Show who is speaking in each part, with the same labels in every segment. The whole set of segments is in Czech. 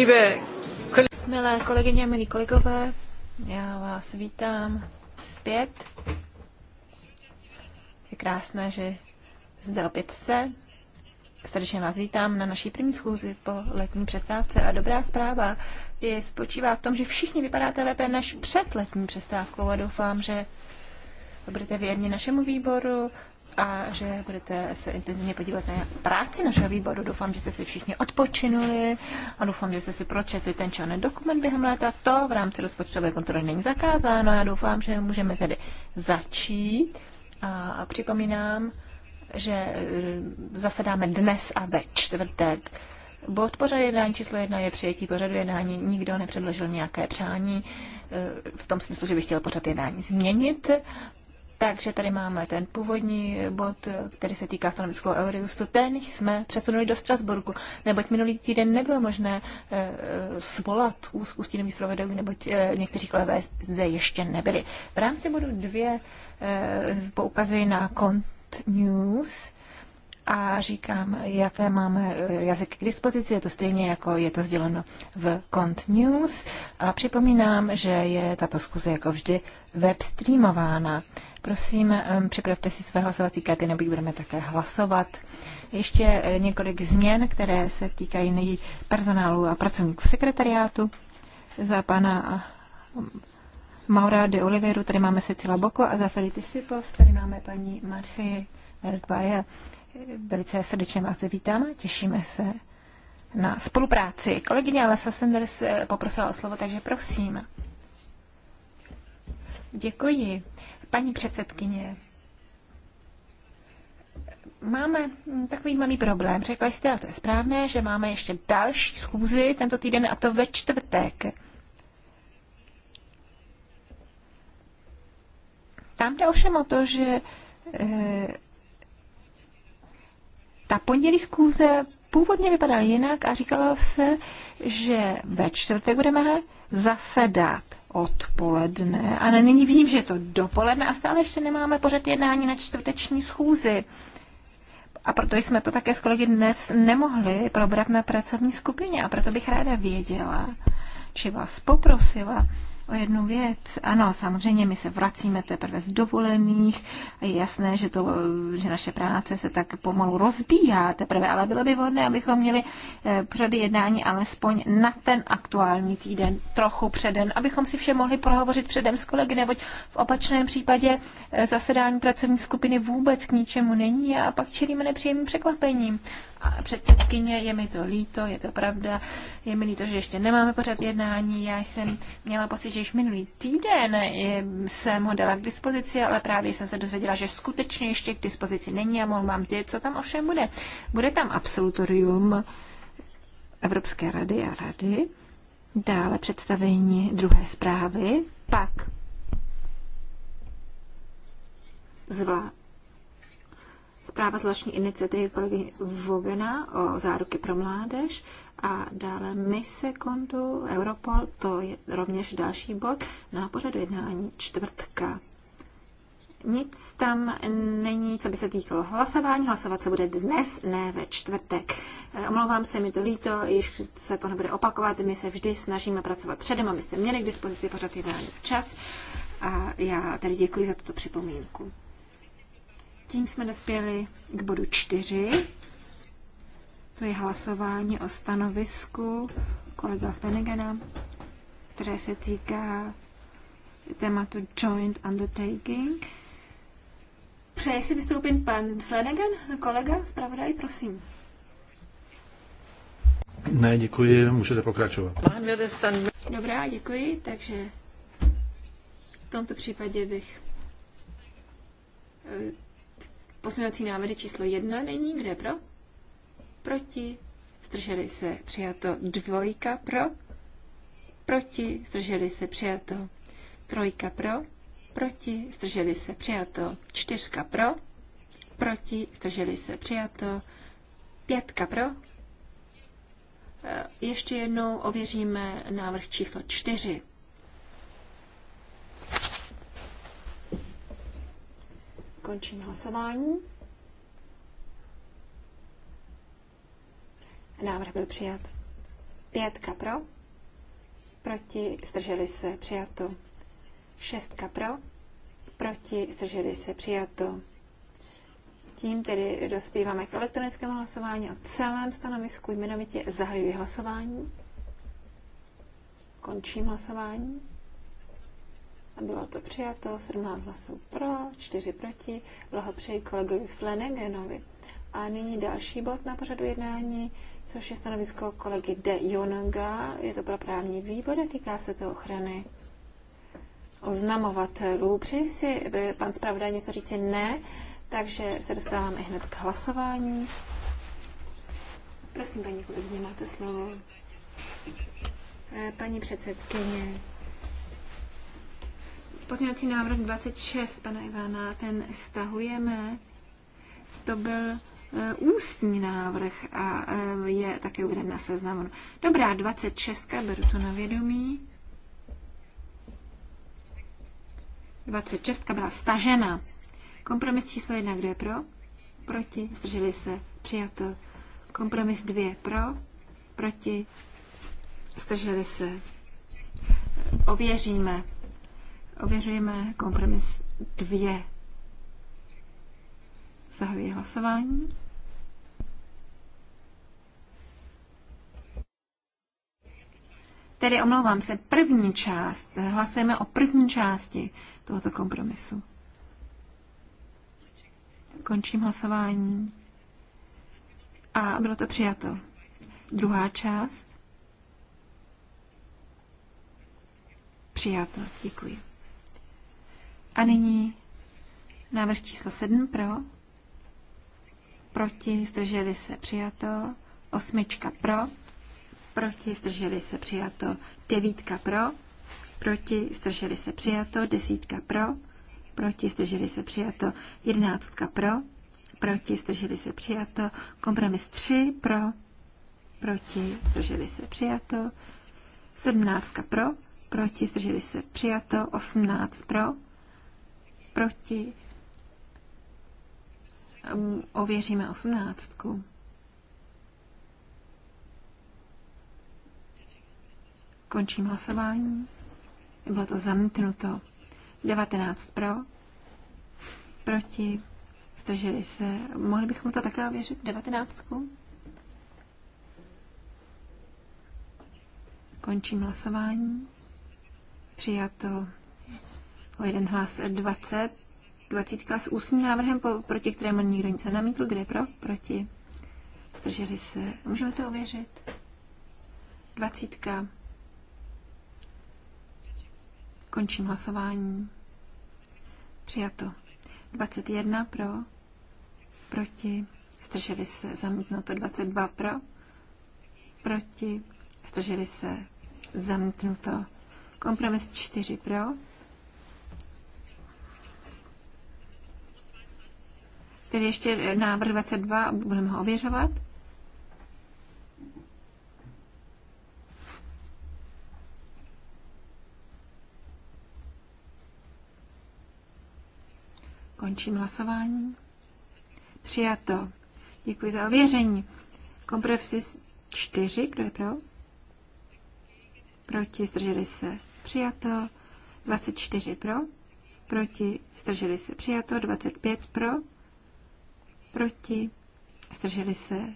Speaker 1: Liebe Milé kolegyně,
Speaker 2: milí kolegové, já vás vítám zpět. Je krásné, že zde opět se. Srdečně vás vítám na naší první schůzi po letní přestávce. A dobrá zpráva je, spočívá v tom, že všichni vypadáte lépe než před letní přestávkou a doufám, že budete věrni našemu výboru a že budete se intenzivně podívat na práci našeho výboru. Doufám, že jste si všichni odpočinuli a doufám, že jste si pročetli ten černý dokument během léta. To v rámci rozpočtové kontroly není zakázáno. Já doufám, že můžeme tedy začít. A připomínám, že e, zasedáme dnes a ve čtvrtek. Bod pořadu jednání číslo jedna je přijetí pořadu jednání. Nikdo nepředložil nějaké přání e, v tom smyslu, že bych chtěl pořad jednání změnit. Takže tady máme ten původní bod, který se týká stanovisko Euryustu. Ten jsme přesunuli do Strasburgu, neboť minulý týden nebylo možné e, svolat úzku stínových zpravodajů, neboť e, někteří kolegové zde ještě nebyli. V rámci bodu dvě e, eh, poukazují na Kont News a říkám, jaké máme eh, jazyky k dispozici. Je to stejně, jako je to sděleno v Cont News. A připomínám, že je tato zkuze jako vždy webstreamována. Prosím, připravte si své hlasovací karty, nebo budeme také hlasovat. Ještě eh, několik změn, které se týkají personálu a pracovníků sekretariátu. Za pana eh, Maura de Oliveru, tady máme Cecila Boko a za Felity Sipos, tady máme paní Marcie Bergbaje velice srdečně vás vítám těšíme se na spolupráci. Kolegyně Alessa Sanders eh, poprosila o slovo, takže prosím. Děkuji. Paní předsedkyně, máme takový malý problém. Řekla jste, a to je správné, že máme ještě další schůzi tento týden a to ve čtvrtek. Tam jde ovšem o to, že eh, ta pondělí zkůze původně vypadala jinak a říkalo se, že ve čtvrtek budeme zasedat odpoledne, A nyní vidím, že je to dopoledne a stále ještě nemáme pořad jednání na čtvrteční schůzi. A proto jsme to také s kolegy dnes nemohli probrat na pracovní skupině. A proto bych ráda věděla, či vás poprosila, o jednu věc. Ano, samozřejmě my se vracíme teprve z dovolených. Je jasné, že, to, že naše práce se tak pomalu rozbíhá teprve, ale bylo by vhodné, abychom měli eh, pořady jednání alespoň na ten aktuální týden, trochu předen, abychom si vše mohli prohovořit předem s kolegy, neboť v opačném případě eh, zasedání pracovní skupiny vůbec k ničemu není a pak čelíme nepříjemným překvapením a předsedkyně, je mi to líto, je to pravda, je mi líto, že ještě nemáme pořád jednání. Já jsem měla pocit, že již minulý týden eh, jsem ho dala k dispozici, ale právě jsem se dozvěděla, že skutečně ještě k dispozici není a mohu vám říct, co tam ovšem bude. Bude tam absolutorium Evropské rady a rady, dále představení druhé zprávy, pak zvlád Zpráva zvláštní iniciativy kolegy Vogena o záruky pro mládež a dále mise kontu Europol, to je rovněž další bod na pořadu jednání čtvrtka. Nic tam není, co by se týkalo hlasování. Hlasovat se bude dnes, ne ve čtvrtek. Eh, omlouvám se, mi to líto, již se to nebude opakovat. My se vždy snažíme pracovat předem, abyste měli k dispozici pořád jednání včas. A já tady děkuji za tuto připomínku. Tím jsme dospěli k bodu čtyři. To je hlasování o stanovisku kolega Fenegana, které se týká tématu joint undertaking. Přeje si vystoupit pan Flanagan, kolega, zpravodaj, prosím.
Speaker 3: Ne, děkuji, můžete pokračovat.
Speaker 2: Dobrá, děkuji, takže v tomto případě bych eh, Pozměňovací návrhy číslo 1 není, kde pro? Proti. Zdrželi se přijato dvojka pro. Proti. Zdrželi se přijato trojka pro. Proti. Zdrželi se přijato čtyřka pro. Proti. Zdrželi se přijato pětka pro. Eh, ještě jednou ověříme návrh číslo čtyři. Končím hlasování. Návrh byl přijat. Pětka pro. Proti zdrželi se přijato. Šestka pro. Proti zdrželi se přijato. Tím tedy dospíváme k elektronickému hlasování o celém stanovisku jmenovitě zahajuji hlasování. Končím hlasování bylo to přijato, 17 hlasů pro, 4 proti. Blahopřeji kolegovi Flanaganovi. A nyní další bod na pořadu jednání, což je stanovisko kolegy De Jonga. Je to pro právní výbor a týká se to ochrany oznamovatelů. Přeji si, by pan zpravodaj něco říci ne, takže se dostáváme hned k hlasování. Prosím, paní kolegyně, máte slovo. Eh, paní předsedkyně, Pozměňovací návrh 26 pana Ivana, ten stahujeme. To byl eh, ústní návrh a eh, je také uveden na seznamu. Dobrá, 26, beru to na vědomí. 26 byla stažena. Kompromis číslo 1, kdo je pro? Proti, zdrželi se, přijato. Kompromis 2, pro? Proti, zdrželi se. Ověříme. Ověřujeme kompromis 2. Zahajuji hlasování. Tedy omlouvám se, první část. Hlasujeme o první části tohoto kompromisu. Končím hlasování. A bylo to přijato. Druhá část. Přijato. Děkuji. A nyní návrh číslo 7 pro, proti, zdrželi se, přijato, osmička pro, proti, zdrželi se, přijato, devítka pro, proti, zdrželi se, přijato, desítka pro, proti, zdrželi se, přijato, jedenáctka pro, proti, zdrželi se, přijato, kompromis 3 pro, proti, zdrželi se, přijato, sedmnáctka pro, proti, zdrželi se, přijato, osmnáct pro, proti. Ehm, ověříme osmnáctku. Končím hlasování. Bylo to zamítnuto. 19 pro, proti, zdrželi se. Mohli bychom to také ověřit? 19. Končím hlasování. Přijato o jeden hlas 20. 20 s ústním návrhem, proti kterému nikdo nic nenamítl. Kde pro? Proti. Zdrželi se. Můžeme to ověřit. 20. Končím hlasování. Přijato. 21 pro, proti, zdrželi se, zamítnuto 22 pro, proti, zdrželi se, zamítnuto. Kompromis 4 pro, Tedy ještě návrh 22, budeme ho ověřovat. Končím hlasování. Přijato. Děkuji za ověření. Kompromis 4, kdo je pro? Proti, zdrželi se. Přijato. 24 pro. Proti, zdrželi se. Přijato. 25 pro proti, zdrželi se,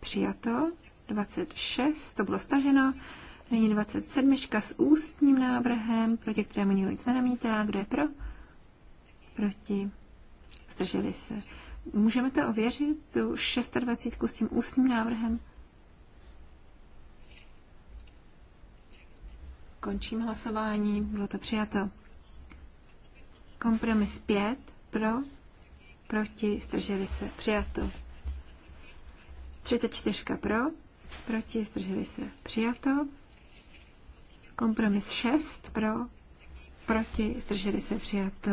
Speaker 2: přijato, 26, to bylo staženo, nyní 27 s ústním návrhem, proti kterému nikdo nic nenamítá, kdo je pro, proti, zdrželi se. Můžeme to ověřit, tu 26 s tím ústním návrhem? Končím hlasování, bylo to přijato. Kompromis 5 pro, proti, zdrželi se, přijato. 34 pro, proti, zdrželi se, přijato. Kompromis 6 pro, proti, zdrželi se, přijato.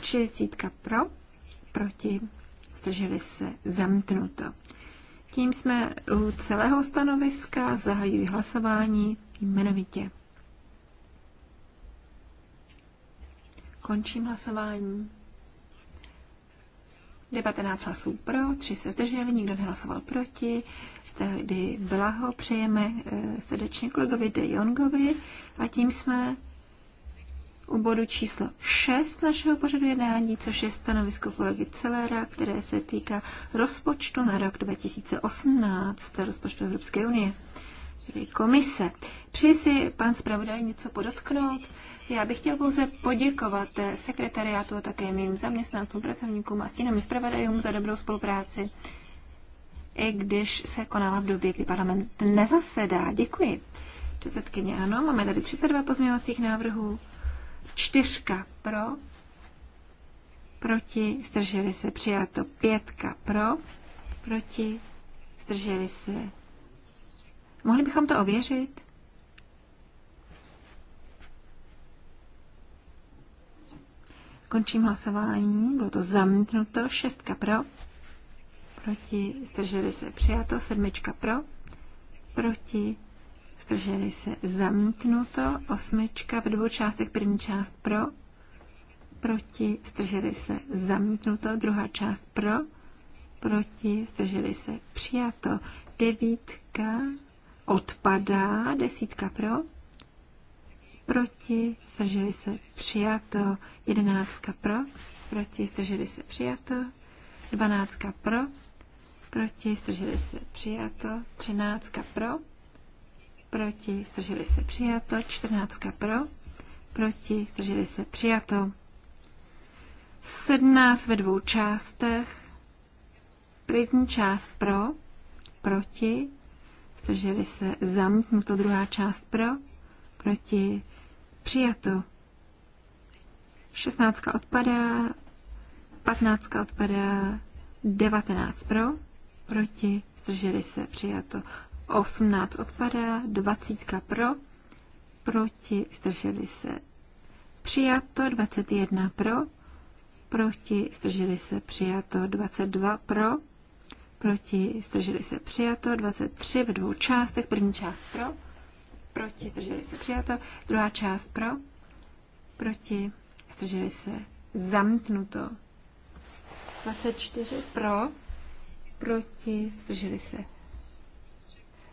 Speaker 2: 40 pro, proti, zdrželi se, zamknuto. Tím jsme u celého stanoviska, zahajují hlasování jmenovitě. Končím hlasování. 19 hlasů pro, 3 se zdrželi, nikdo nehlasoval proti. Tedy blaho přejeme eh, srdečně kolegovi De Jongovi a tím jsme u bodu číslo 6 našeho pořadu jednání, což je stanovisko kolegy Celera, které se týká rozpočtu na rok 2018, rozpočtu Evropské unie, tedy komise. Přeji si, pan zpravodaj, něco podotknout? Já bych chtěl pouze poděkovat sekretariátu a také mým zaměstnancům, pracovníkům a stínovým zpravodajům za dobrou spolupráci, i když se konala v době, kdy parlament nezasedá. Děkuji. Předsedkyně, ano, máme tady 32 pozměňovacích návrhů, čtyřka pro, proti, zdrželi se, přijato pětka pro, proti, zdrželi se. Mohli bychom to ověřit? Končím hlasování. Bylo to zamítnuto. Šestka pro. Proti. Zdrželi se. Přijato. Sedmička pro. Proti. Zdrželi se. Zamítnuto. Osmička v dvou částech. První část pro. Proti. Zdrželi se. Zamítnuto. Druhá část pro. Proti. Zdrželi se. Přijato. Devítka odpadá. Desítka pro proti, zdrželi se přijato, jedenáctka pro, proti, zdrželi se přijato, dvanáctka pro, proti, zdrželi se přijato, třináctka pro, proti, zdrželi se přijato, čtrnáctka pro, proti, zdrželi se přijato. Sedmnáct ve dvou částech, první část pro, proti, zdrželi se zamknuto, druhá část pro, proti, Přijato. šestnáctka odpadá, patnáctka odpadá, devatenáct pro, proti, zdrželi se, přijato. osmnáct odpadá, dvacítka pro, proti, zdrželi se, přijato. dvacet jedna pro, proti, zdrželi se, přijato. dvacet dva pro, proti, zdrželi se, přijato. dvacet tři ve dvou částech, první část pro, proti, zdrželi se přijato. Druhá část pro, proti, zdrželi se zamknuto. 24 pro, proti, zdrželi se.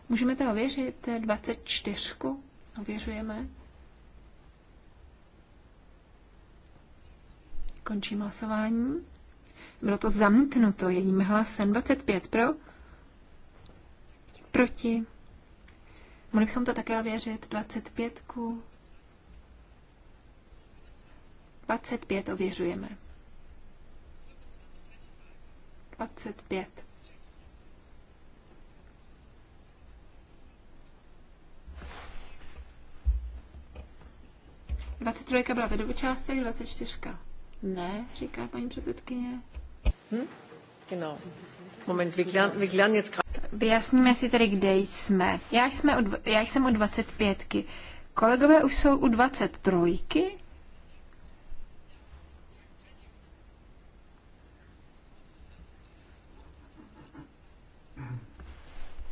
Speaker 2: Můžeme to ověřit? 24. Ověřujeme. Končím hlasování. Bylo to zamknuto jedním hlasem. 25 pro, proti, Mohli bychom to také ověřit 25 25 ověřujeme. 25. Dvacet trojka byla ve dvou 24. dvacet čtyřka. Ne, říká paní
Speaker 4: předsedkyně. Hm? Genau. Moment, wir klären, wir klären jetzt gerade
Speaker 2: vyjasníme si tedy, kde jsme. Já, jsme u, já jsem u 25. Kolegové už jsou u 23.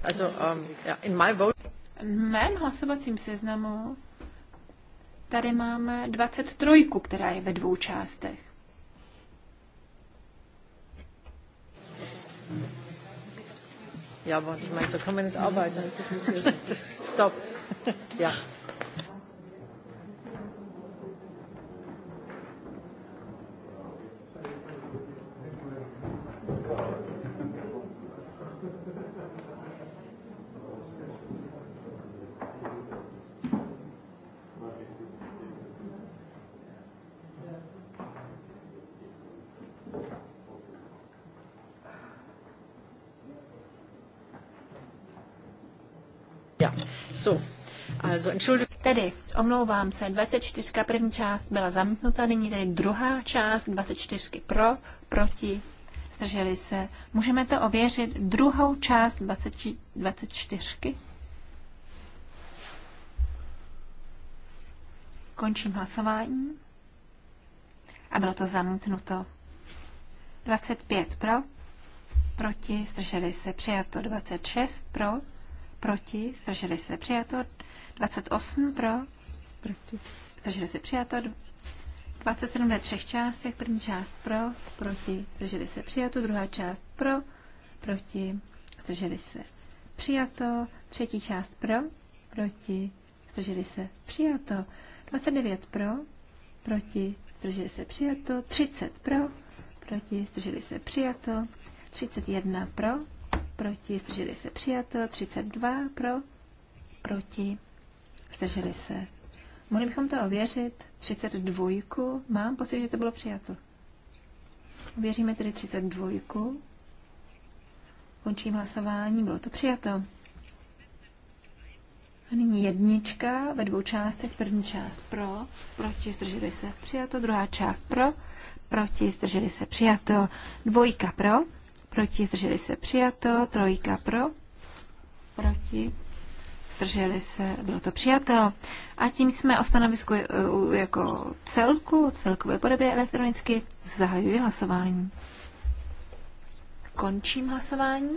Speaker 4: Also, um, in my vote...
Speaker 2: V mém hlasovacím seznamu tady máme 23, která je ve dvou částech.
Speaker 4: Ja, aber ich meine, so kann man nicht arbeiten. Stop. Ja.
Speaker 2: tedy, omlouvám se, 24. první část byla zamítnuta, nyní tedy druhá část, 24. pro, proti, zdrželi se. Můžeme to ověřit druhou část 20, 24. Končím hlasování. A bylo to zamítnuto. 25 pro, proti, zdrželi se přijato 26 pro, proti, zdrželi se přijato 28 pro, proti, zdrželi se přijato, 27 ve třech částech, první část pro, proti, zdrželi se přijato, druhá část pro, proti, zdrželi se přijato, třetí část pro, proti, zdrželi se přijato, 29 pro, proti, zdrželi se přijato, 30 pro, proti, zdrželi se přijato, 31 pro, proti, zdrželi se přijato, 32 pro, proti, Zdrželi se. Mohli bychom to ověřit. 32. Mám pocit, že to bylo přijato. Ověříme tedy 32. Končím hlasování. Bylo to přijato. A nyní jednička ve dvou částech. První část pro, proti, zdrželi se, přijato. Druhá část pro, proti, zdrželi se, přijato. Dvojka pro, proti, zdrželi se, přijato. Trojka pro, proti, zdrželi se, bylo to přijato. A tím jsme o stanovisku eh, jako celku, celkové podobě elektronicky zahajuji hlasování. Končím hlasování.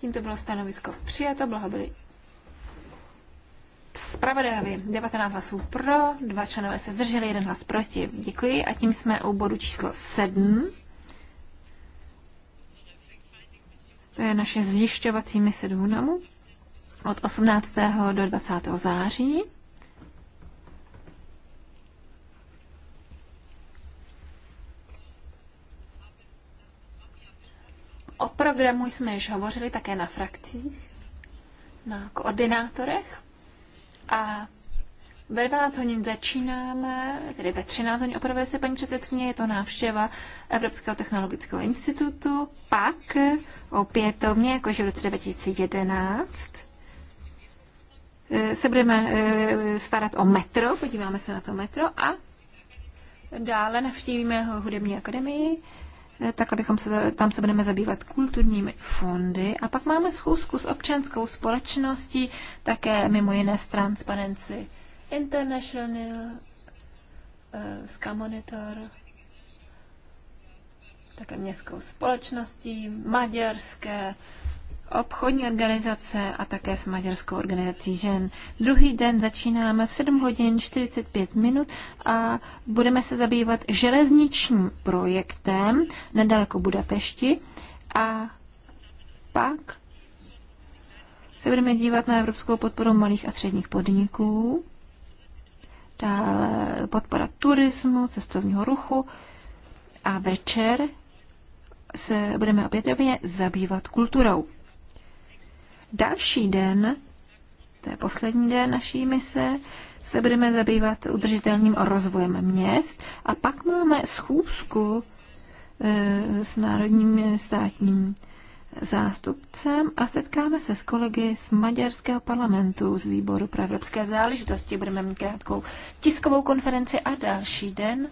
Speaker 2: Tímto bylo stanovisko přijato, blahobyli zpravodajovi 19 hlasů pro, dva členové se zdrželi, jeden hlas proti. Děkuji a tím jsme u bodu číslo 7. To je naše zjišťovací mise do Hunamu od 18. do 20. září. O programu jsme již hovořili také na frakcích, na koordinátorech a ve 12 hodin začínáme, tedy ve 13 hodin opravuje se paní předsedkyně, je to návštěva Evropského technologického institutu. Pak opětovně, jakože v roce 2011, eh, se budeme eh, starat o metro, podíváme se na to metro a dále navštívíme hudební akademii, eh, tak abychom se, tam se budeme zabývat kulturními fondy. A pak máme schůzku s občanskou společností, také mimo jiné s Transparency International eh, Ska Monitor, také městskou společností, maďarské obchodní organizace a také s maďarskou organizací žen. Druhý den začínáme v 7 hodin 45 minut a budeme se zabývat železničním projektem nedaleko Budapešti a pak se budeme dívat na evropskou podporu malých a středních podniků dále podpora turismu, cestovního ruchu a večer se budeme opětovně zabývat kulturou. Další den, to je poslední den naší mise, se budeme zabývat udržitelným rozvojem měst a pak máme schůzku eh, s Národním státním zástupcem a setkáme se s kolegy z Maďarského parlamentu z výboru pro evropské záležitosti. Budeme mít krátkou tiskovou konferenci a další den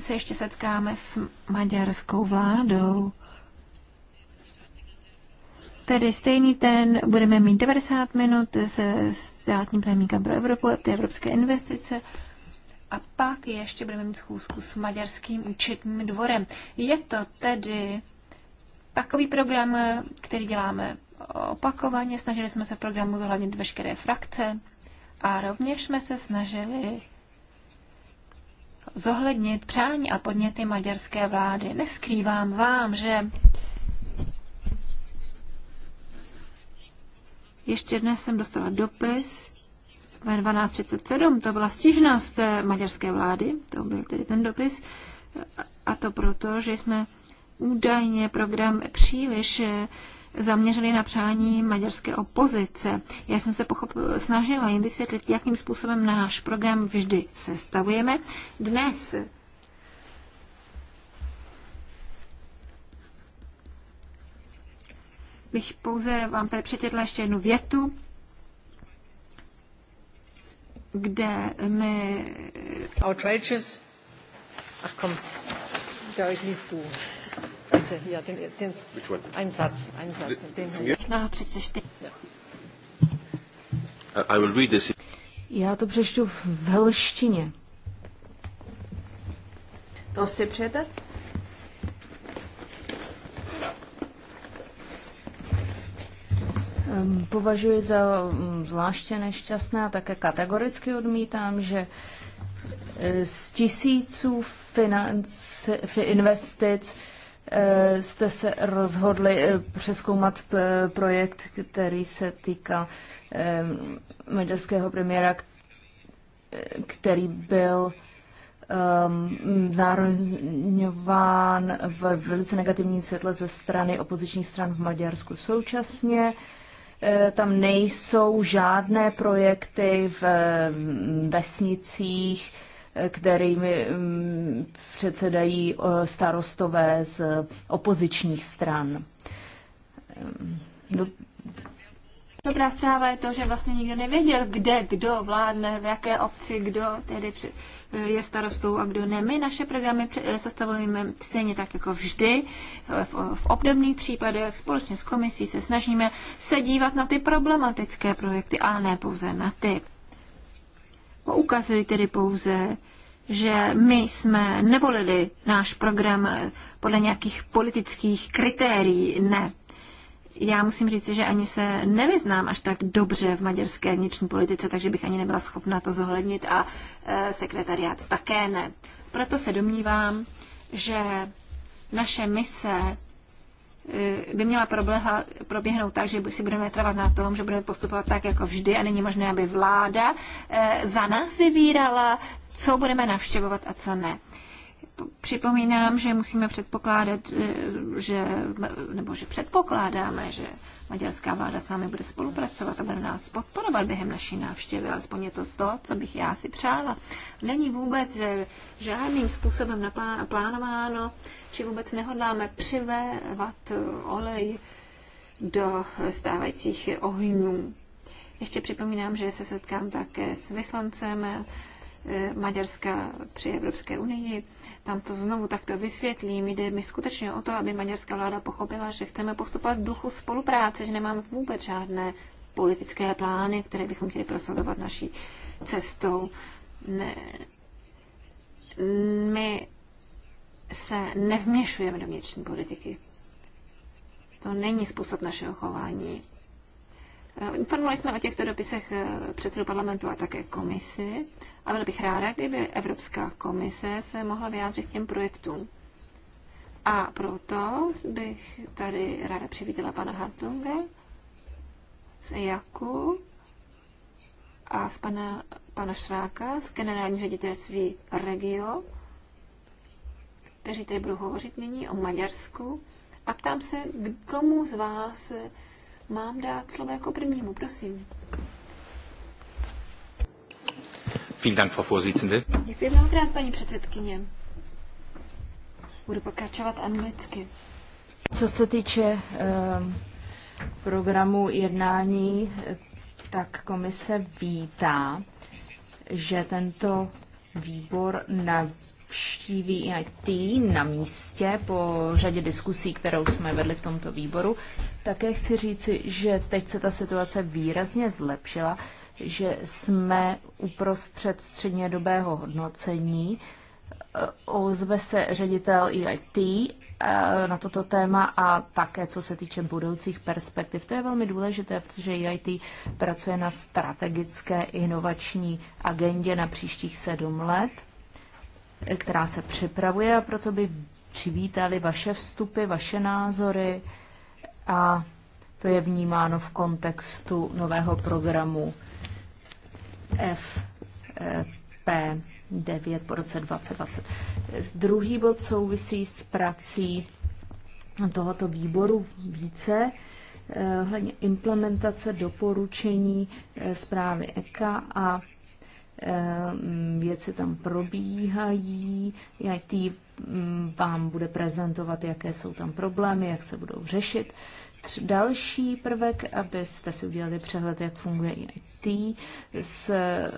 Speaker 2: se ještě setkáme s maďarskou vládou. Tedy stejný ten, budeme mít 90 minut se státním tajemníkem pro Evropu, ty evropské investice, a pak ještě budeme mít schůzku s maďarským účetním dvorem. Je to tedy takový program, který děláme opakovaně. Snažili jsme se v programu zohlednit veškeré frakce a rovněž jsme se snažili zohlednit přání a podněty maďarské vlády. Neskrývám vám, že ještě dnes jsem dostala dopis ve 12.37, to byla stížnost maďarské vlády, to byl tedy ten dopis, a to proto, že jsme údajně program příliš eh, zaměřili na přání maďarské opozice. Já jsem se pochop, snažila jim vysvětlit, jakým způsobem náš program vždy sestavujeme. Dnes bych pouze vám tady přečetla ještě jednu větu, kde my... Outrageous. Ach kom, da ist nicht bitte, ja, den, den, einen Satz,
Speaker 1: einen Satz, den Herrn.
Speaker 3: I will read this.
Speaker 1: Já to přečtu v velštině. To si přete? Ehm, považuji za mm, zvláště nešťastné a také kategoricky odmítám, že eh, z tisíců financ, investic Eh, jste se rozhodli eh, přeskoumat eh, projekt, který se týkal maďarského premiéra, který byl ehm, znárodňován v velice negativním světle ze strany opozičních stran v Maďarsku současně. Tam nejsou žádné projekty v vesnicích, kterými mm, předsedají eh, starostové z opozičních stran.
Speaker 2: Dobrá zpráva je to, že vlastně nikdo nevěděl, kde kdo vládne, v jaké obci kdo tedy při je starostou a kdo ne. My naše programy eh, sestavujeme stejně tak jako vždy, v, v obdobných případech společně s komisí se snažíme se dívat na ty problematické projekty, ale ne pouze na ty ukazují tedy pouze, že my jsme nevolili náš program podle nějakých politických kritérií, ne. Já musím říct, že ani se nevyznám až tak dobře v maďarské vnitřní politice, takže bych ani nebyla schopna to zohlednit a e, sekretariát také ne. Proto se domnívám, že naše mise by měla proběhnout tak, že si budeme trvat na tom, že budeme postupovat tak jako vždy a není možné, aby vláda eh, za nás vybírala, co budeme navštěvovat a co ne. Připomínám, že musíme předpokládat, eh, že, nebo že předpokládáme, že maďarská vláda s námi bude spolupracovat a bude nás podporovat během naší návštěvy. Alespoň je to to, co bych já si přála. Není vůbec eh, žádným způsobem naplánováno, či vůbec nehodláme přivévat eh, olej do stávajících ohňů. Ještě připomínám, že se setkám také s vyslancem Eh, Maďarska při Evropské unii. Tam to znovu takto vysvětlím. Jde mi skutečně o to, aby maďarská vláda pochopila, že chceme postupovat v duchu spolupráce, že nemáme vůbec žádné politické plány, které bychom chtěli prosazovat naší cestou. Ne, my se nevměšujeme do vnitřní politiky. To není způsob našeho chování. Eh, informovali jsme o těchto dopisech eh, předsedu parlamentu a také komisi a byla bych ráda, kdyby Evropská komise se mohla vyjádřit k těm projektům. A proto bych tady ráda přivítala pana Hartunga z EJAKu a z pana, pana Šráka z generální ředitelství Regio, kteří tady budou hovořit nyní o Maďarsku. A ptám se, komu z vás mám dát slovo jako prvnímu, prosím. Děkuji mnohokrát, paní předsedkyně.
Speaker 1: Budu pokračovat anglicky. Co se týče eh, programu jednání, tak komise vítá, že tento výbor navštíví IT na místě po řadě diskusí, kterou jsme vedli v tomto výboru. Také chci říci, že teď se ta situace výrazně zlepšila, že jsme uprostřed střednědobého hodnocení. Ozve se ředitel EIT eh, na toto téma a také co se týče budoucích perspektiv. To je velmi důležité, protože EIT pracuje na strategické inovační agendě na příštích sedm let, která se připravuje a proto by přivítali vaše vstupy, vaše názory a to je vnímáno v kontextu nového programu FP9 po roce 2020. Druhý bod souvisí s prací tohoto výboru více eh, hledně implementace doporučení eh, zprávy EKA a eh, věci tam probíhají. IT Mm, vám bude prezentovat, jaké jsou tam problémy, jak se budou řešit. Další prvek, abyste si udělali přehled, jak funguje IT, s, eh,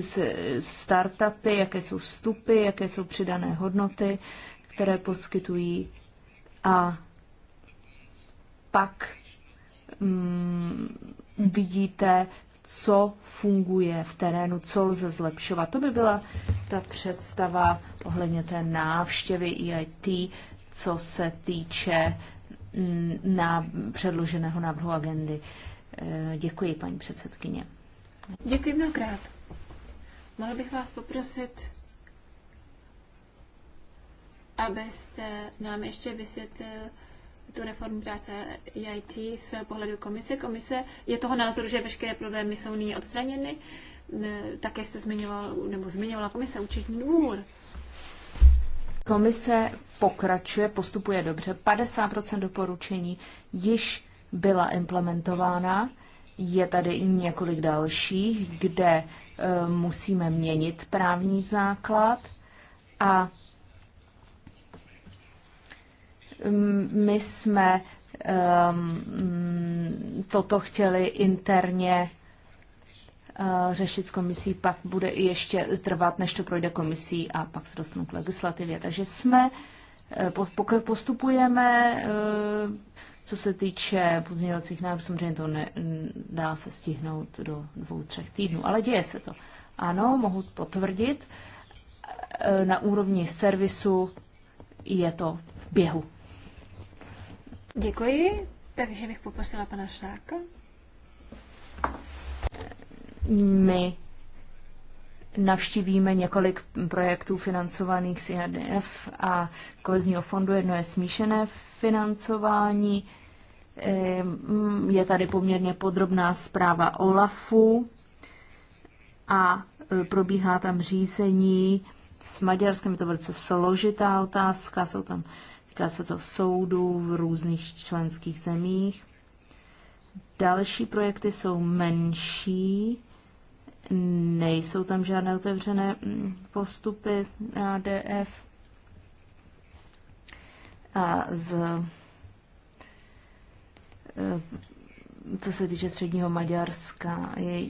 Speaker 1: s startupy, jaké jsou vstupy, jaké jsou přidané hodnoty, které poskytují a pak um, mm, vidíte, co funguje v terénu, co lze zlepšovat. To by byla ta představa ohledně té návštěvy EIT, co se týče mm, na předloženého návrhu agendy. Eh, děkuji, paní předsedkyně.
Speaker 2: Děkuji mnohokrát. Mohla bych vás poprosit, abyste nám ještě vysvětlil, tu reformu práce e IT z pohledu komise. Komise je toho názoru, že veškeré problémy jsou nyní odstraněny. Také jste zmiňoval, nebo zmiňovala komise účetní dvůr.
Speaker 1: Komise pokračuje, postupuje dobře. 50% doporučení již byla implementována. Je tady i několik dalších, kde eh, musíme měnit právní základ a my jsme um, toto chtěli interně uh, řešit s komisí, pak bude i ještě trvat, než to projde komisí a pak se dostanou k legislativě. Takže jsme, eh, pokud postupujeme, uh, co se týče pozměňovacích návrhů, samozřejmě to ne, dá se stihnout do dvou, třech týdnů, ale děje se to. Ano, mohu potvrdit, eh, na úrovni servisu je to v běhu.
Speaker 2: Děkuji, takže bych poprosila pana Šláka.
Speaker 1: My navštívíme několik projektů financovaných z IADF a kohezního fondu. Jedno je smíšené financování. Ehm, je tady poměrně podrobná zpráva OLAFu a e, probíhá tam řízení s Maďarskem. Je to velice složitá otázka, jsou tam Týká se to v soudu v různých členských zemích. Další projekty jsou menší, nejsou tam žádné otevřené mm, postupy na DF. A z, eh, co se týče středního Maďarska, je,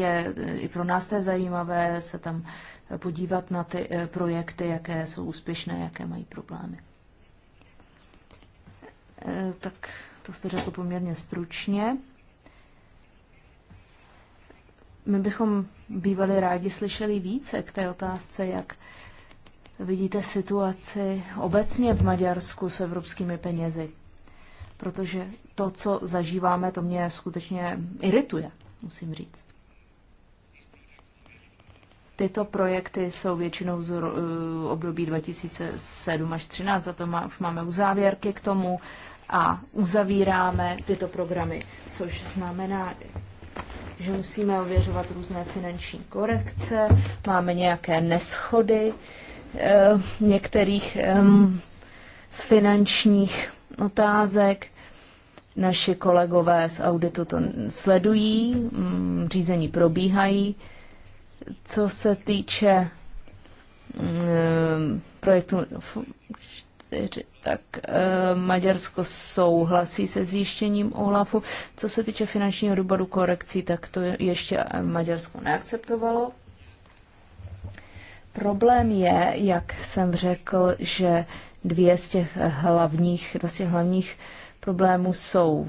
Speaker 1: je i pro nás to je zajímavé se tam podívat na ty eh, projekty, jaké jsou úspěšné, jaké mají problémy. Eh, tak to jste řekl poměrně stručně. My bychom bývali rádi slyšeli více k té otázce, jak vidíte situaci obecně v Maďarsku s evropskými penězi. Protože to, co zažíváme, to mě skutečně irituje, musím říct. Tyto projekty jsou většinou z eh, období 2007 až 2013, za to má, už máme uzávěrky k tomu, a uzavíráme tyto programy, což znamená, že musíme ověřovat různé finanční korekce, máme nějaké neschody eh, některých eh, finančních otázek. Naši kolegové z auditu to sledují, mm, řízení probíhají. Co se týče mm, eh, projektu 4, tak e, Maďarsko souhlasí se zjištěním OLAFu. Co se týče finančního důvodu korekcí, tak to ještě eh, Maďarsko neakceptovalo. Problém je, jak jsem řekl, že dvě z těch hlavních, dva z těch hlavních problémů jsou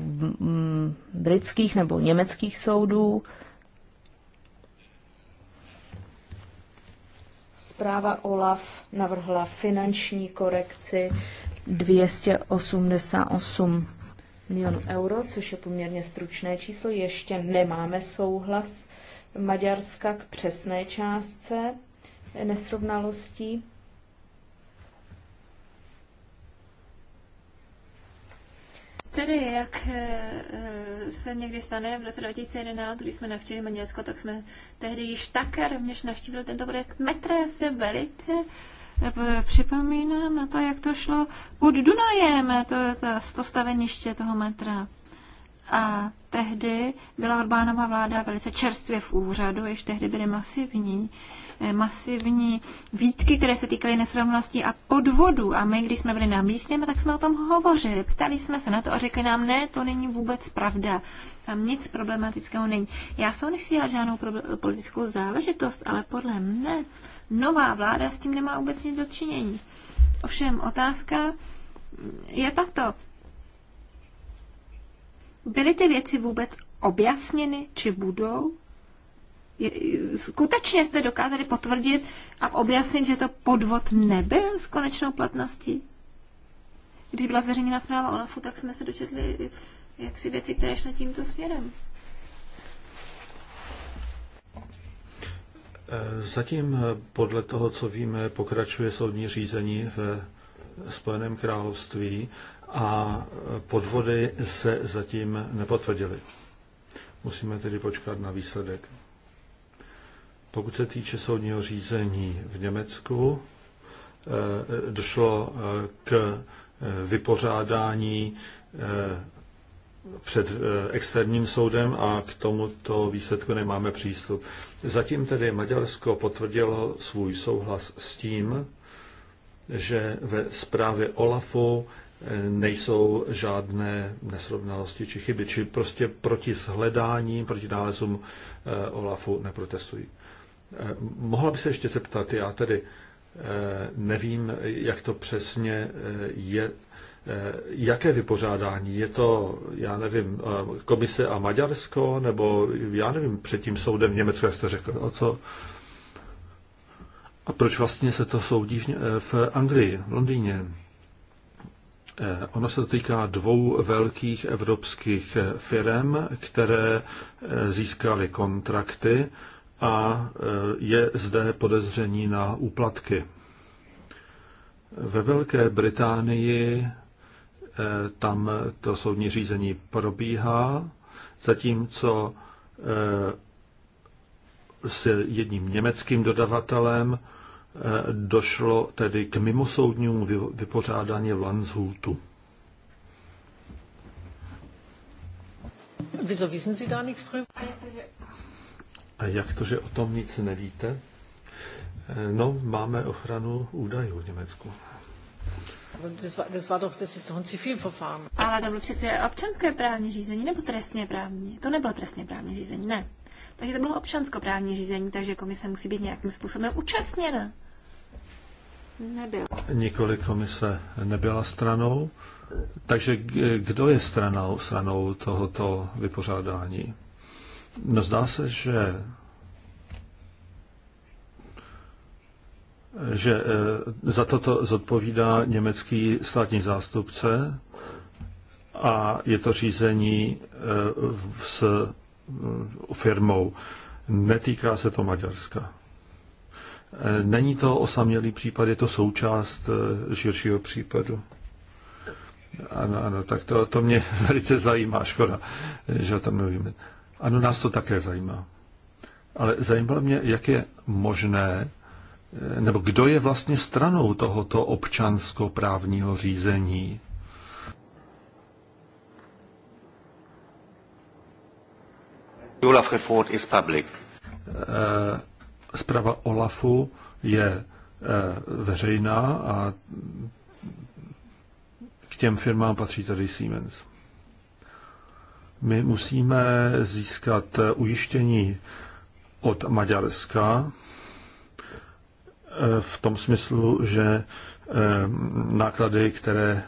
Speaker 1: britských nebo německých soudů. Zpráva OLAF navrhla finanční korekci 288 milionů euro, což je poměrně stručné číslo. Ještě nemáme souhlas Maďarska k přesné částce nesrovnalostí.
Speaker 2: Tedy, jak eh, se někdy stane, v roce 2011, když jsme navštívili Maďarsko, tak jsme tehdy již také rovněž navštívili tento projekt metra se velice Připomínám na to, jak to šlo pod Dunajem, to, to, to staveniště toho metra. A tehdy byla Orbánova vláda velice čerstvě v úřadu, ještě tehdy byly masivní, eh, masivní výtky, které se týkaly nesrovnalostí a podvodu. A my, když jsme byli na místě, tak jsme o tom hovořili. Ptali jsme se na to a řekli nám, ne, to není vůbec pravda. Tam nic problematického není. Já jsem nechci dělat žádnou politickou záležitost, ale podle mne nová vláda s tím nemá vůbec nic dočinění. Ovšem otázka je tato. Byly ty věci vůbec objasněny, či budou? Je, skutečně jste dokázali potvrdit a objasnit, že to podvod nebyl s konečnou platností? Když byla zveřejněna zpráva Olafu, tak jsme se dočetli jaksi věci, které šly tímto směrem.
Speaker 3: Zatím podle toho, co víme, pokračuje soudní řízení ve Spojeném království a podvody se zatím nepotvrdily. Musíme tedy počkat na výsledek. Pokud se týče soudního řízení v Německu, eh, došlo eh, k eh, vypořádání před eh, externím soudem a k tomuto výsledku nemáme přístup. Zatím tedy Maďarsko potvrdilo svůj souhlas s tím, že ve zprávě OLAFu eh, nejsou žádné nesrovnalosti či chyby, či prostě proti shledání, proti nálezům eh, OLAFu neprotestují. Mohla by se ještě zeptat, já tedy nevím, jak to přesně je Eh, jaké vypořádání? Je to, já nevím, eh, komise a Maďarsko, nebo já nevím, před tím soudem v Německu, jak jste řekl, a co? A proč vlastně se to soudí v, eh, v Anglii, v Londýně? Ono se týká dvou velkých evropských firm, které získaly kontrakty a je zde podezření na úplatky. Ve Velké Británii Eh, tam to soudní řízení probíhá, zatímco eh, s jedním německým dodavatelem eh, došlo tedy k mimosoudnímu vypořádání v Landshutu. A jak to, že o tom nic nevíte? No, máme ochranu údajů v Německu.
Speaker 4: Ale
Speaker 2: to bylo přece občanské právní řízení nebo trestně právní. To nebylo trestně právní řízení, ne. Takže to bylo občanskoprávní řízení, takže komise musí být nějakým způsobem účastněna.
Speaker 4: Nebyla.
Speaker 3: Nikoli komise nebyla stranou. Takže kdo je stranou, stranou tohoto vypořádání? No zdá se, že že eh, za toto zodpovídá německý státní zástupce a je to řízení eh, s eh, firmou. Netýká se to Maďarska. Není to osamělý případ, je to součást širšího případu. Ano, ano, tak to, to mě velice zajímá, škoda, že o tom mluvíme. Ano, nás to také zajímá. Ale zajímalo mě, jak je možné, Eh, nebo kdo je vlastně stranou tohoto občanskoprávního řízení. Olaf report is public. Eh, zpráva Olafu je eh, veřejná a k těm firmám patří tady Siemens. My musíme získat ujištění od Maďarska, v tom smyslu, že eh, náklady, které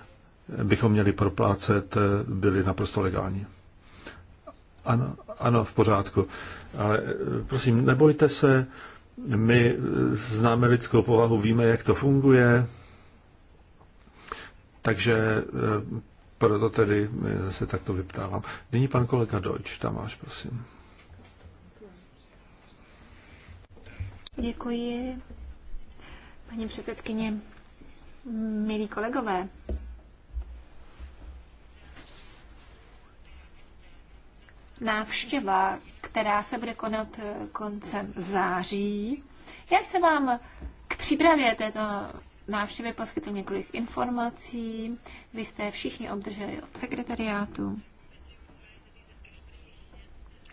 Speaker 3: bychom měli proplácet, eh, byly naprosto legální. Ano, ano, v pořádku. Ale eh, prosím, nebojte se, my známe lidskou povahu, víme, jak to funguje, takže proto tedy se takto vyptávám. Nyní pan kolega Deutsch, tam máš, prosím.
Speaker 2: Děkuji, Paní předsedkyně, milí kolegové, návštěva, která se bude konat eh, koncem září. Já jsem vám k přípravě této návštěvy poskytl několik informací. Vy jste všichni obdrželi od sekretariátu.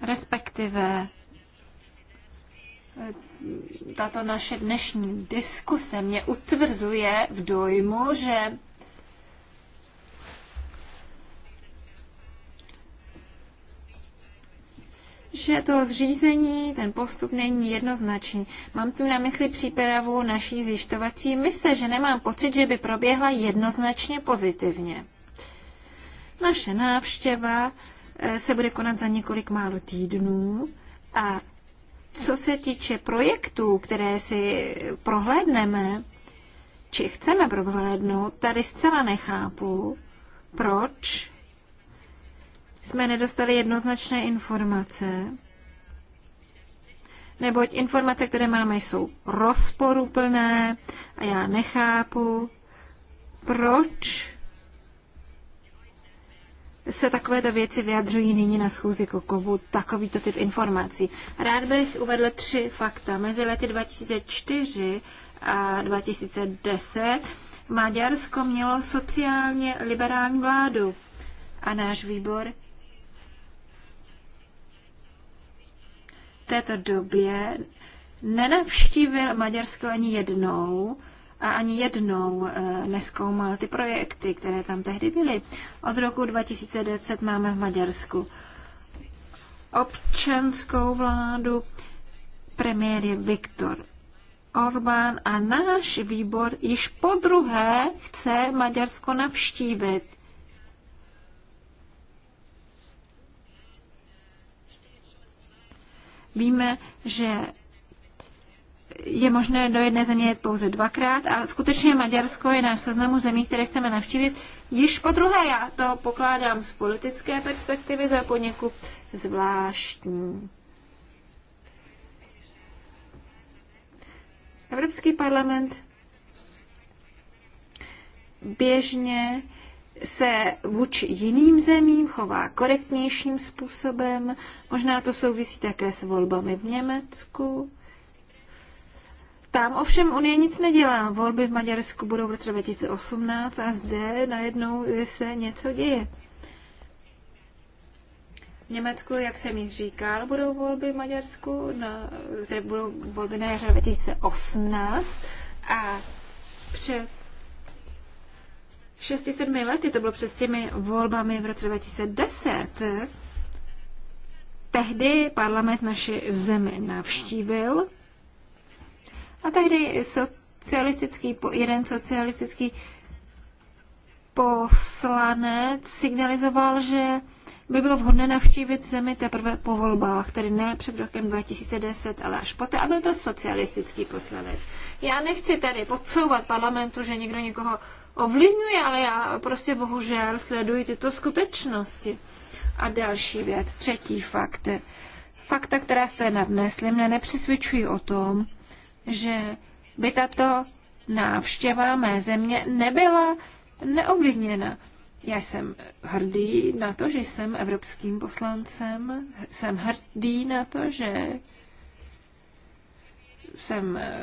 Speaker 2: Respektive Eh, tato naše dnešní diskuse mě utvrzuje v dojmu, že že to zřízení, ten postup není jednoznačný. Mám tu na mysli přípravu naší zjišťovací mise, že nemám pocit, že by proběhla jednoznačně pozitivně. Naše návštěva eh, se bude konat za několik málo týdnů a co se týče projektů, které si prohlédneme, či chceme prohlédnout, tady zcela nechápu, proč jsme nedostali jednoznačné informace, neboť informace, které máme, jsou rozporuplné a já nechápu, proč se takovéto věci vyjadřují nyní na schůzi Kokovu, takovýto typ informací. Rád bych uvedl tři fakta. Mezi lety 2004 a 2010 Maďarsko mělo sociálně liberální vládu a náš výbor v této době nenavštívil Maďarsko ani jednou, a ani jednou eh, neskoumal ty projekty, které tam tehdy byly. Od roku 2010 máme v Maďarsku občanskou vládu, premiér je Viktor Orbán a náš výbor již po druhé chce Maďarsko navštívit. Víme, že je možné do jedné země jet pouze dvakrát a skutečně Maďarsko je náš seznamu zemí, které chceme navštívit již po druhé. Já to pokládám z politické perspektivy za poněkud zvláštní. Evropský parlament běžně se vůči jiným zemím chová korektnějším způsobem. Možná to souvisí také s volbami v Německu. Tam ovšem Unie nic nedělá. Volby v Maďarsku budou v roce 2018 a zde najednou se něco děje. V Německu, jak jsem již říkal, budou volby v Maďarsku, na, které budou volby na jaře 2018 a před 6-7 lety, to bylo před těmi volbami v roce 2010, tehdy parlament naše zemi navštívil a tehdy socialistický, jeden socialistický poslanec signalizoval, že by bylo vhodné navštívit zemi teprve po volbách, tedy ne před rokem 2010, ale až poté. A byl to socialistický poslanec. Já nechci tady podsouvat parlamentu, že někdo někoho ovlivňuje, ale já prostě bohužel sleduji tyto skutečnosti. A další věc, třetí fakt. Fakta, která se nadnesly, mne nepřesvědčují o tom, že by tato návštěva mé země nebyla neovlivněna. Já jsem hrdý na to, že jsem evropským poslancem, jsem hrdý na to, že jsem eh,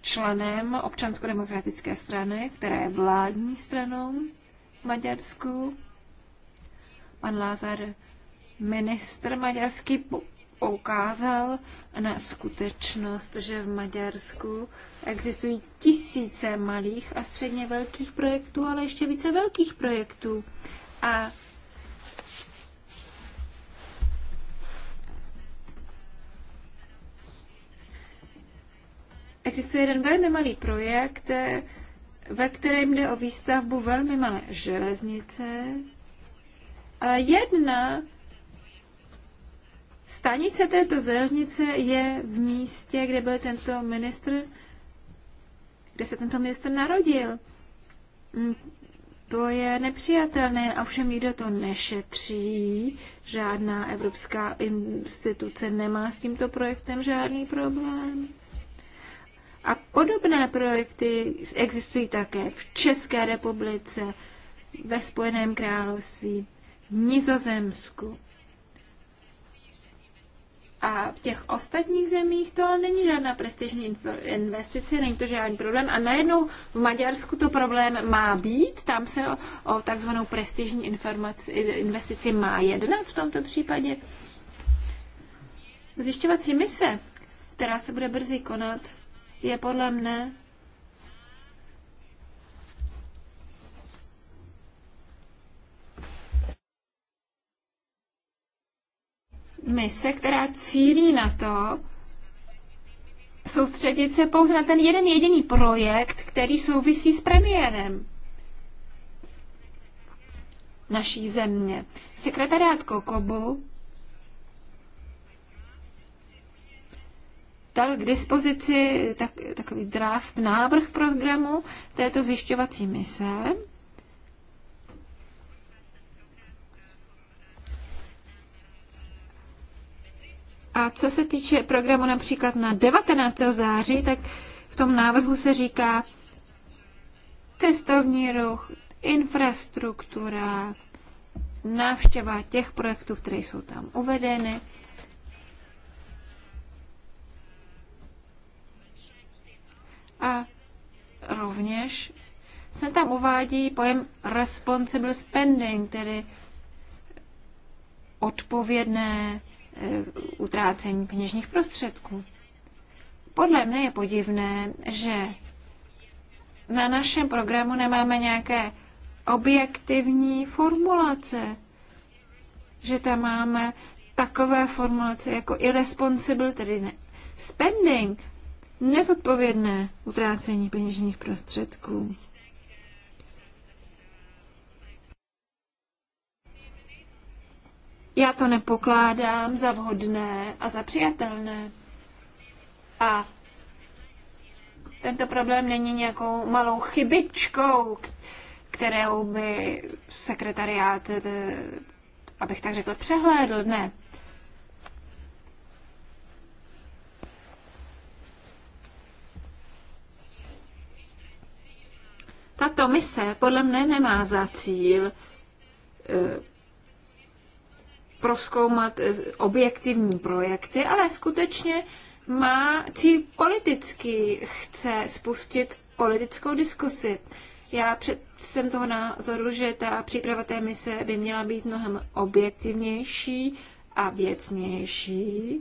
Speaker 2: členem občansko-demokratické strany, která je vládní stranou v Maďarsku. Pan Lázar, ministr maďarský, poukázal na skutečnost, že v Maďarsku existují tisíce malých a středně velkých projektů, ale ještě více velkých projektů. A existuje jeden velmi malý projekt, ve kterém jde o výstavbu velmi malé železnice, ale jedna Stanice této zelnice je v místě, kde byl tento ministr, kde se tento ministr narodil. Mm, to je nepřijatelné, ovšem nikdo to nešetří, žádná evropská instituce nemá s tímto projektem žádný problém. A podobné projekty existují také v České republice, ve Spojeném království, v Nizozemsku. A v těch ostatních zemích to ale není žádná prestižní investice, není to žádný problém. A najednou v Maďarsku to problém má být, tam se o, o takzvanou prestižní investici má jednat v tomto případě. Zjišťovací mise, která se bude brzy konat, je podle mne mise, která cílí na to, soustředit se pouze na ten jeden jediný projekt, který souvisí s premiérem naší země. Sekretariát Kokobu dal k dispozici tak, takový draft návrh programu této zjišťovací mise. A co se týče programu například na 19. září, tak v tom návrhu se říká cestovní ruch, infrastruktura, návštěva těch projektů, které jsou tam uvedeny. A rovněž se tam uvádí pojem responsible spending, tedy odpovědné Eh, utrácení peněžních prostředků. Podle mne je podivné, že na našem programu nemáme nějaké objektivní formulace, že tam máme takové formulace jako irresponsible, tedy ne, spending, nezodpovědné utrácení peněžních
Speaker 4: prostředků.
Speaker 2: Já to nepokládám za vhodné a za přijatelné. A tento problém není nějakou malou chybičkou, kterou by sekretariát, eh, abych tak řekl, přehlédl. Ne. Tato mise podle mne nemá za cíl eh, proskoumat eh, objektivní projekci, ale skutečně má cíl politický, chce spustit politickou diskusi. Já před, jsem toho názoru, že ta příprava té mise by měla být mnohem objektivnější a věcnější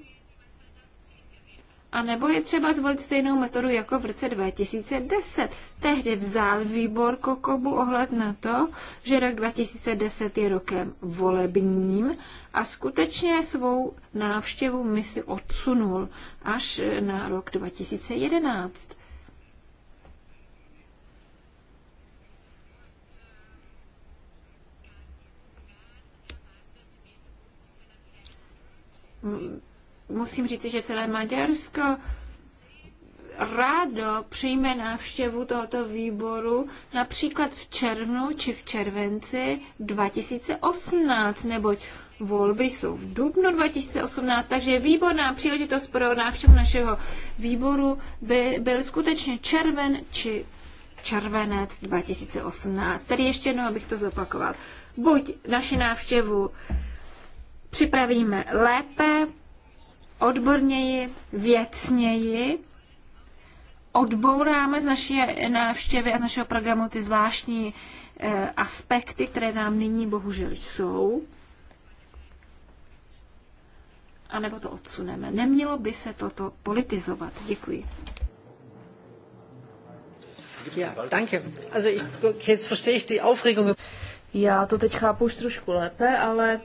Speaker 2: a nebo je třeba zvolit stejnou metodu jako v roce 2010. Tehdy vzal výbor Kokobu ohled na to, že rok 2010 je rokem volebním a skutečně svou návštěvu misi odsunul až na rok 2011 musím říct, že celé Maďarsko rádo přijme návštěvu tohoto výboru například v červnu či v červenci 2018, neboť volby jsou v dubnu 2018, takže výborná příležitost pro návštěvu našeho výboru by byl skutečně červen či červenec 2018. Tady ještě jednou abych to zopakoval. Buď naši návštěvu připravíme lépe, odborněji, věcněji odbouráme z naší návštěvy a z našeho programu ty zvláštní eh, aspekty, které nám nyní bohužel jsou, A nebo to odsuneme. Nemělo by se toto politizovat. Děkuji.
Speaker 1: Ja, danke. Also ich, jetzt verstehe ich die Aufregung. Já to teď chápu už trošku lépe, ale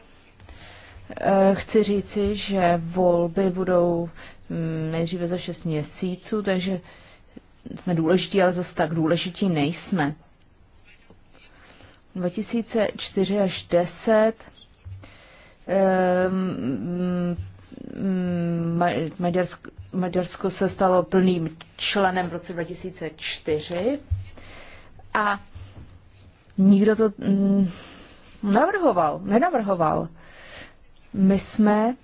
Speaker 1: Eh, chci říci, že volby budou mm, nejdříve za 6 měsíců, takže jsme důležití, ale zase tak důležití nejsme. 2004 až 10 eh, mm, mm, Maďarsko, Maďarsko se stalo plným členem v roce 2004 a nikdo to navrhoval, nenavrhoval. My jsme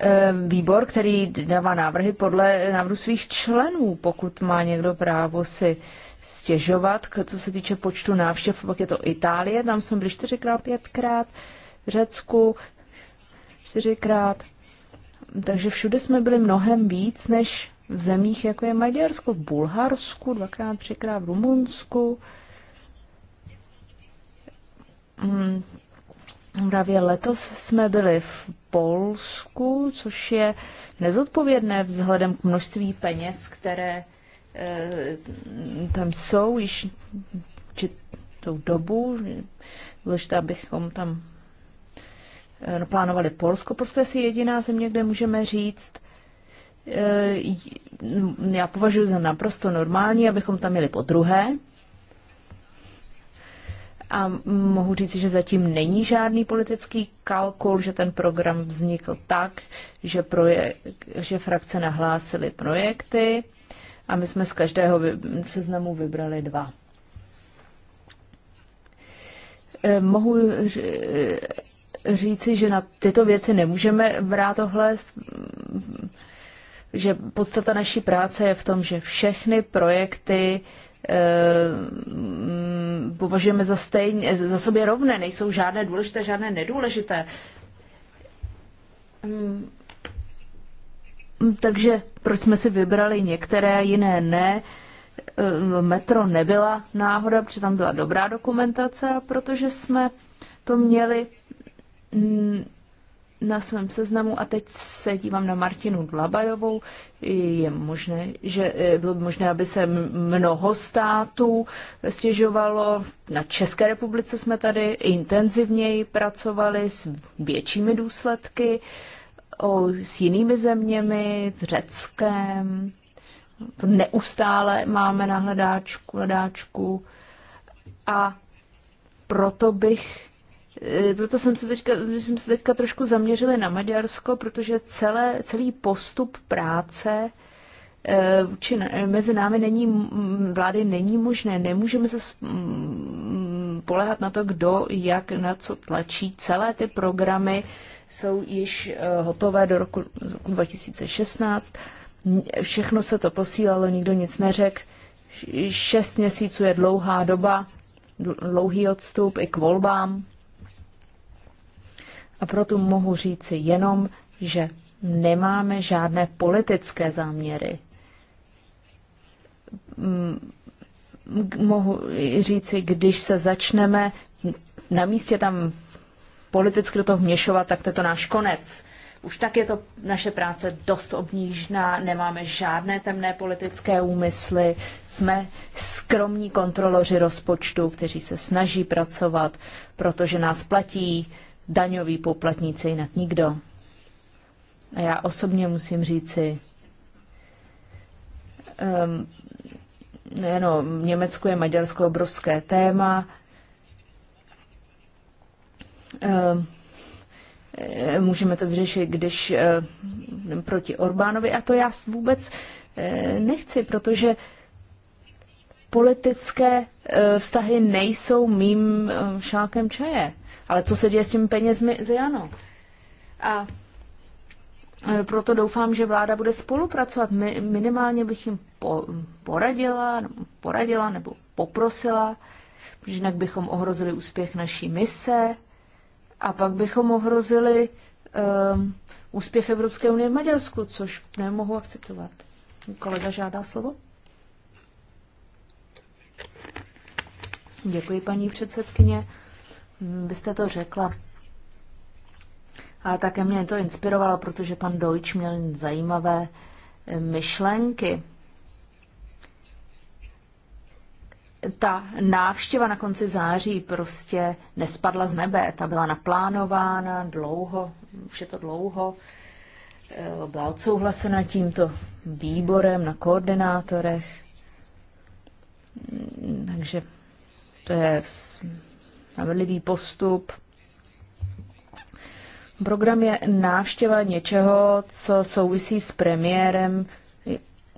Speaker 1: eh, výbor, který dává návrhy podle návrhu svých členů, pokud má někdo právo si stěžovat, co se týče počtu návštěv, pak je to Itálie, tam jsme byli čtyřikrát, pětkrát, v Řecku čtyřikrát, takže všude jsme byli mnohem víc, než v zemích, jako je Maďarsko, v Bulharsku, dvakrát, třikrát v Rumunsku. Hmm. Právě letos jsme byli v Polsku, což je nezodpovědné vzhledem k množství peněz, které e, tam jsou již tou dobu. Důležité, abychom tam eh, plánovali Polsko. Polsko je si jediná země, kde můžeme říct, e, já považuji za naprosto normální, abychom tam měli po druhé, a mohu říct, že zatím není žádný politický kalkul, že ten program vznikl tak, že, projek- že frakce nahlásily projekty a my jsme z každého seznamu vybrali dva. Eh, mohu říci, že na tyto věci nemůžeme brát ohled, že podstata naší práce je v tom, že všechny projekty Eh, považujeme za, stejně, za sobě rovné, nejsou žádné důležité, žádné nedůležité. Hmm. Takže proč jsme si vybrali některé, jiné ne? Eh, metro nebyla náhoda, protože tam byla dobrá dokumentace, protože jsme to měli mm, na svém seznamu a teď se dívám na Martinu Dlabajovou. Je možné, že eh, bylo by možné, aby se mnoho států stěžovalo. Na České republice jsme tady intenzivněji pracovali s většími důsledky o, s jinými zeměmi, s Řeckem. To neustále máme na hledáčku, hledáčku. A proto bych Eh, proto jsem se teďka, jsem se teďka trošku zaměřili na Maďarsko, protože celé, celý postup práce eh, či mezi námi není, vlády není možné. Nemůžeme se polehat na to, kdo jak na co tlačí. Celé ty programy jsou již eh, hotové do roku 2016. Všechno se to posílalo, nikdo nic neřekl. Šest měsíců je dlouhá doba, dlouhý odstup i k volbám. A proto mohu říci jenom, že nemáme žádné politické záměry. Mm, mohu říci, když se začneme na místě tam politicky do toho vměšovat, tak to je to náš konec. Už tak je to naše práce dost obnížná, nemáme žádné temné politické úmysly, jsme skromní kontroloři rozpočtu, kteří se snaží pracovat, protože nás platí daňový poplatníci, jinak nikdo. A já osobně musím říci, um, no, v Německu je Maďarsko obrovské téma. Um, můžeme to vyřešit, když um, proti Orbánovi. A to já vůbec um, nechci, protože politické uh, vztahy nejsou mým šálkem čaje. Ale co se děje s těmi penězmi z Jano? A e, proto doufám, že vláda bude spolupracovat. Minimálně bych jim poradila, poradila nebo poprosila, protože jinak bychom ohrozili úspěch naší mise a pak bychom ohrozili um, úspěch Evropské unie v Maďarsku, což nemohu akceptovat. Kolega žádá slovo. Děkuji, paní předsedkyně. Byste to řekla. A také mě to inspirovalo, protože pan Deutsch měl zajímavé eh, myšlenky. Ta návštěva na konci září prostě nespadla z nebe. Ta byla naplánována dlouho, už je to dlouho. Eh, byla odsouhlasena tímto výborem na koordinátorech. Mm, takže to je spravedlivý postup. Program je návštěva něčeho, co souvisí s premiérem.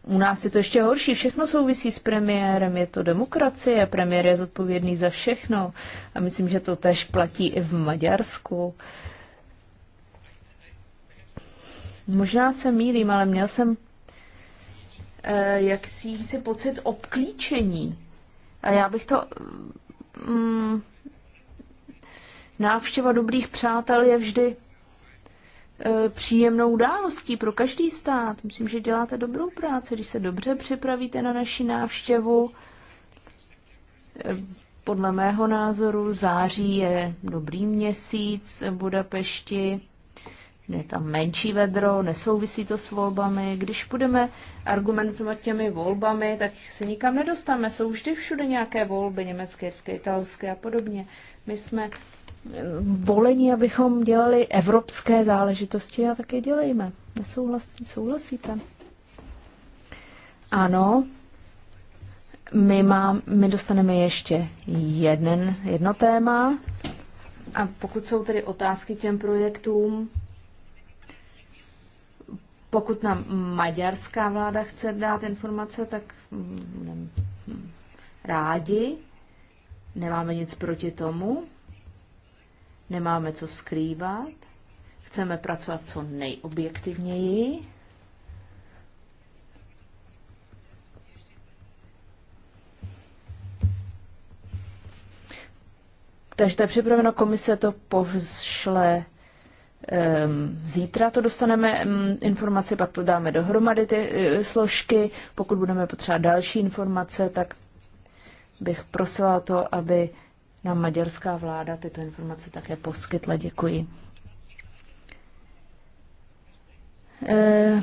Speaker 1: U nás je to ještě horší. Všechno souvisí s premiérem. Je to demokracie. Premiér je zodpovědný za všechno. A myslím, že to tež platí i v Maďarsku. Možná se mýlím, ale měl jsem eh, jaksi si pocit obklíčení. A já bych to... Mm, návštěva dobrých přátel je vždy e, příjemnou událostí pro každý stát. Myslím, že děláte dobrou práci, když se dobře připravíte na naši návštěvu. E, podle mého názoru září je dobrý měsíc v Budapešti. Je tam menší vedro, nesouvisí to s volbami. Když budeme argumentovat těmi volbami, tak se nikam nedostaneme. Jsou vždy všude nějaké volby, německé, italské a podobně. My jsme volení, abychom dělali evropské záležitosti a taky dělejme. Nesouhlasí, souhlasíte? Ano, my, má, my dostaneme ještě jeden, jedno téma. A pokud jsou tedy otázky těm projektům, pokud nám maďarská vláda chce dát informace, tak rádi. Nemáme nic proti tomu nemáme co skrývat, chceme pracovat co nejobjektivněji. Takže ta připravena komise to pošle ehm, Zítra to dostaneme ehm, informaci, pak to dáme dohromady ty eh, složky. Pokud budeme potřebovat další informace, tak bych prosila to, aby nám maďarská vláda tyto informace také poskytla. Děkuji. E,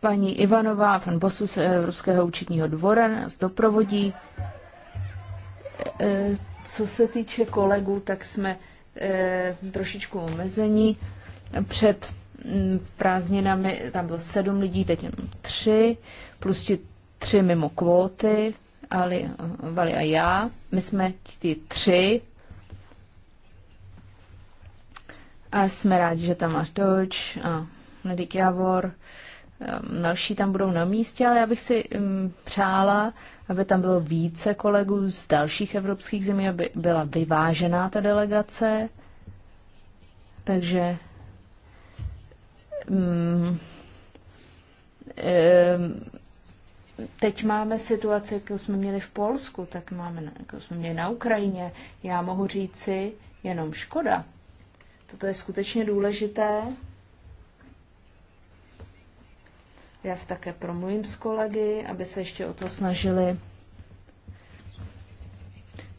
Speaker 1: paní Ivanová a pan Bosu z Evropského účetního dvora nás doprovodí. E, co se týče kolegů, tak jsme e, trošičku omezení. Před hm, prázdninami tam bylo sedm lidí, teď jenom tři, plus ti tři mimo kvóty. Ali, Vali a já. My jsme ti tři. A jsme rádi, že tam máš Deutsch a Nedik Javor. Ehm, další tam budou na místě, ale já bych si ehm, přála, aby tam bylo více kolegů z dalších evropských zemí, aby byla vyvážená ta delegace. Takže um, um, teď máme situaci, jakou jsme měli v Polsku, tak máme, jakou jsme měli na Ukrajině. Já mohu říci jenom škoda. Toto je skutečně důležité. Já se také promluvím s kolegy, aby se ještě o to snažili.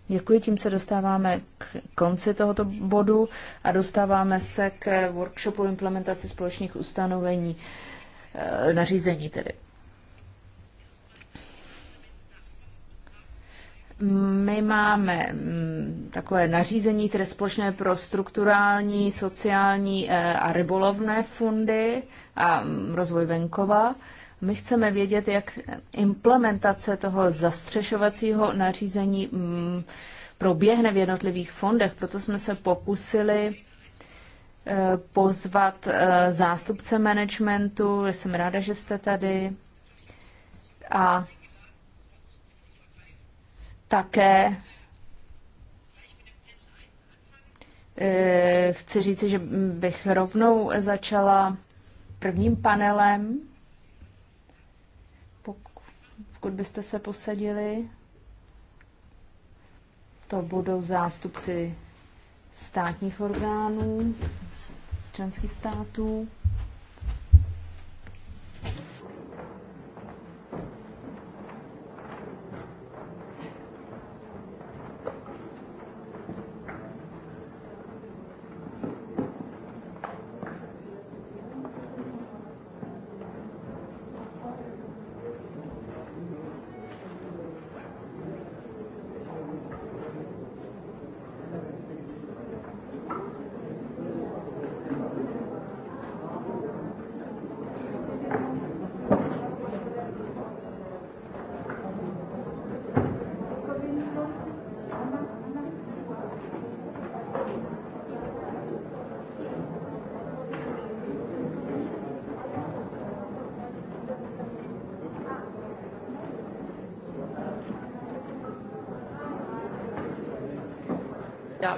Speaker 1: Děkuji, tím se dostáváme k konci tohoto bodu a dostáváme se k workshopu implementaci společných ustanovení eh, nařízení tedy. My máme mm, takové nařízení, které společné pro strukturální, sociální eh, a rybolovné fondy a mm, rozvoj venkova. My chceme vědět, jak implementace toho zastřešovacího nařízení mm, proběhne v jednotlivých fondech. Proto jsme se pokusili eh, pozvat eh, zástupce managementu. Jsem ráda, že jste tady. A také eh, chci říci, že bych rovnou začala prvním panelem. Pokud byste se posadili, to budou zástupci státních orgánů z členských států.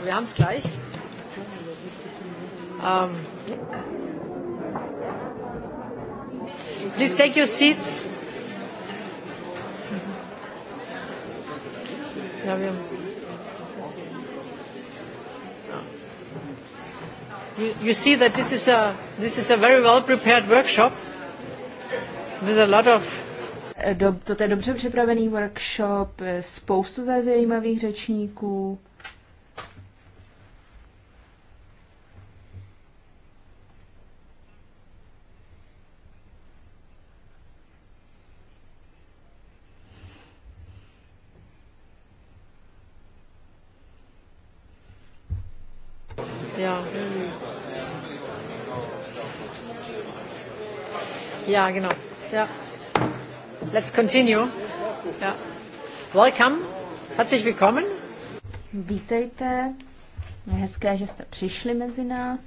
Speaker 1: wir haben es gleich. Um, please take your seats.
Speaker 4: Ja, wir you, you see that this is a this is a very well prepared workshop
Speaker 1: with a lot of to je dobře připravený workshop, eh, spoustu zajímavých řečníků. Ja, genau. Ja. Let's continue. Ja. Welcome. Herzlich willkommen. Vítejte. Je hezké, že jste přišli mezi nás.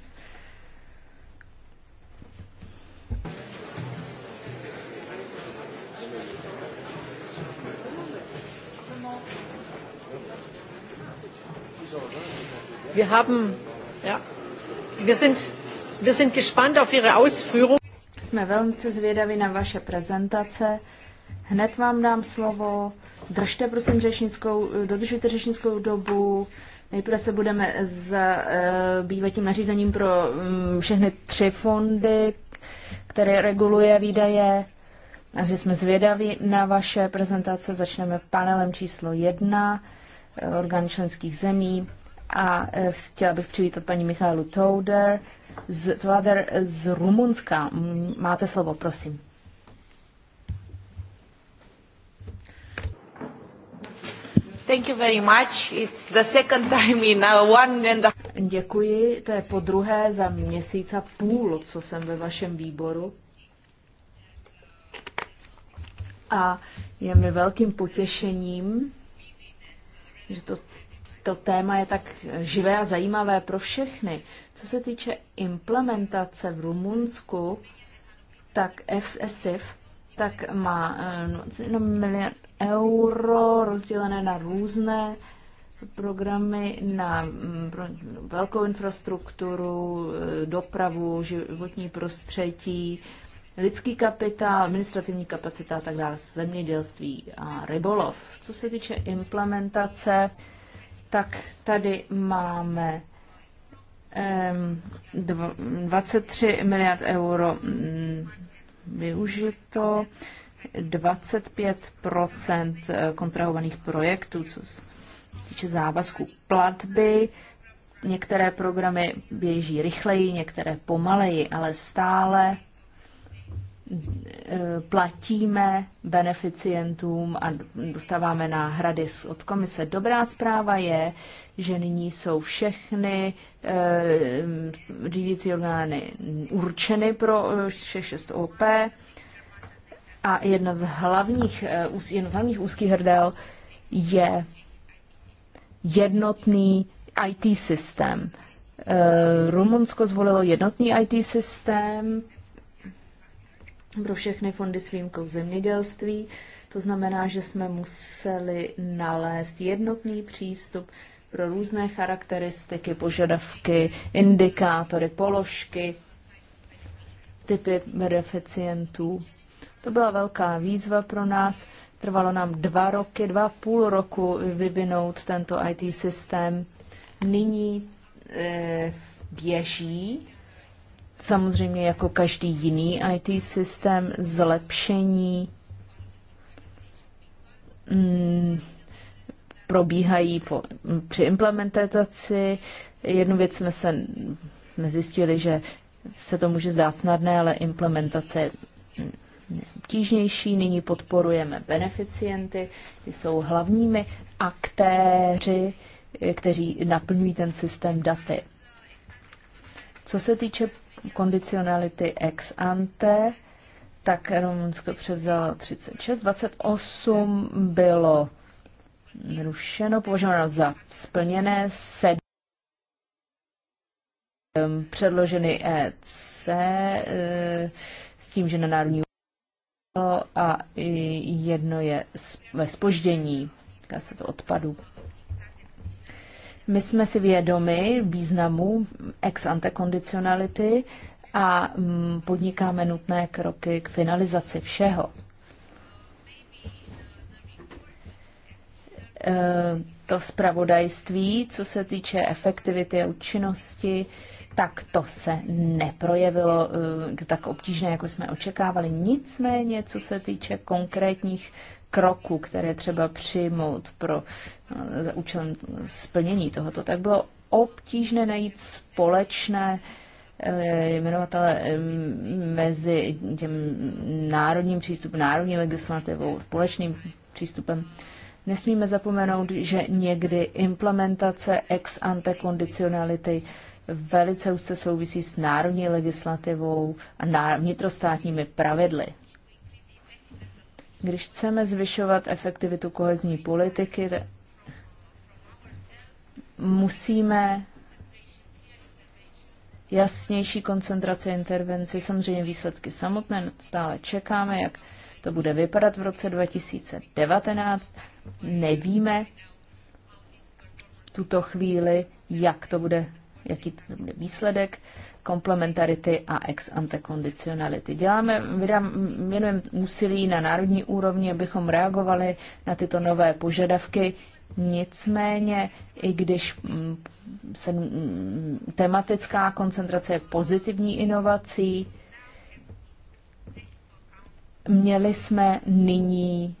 Speaker 1: Wir haben, ja, wir sind, wir sind gespannt auf Ihre Ausführungen jsme velmi zvědaví na vaše prezentace. Hned vám dám slovo. Držte prosím řečnickou, dodržujte řečnickou dobu. Nejprve se budeme s tím e, nařízením pro mm, všechny tři fondy, které reguluje výdaje. Takže jsme zvědaví na vaše prezentace. Začneme panelem číslo jedna, e, orgán členských zemí. A e, chtěla bych přivítat paní Michálu Touder, z, Tvader z Rumunska. Máte slovo, prosím. Thank you very much. It's the second time in one and a... Děkuji, to je po druhé za měsíc a půl, co jsem ve vašem výboru. A je mi velkým potěšením, že to to téma je tak živé a zajímavé pro všechny. Co se týče implementace v Rumunsku, tak FSIF tak má no, miliard euro rozdělené na různé programy na mm, velkou infrastrukturu, eh, dopravu, životní prostředí, lidský kapitál, administrativní kapacita a tak dále, zemědělství a rybolov. Co se týče implementace tak tady máme 23 miliard euro mm, využito, 25 eh, kontrahovaných projektů, co týče závazku platby. Některé programy běží rychleji, některé pomaleji, ale stále platíme beneficientům a dostáváme náhrady od komise. Dobrá zpráva je, že nyní jsou všechny eh, řídící orgány určeny pro 6.6OP eh, a jedna z hlavních, eh, jedna z hlavních úzkých hrdel je jednotný IT systém. Rumunsko zvolilo jednotný IT systém, pro všechny fondy s výjimkou zemědělství. To znamená, že jsme museli nalézt jednotný přístup pro různé charakteristiky, požadavky, indikátory, položky, typy beneficientů. To byla velká výzva pro nás. Trvalo nám dva roky, dva půl roku vyvinout tento IT systém. Nyní e, běží samozřejmě jako každý jiný IT systém zlepšení mm, probíhají po, při implementaci. Jednu věc jsme se zjistili, že se to může zdát snadné, ale implementace je obtížnější. Nyní podporujeme beneficienty, ty jsou hlavními aktéři, kteří naplňují ten systém daty. Co se týče kondicionality ex ante, tak Rumunsko převzalo 36, 28 bylo rušeno, považováno za splněné, 7 předloženy EC eh, s tím, že na národní a jedno je ve spoždění, týká se to odpadu. My jsme si vědomi významu ex ante kondicionality a mm, podnikáme nutné kroky k finalizaci všeho. E, to zpravodajství, co se týče efektivity a účinnosti, tak to se neprojevilo e, tak obtížně, jako jsme očekávali. Nicméně, co se týče konkrétních kroků, které třeba přijmout pro eh, za účelem splnění tohoto, tak bylo obtížné najít společné eh, jmenovatele mezi těm národním přístupem, národní legislativou, společným přístupem. Nesmíme zapomenout, že někdy implementace ex ante kondicionality velice úzce souvisí s národní legislativou a vnitrostátními pravidly. Když chceme zvyšovat efektivitu kohezní politiky, musíme jasnější koncentrace intervenci, samozřejmě výsledky samotné, no, stále čekáme, jak to bude vypadat v roce 2019, nevíme tuto chvíli, jak to bude, jaký to bude výsledek komplementarity a ex ante kondicionality. Děláme, věnujeme úsilí na národní úrovni, abychom reagovali na tyto nové požadavky. Nicméně, i když mm, se mm, tematická koncentrace je pozitivní inovací, měli jsme nyní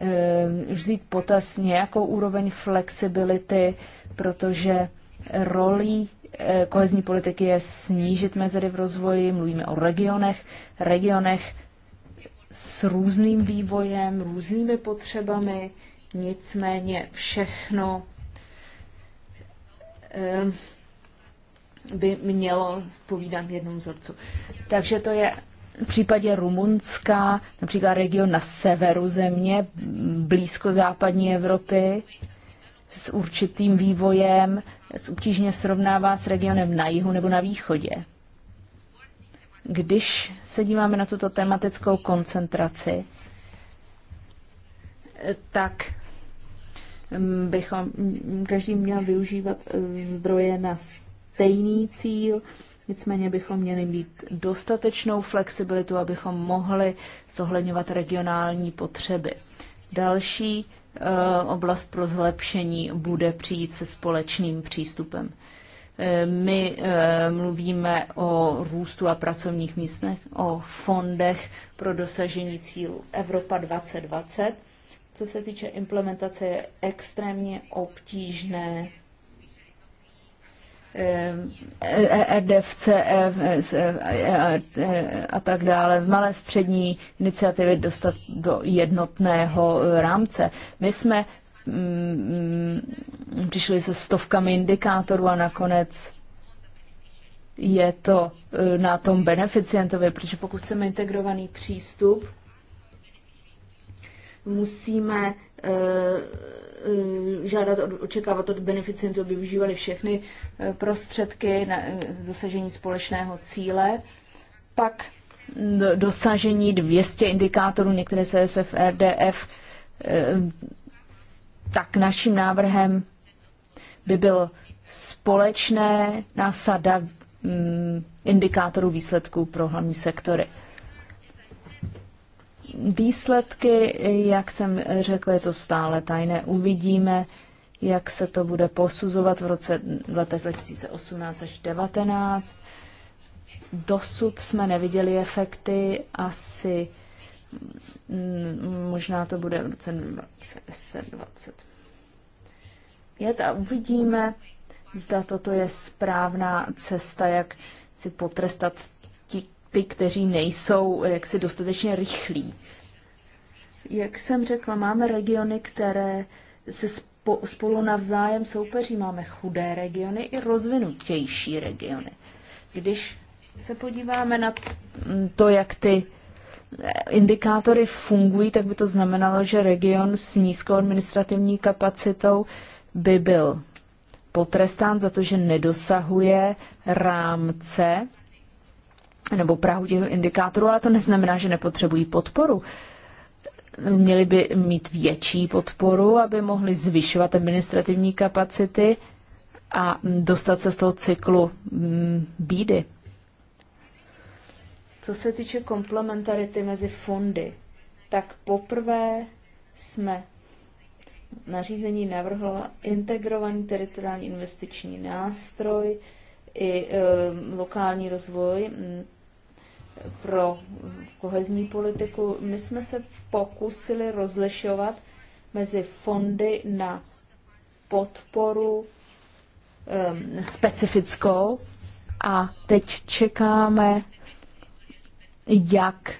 Speaker 1: eh, vzít potaz nějakou úroveň flexibility, protože Rolí eh, kohezní politiky je snížit mezery v rozvoji, mluvíme o regionech, regionech s různým vývojem, různými potřebami, nicméně všechno eh, by mělo povídat jednomu vzorcu. Takže to je v případě Rumunska, například region na severu země, blízko západní Evropy, s určitým vývojem, obtížně srovnává s regionem na jihu nebo na východě. Když se díváme na tuto tematickou koncentraci, tak mm, bychom mm, každý měl využívat zdroje na stejný cíl, nicméně bychom měli mít dostatečnou flexibilitu, abychom mohli zohledňovat regionální potřeby. Další Eh, oblast pro zlepšení bude přijít se společným přístupem. Eh, my eh, mluvíme o růstu a pracovních místech, o fondech pro dosažení cílu Evropa 2020. Co se týče implementace, je extrémně obtížné RDFC a tak dále, malé střední iniciativy dostat do jednotného rámce. My jsme přišli se stovkami indikátorů a nakonec je to na tom beneficientovi, protože pokud chceme integrovaný přístup, musíme Eh, žádat, očekávat od beneficientů, aby využívali všechny eh, prostředky na eh, dosažení společného cíle. Pak dosažení 200 indikátorů, některé CSF, RDF, tak naším návrhem by bylo společné násada mm, indikátorů výsledků pro hlavní sektory. Výsledky, jak jsem řekla, je to stále tajné. Uvidíme, jak se to bude posuzovat v roce v letech 2018 až 2019. Dosud jsme neviděli efekty, asi mm, možná to bude v roce 2020. 2025 a uvidíme, zda toto je správná cesta, jak si potrestat ti, ty, kteří nejsou jaksi dostatečně rychlí. Jak jsem řekla, máme regiony, které se spolu navzájem soupeří. Máme chudé regiony i rozvinutější regiony. Když se podíváme na to, jak ty indikátory fungují, tak by to znamenalo, že region s nízkou administrativní kapacitou by byl potrestán za to, že nedosahuje rámce nebo prahu těch indikátorů, ale to neznamená, že nepotřebují podporu měli by mít větší podporu, aby mohli zvyšovat administrativní kapacity a dostat se z toho cyklu mm, bídy. Co se týče komplementarity mezi fondy, tak poprvé jsme nařízení navrhla integrovaný teritoriální investiční nástroj i e, lokální rozvoj mm, pro kohezní politiku. My jsme se pokusili rozlišovat mezi fondy na podporu um, specifickou a teď čekáme, jak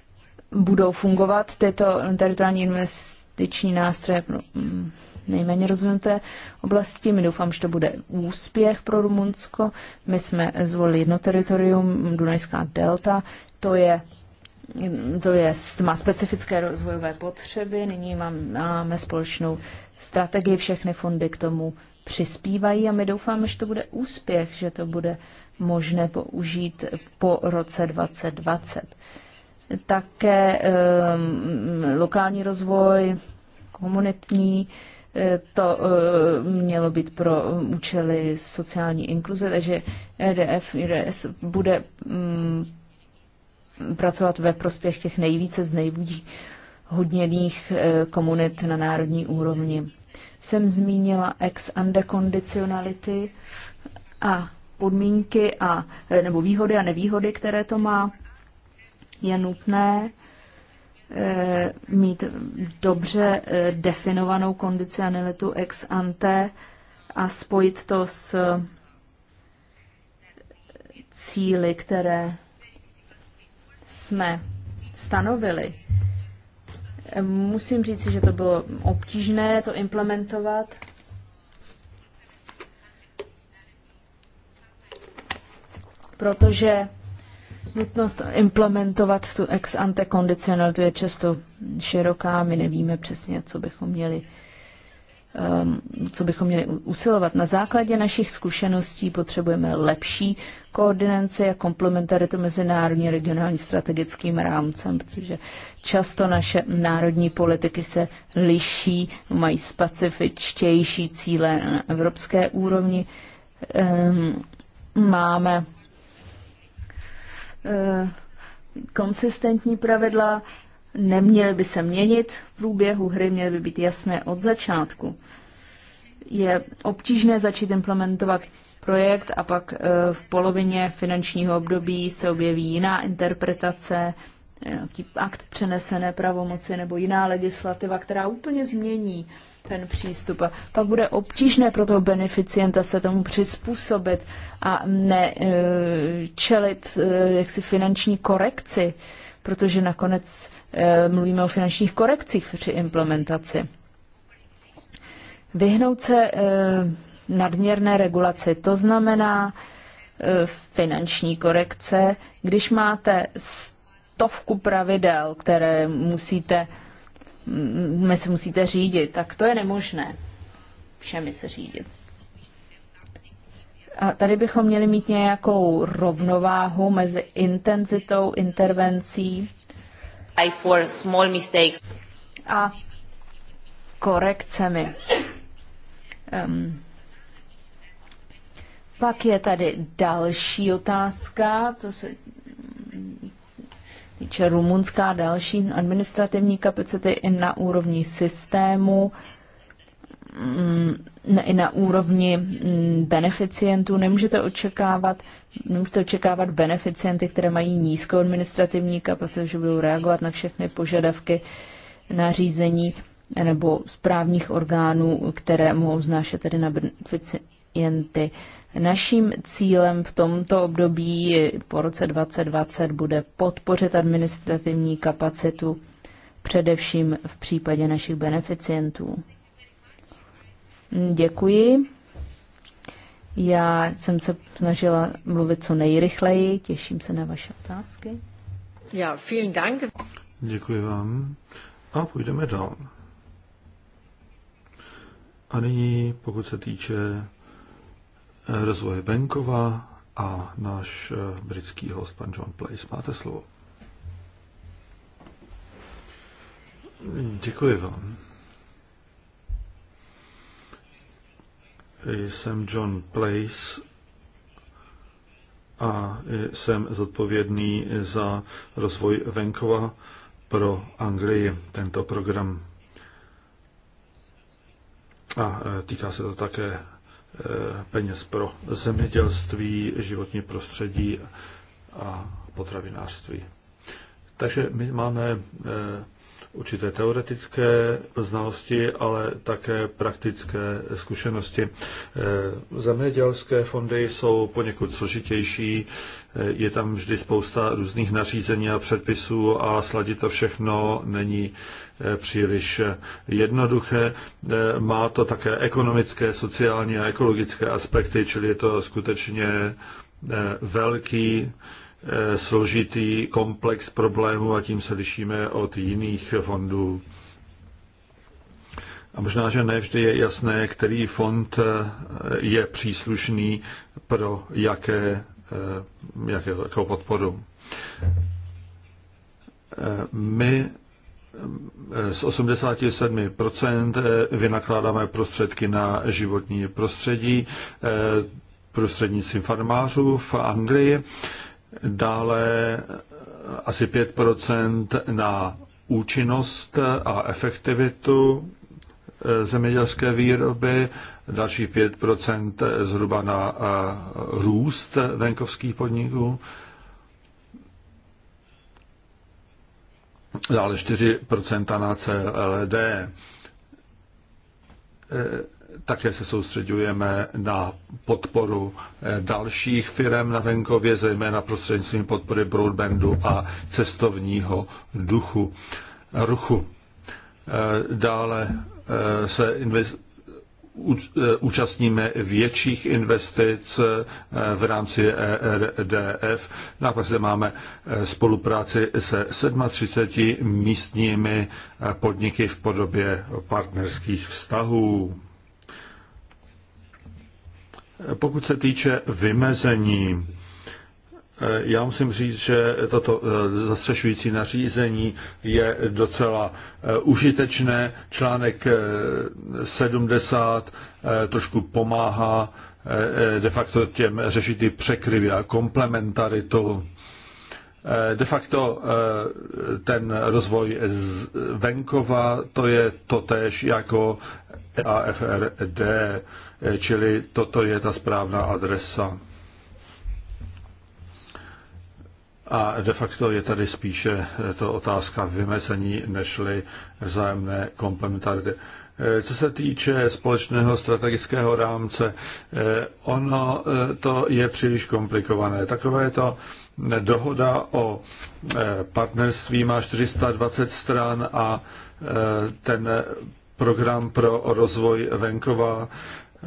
Speaker 1: budou fungovat tyto teritoriální investiční nástroje pro no, mm, nejméně rozvinuté oblasti. My doufám, že to bude úspěch pro Rumunsko. My jsme zvolili jedno teritorium, Dunajská delta. To je to je, má specifické rozvojové potřeby. Nyní máme společnou strategii, všechny fondy k tomu přispívají a my doufáme, že to bude úspěch, že to bude možné použít po roce 2020. Také um, lokální rozvoj, komunitní, e, to e, mělo být pro účely sociální inkluze, takže EDF, IDS bude um, pracovat ve prospěch těch nejvíce z hodněných eh, komunit na národní úrovni. Jsem zmínila ex ante kondicionality a podmínky a, eh, nebo výhody a nevýhody, které to má. Je nutné eh, mít dobře definovanou kondicionalitu ex ante a spojit to s cíly, které jsme stanovili, musím říct, že to bylo obtížné to implementovat. Protože nutnost implementovat tu ex ante kondicionalitu je často široká, my nevíme přesně, co bychom měli Um, co bychom měli usilovat. Na základě našich zkušeností potřebujeme lepší koordinaci a komplementaritu a regionální strategickým rámcem, protože často naše národní politiky se liší, mají specifičtější cíle na evropské úrovni. Um, máme uh, konsistentní pravidla, neměly by se měnit v průběhu hry, měly by být jasné od začátku. Je obtížné začít implementovat projekt a pak eh, v polovině finančního období se objeví jiná interpretace, akt přenesené pravomoci nebo jiná legislativa, která úplně změní ten přístup. A pak bude obtížné pro toho beneficienta se tomu přizpůsobit a ne eh, čelit eh, jaksi finanční korekci protože nakonec eh, mluvíme o finančních korekcích při implementaci. Vyhnout se eh, nadměrné regulaci, to znamená eh, finanční korekce, když máte stovku pravidel, které musíte, my mm, mm, se musíte řídit, tak to je nemožné všemi se řídit. A tady bychom měli mít nějakou rovnováhu mezi intenzitou intervencí for small mistakes. a korekcemi. Um, pak je tady další otázka, co se týče rumunská další administrativní kapacity i na úrovni systému. Mm, i na úrovni mm, beneficientů nemůžete očekávat, nemůžete očekávat beneficienty, které mají nízkou administrativní kapacitu, že budou reagovat na všechny požadavky nařízení nebo správních orgánů, které mohou znášet tedy na beneficienty. Naším cílem v tomto období po roce 2020 bude podpořit administrativní kapacitu především v případě našich beneficientů. Mm, děkuji. Já jsem se snažila mluvit co nejrychleji, těším se na vaše otázky.
Speaker 4: Ja, vielen Dank.
Speaker 3: Děkuji vám. A půjdeme dál. A nyní, pokud se týče eh, rozvoje Benkova a náš eh, britský host, pan John Place, máte slovo. Děkuji vám. jsem John Place a jsem zodpovědný za rozvoj venkova pro Anglii, tento program. A e, týká se to také e, peněz pro zemědělství, životní prostředí a potravinářství. Takže my máme e, určité teoretické znalosti, ale také praktické zkušenosti. Eh, zemědělské fondy jsou poněkud složitější, eh, je tam vždy spousta různých nařízení a předpisů a sladit to všechno není eh, příliš jednoduché. Má to také ekonomické, sociální a ekologické aspekty, čili je to skutečně velký Eh, složitý komplex problémů a tím se lišíme od jiných fondů. A možná, že ne vždy je jasné, který fond eh, je příslušný pro jaké, eh, jaké, jakou podporu. My z 87% vynakládáme prostředky na životní prostředí prostřednictvím farmářů v Anglii dále eh, asi 5 na účinnost a efektivitu eh, zemědělské výroby, další 5 zhruba na eh, růst venkovských podniků, dále 4 na CLD. Také se soustředujeme na podporu eh, dalších firm na venkově, zejména prostřednictvím podpory broadbandu a cestovního duchu, ruchu. Eh, dále eh, se invest, účastníme větších investic v rámci ERDF. No a zde máme spolupráci se 37 místními podniky v podobě partnerských vztahů. Pokud se týče vymezení, eh, já musím říct, že toto eh, zastřešující nařízení je docela eh, užitečné. Článek 70 trošku pomáhá de facto těm řešit ty překryvy a komplementaritu. De facto ten rozvoj z venkova, to je totéž jako e AFRD. Čili toto je ta správná adresa. A de facto je tady spíše eh, to otázka vymezení, nežli vzájemné komplementarity. Eh, co se týče společného strategického rámce, eh, ono to je příliš komplikované. Takové to dohoda o partnerství má 420 stran a ten program pro rozvoj venkova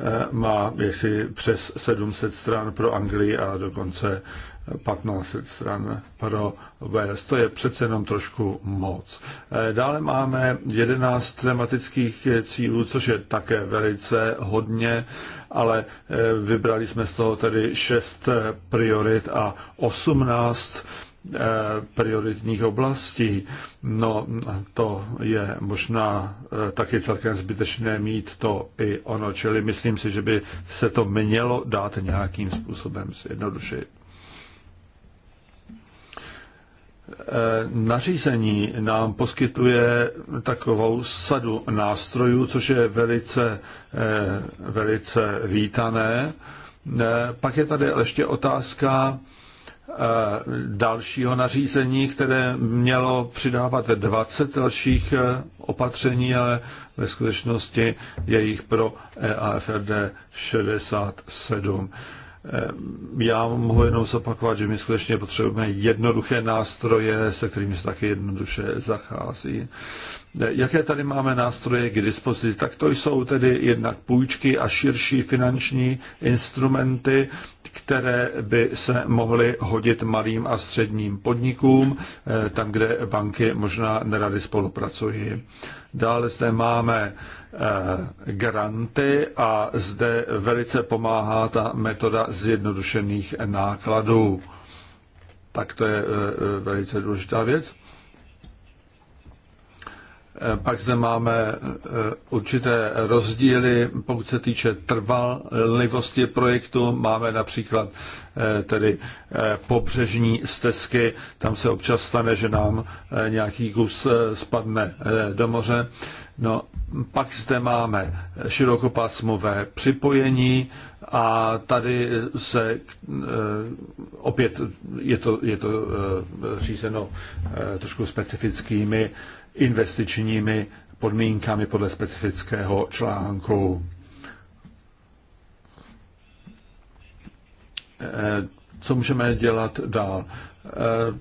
Speaker 3: Eh, má jaksi přes 700 stran pro Anglii a dokonce 1500 stran pro Wales. To je přece jenom trošku moc. Eh, dále máme 11 tematických cílů, což je také velice hodně, ale eh, vybrali jsme z toho tedy 6 priorit a 18 Eh, prioritních oblastí. No, to je možná eh, taky celkem zbytečné mít to i ono, čili myslím si, že by se to mělo dát nějakým způsobem zjednodušit. Eh, nařízení nám poskytuje takovou sadu nástrojů, což je velice, velice vítané. Pak je tady ještě otázka Eh, dalšího nařízení, které mělo přidávat 20 dalších eh, opatření, ale ve skutečnosti je jich pro EAFRD 67. Eh, já mohu jenom zopakovat, že my skutečně potřebujeme jednoduché nástroje, se kterými se taky jednoduše zachází. Jaké tady máme nástroje k dispozici? Tak to jsou tedy jednak půjčky a širší finanční instrumenty, které by se mohly hodit malým a středním podnikům, eh, tam, kde banky možná nerady spolupracují. Dále zde máme eh, granty a zde velice pomáhá ta metoda zjednodušených nákladů. Tak to je eh, velice důležitá věc. Eh, pak zde máme eh, určité rozdíly, pokud se týče trvalivosti projektu. Máme například eh, tedy pobřežní stezky. Tam se občas stane, že nám nějaký kus spadne do moře. No, pak zde máme širokopásmové připojení a tady se opět je to, je to řízeno trošku specifickými investičními podmínkami podle specifického článku. Eh, co můžeme dělat dál? Eh,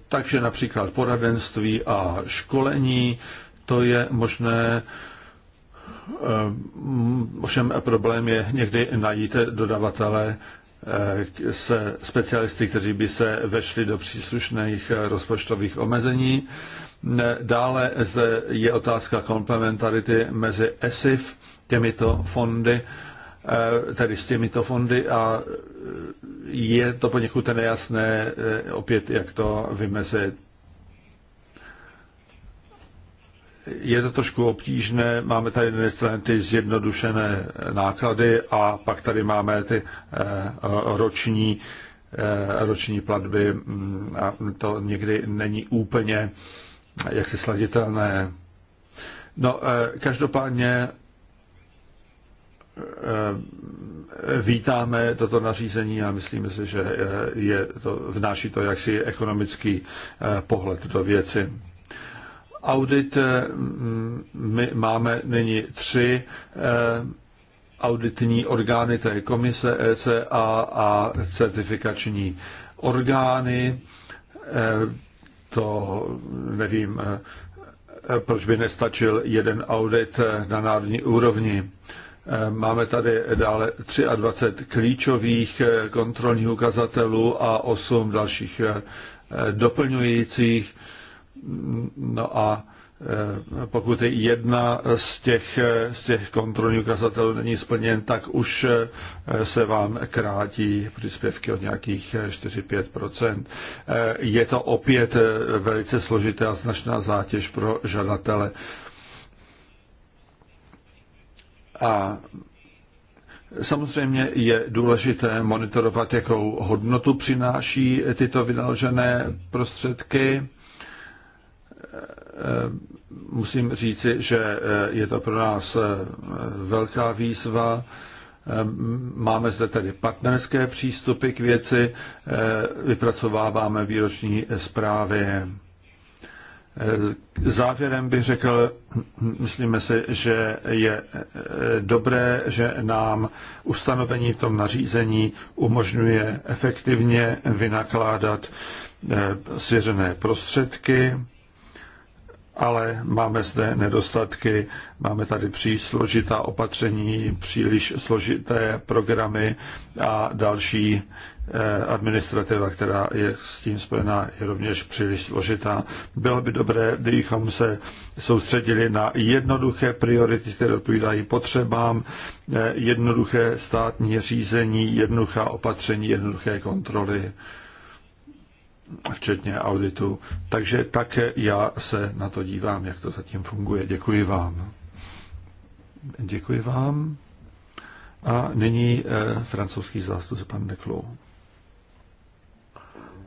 Speaker 3: takže například poradenství a školení, to je možné eh, Ovšem problém je někdy najít dodavatele se specialisty, kteří by se vešli do příslušných rozpočtových omezení. Dále zde je otázka komplementarity mezi ESIF, těmito fondy, eh, tedy s těmito fondy a eh, je to poněkud nejasné eh, opět, jak to vymezit. Je to trošku obtížné, máme tady na straně ty zjednodušené náklady a pak tady máme ty roční, roční platby mm, a to někdy není úplně jaksi sladitelné. No, eh, každopádně eh, vítáme toto nařízení a myslíme si, že eh, je to, vnáší to jaksi ekonomický pohled do věci. Audit, my máme nyní tři auditní orgány, to je komise ECA a certifikační orgány to nevím, eh, eh, proč by nestačil jeden audit eh, na národní úrovni. Máme tady dále 23 klíčových kontrolních ukazatelů a 8 dalších doplňujících. Mm, no a Eh, pokud jedna z těch, eh, z těch kontrolních ukazatelů není splněn, tak už eh, se vám krátí příspěvky od nějakých 4-5 Je to opět velice složité a značná zátěž pro žadatele. A Samozřejmě je důležité monitorovat, jakou hodnotu přináší tyto vynaložené prostředky Eh, musím říci, že eh, je to pro nás eh, velká výzva. Máme zde tedy partnerské přístupy k věci, vypracováváme výroční zprávy. Závěrem bych řekl, myslíme si, že je dobré, že nám ustanovení v tom nařízení umožňuje efektivně vynakládat svěřené prostředky ale máme zde nedostatky, máme tady příliš složitá opatření, příliš složité programy a další eh, administrativa, která je s tím spojená, je rovněž příliš složitá. Bylo by dobré, kdybychom se soustředili na jednoduché priority, které odpovídají potřebám, eh, jednoduché státní řízení, jednoduchá opatření, jednoduché kontroly včetně auditu. Takže také já se na to dívám, jak to zatím funguje. Děkuji vám. Děkuji vám. A nyní eh, francouzský zástupce pan Deklou.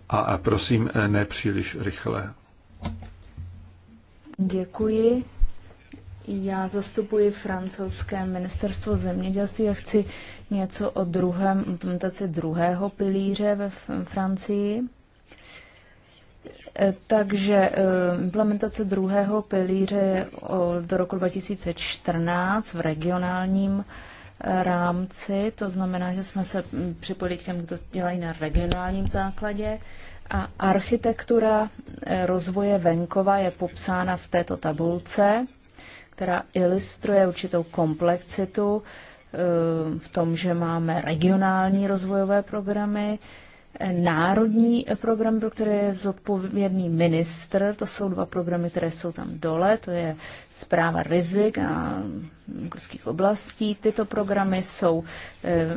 Speaker 3: A, a prosím, eh, nepříliš rychle.
Speaker 1: Děkuji. Já zastupuji francouzské ministerstvo zemědělství a chci něco o druhém, implementaci druhého pilíře ve Francii. Eh, takže eh, implementace druhého pilíře je do roku 2014 v regionálním eh, rámci, to znamená, že jsme se hm, připojili k těm, kdo dělají na regionálním základě. A architektura rozvoje venkova je popsána v této tabulce, která ilustruje určitou komplexitu v tom, že máme regionální rozvojové programy, národní program, pro který je zodpovědný ministr. To jsou dva programy, které jsou tam dole. To je zpráva rizik a horských oblastí. Tyto programy jsou eh,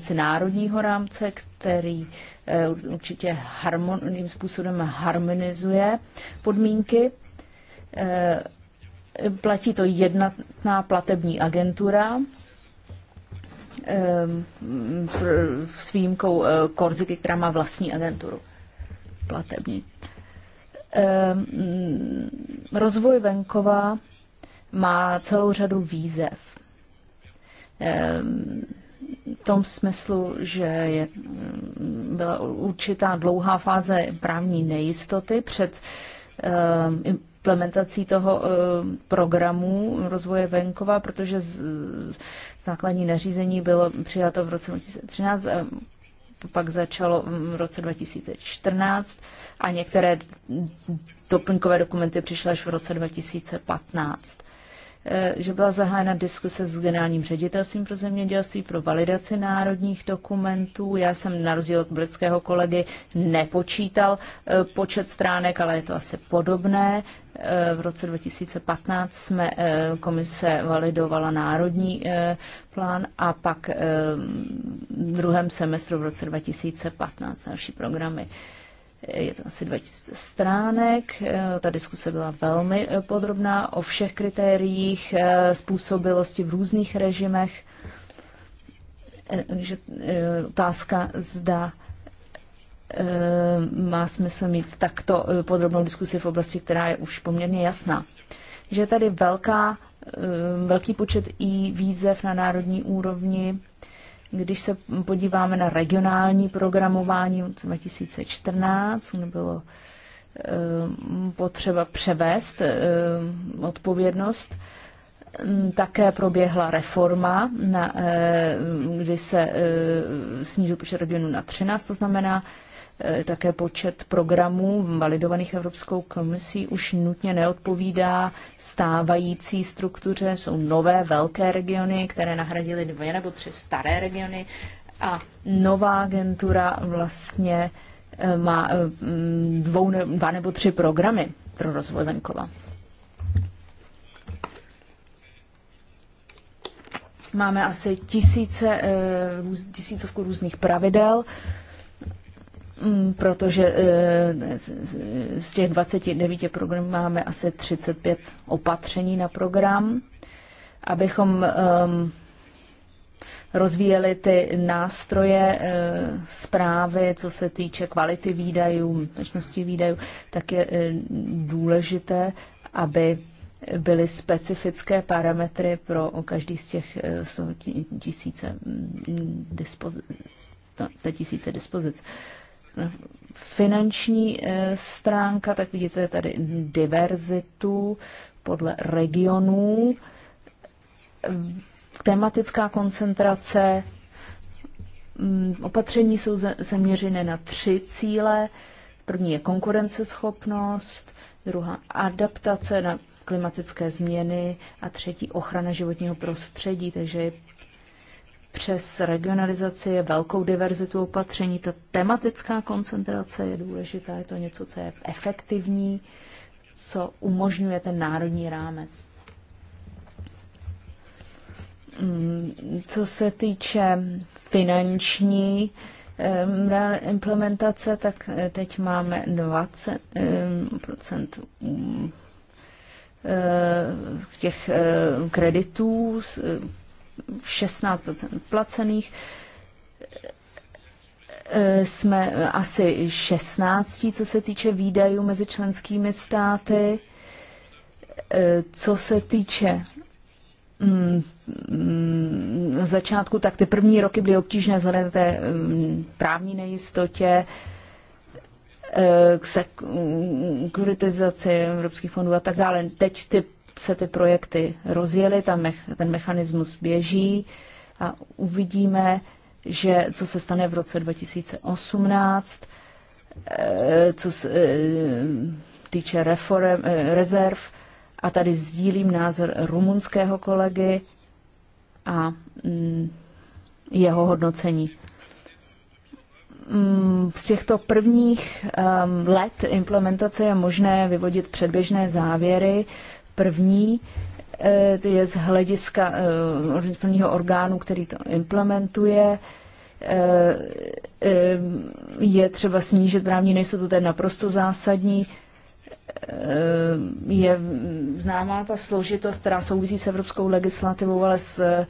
Speaker 1: z národního rámce, který eh, určitě harmon, způsobem harmonizuje podmínky. Eh, platí to jednotná platební agentura, Ehm, s výjimkou Korziky, eh, která má vlastní agenturu platební. Ehm, rozvoj venkova má celou řadu výzev. Ehm, v tom smyslu, že je, mm, byla určitá dlouhá fáze právní nejistoty před implementací toho eh, programu rozvoje venkova, protože základní nařízení bylo přijato v roce 2013 to eh, pak začalo v roce 2014 a některé doplňkové dokumenty přišly až v roce 2015. Eh, že byla zahájena diskuse s generálním ředitelstvím pro zemědělství pro validaci národních dokumentů. Já jsem na rozdíl od britského kolegy nepočítal eh, počet stránek, ale je to asi podobné. Eh, v roce 2015 jsme komise validovala národní plán a pak v druhém semestru v roce 2015 další programy. Je to asi 2000 stránek. Eh, ta diskuse byla velmi eh, podrobná o všech kritériích eh, způsobilosti v různých režimech. Takže otázka, zda má smysl mít takto podrobnou diskusi v oblasti, která je už poměrně jasná. Že je tady velká, velký počet i výzev na národní úrovni, když se podíváme na regionální programování 2014, bylo eh, potřeba převést eh, odpovědnost, mm, také proběhla reforma, na, eh, kdy se snížil počet regionů na 13, to znamená, Eh, také počet programů validovaných Evropskou komisí už nutně neodpovídá stávající struktuře. Jsou nové velké regiony, které nahradily dvě nebo tři staré regiony a nová agentura vlastně eh, má eh, mm, dvou, dva nebo tři programy pro rozvoj venkova. Máme asi tisíce, tisícovku různých pravidel, Mm, protože eh, z těch 29 programů máme asi 35 opatření na program, abychom ehm, rozvíjeli ty nástroje eh, zprávy, co se týče kvality výdajů, bezpečnosti výdajů, tak je eh, důležité, aby byly specifické parametry pro každý z těch mm, tisíce dispozic. Tisíce dispozic Finanční eh, stránka, tak vidíte tady diverzitu podle regionů, tematická koncentrace, mm, opatření jsou zaměřené na tři cíle. První je konkurenceschopnost, druhá adaptace na klimatické změny a třetí ochrana životního prostředí. Takže je přes regionalizaci, velkou diverzitu opatření. Ta tematická koncentrace je důležitá, je to něco, co je efektivní, co umožňuje ten národní rámec. Mm, co se týče finanční implementace, tak eh, teď máme 20 mm, eh, těch eh, kreditů 16 placených. E, jsme asi 16, co se týče výdajů mezi členskými státy. E, co se týče mm, mm, začátku, tak ty první roky byly obtížné vzhledem té mm, právní nejistotě, e, k sekuritizaci evropských fondů a tak dále. Teď ty se ty projekty rozjely, tam mech, ten mechanismus běží a uvidíme, že co se stane v roce 2018, eh, co se eh, týče reform, eh, rezerv. A tady sdílím názor rumunského kolegy a mm, jeho hodnocení. Mm, z těchto prvních ehm, let implementace je možné vyvodit předběžné závěry První eh, je z hlediska eh, prvního orgánu, který to implementuje. Eh, je třeba snížit právní nejistotu, to je naprosto zásadní. Je známá ta složitost, která souvisí s evropskou legislativou, ale s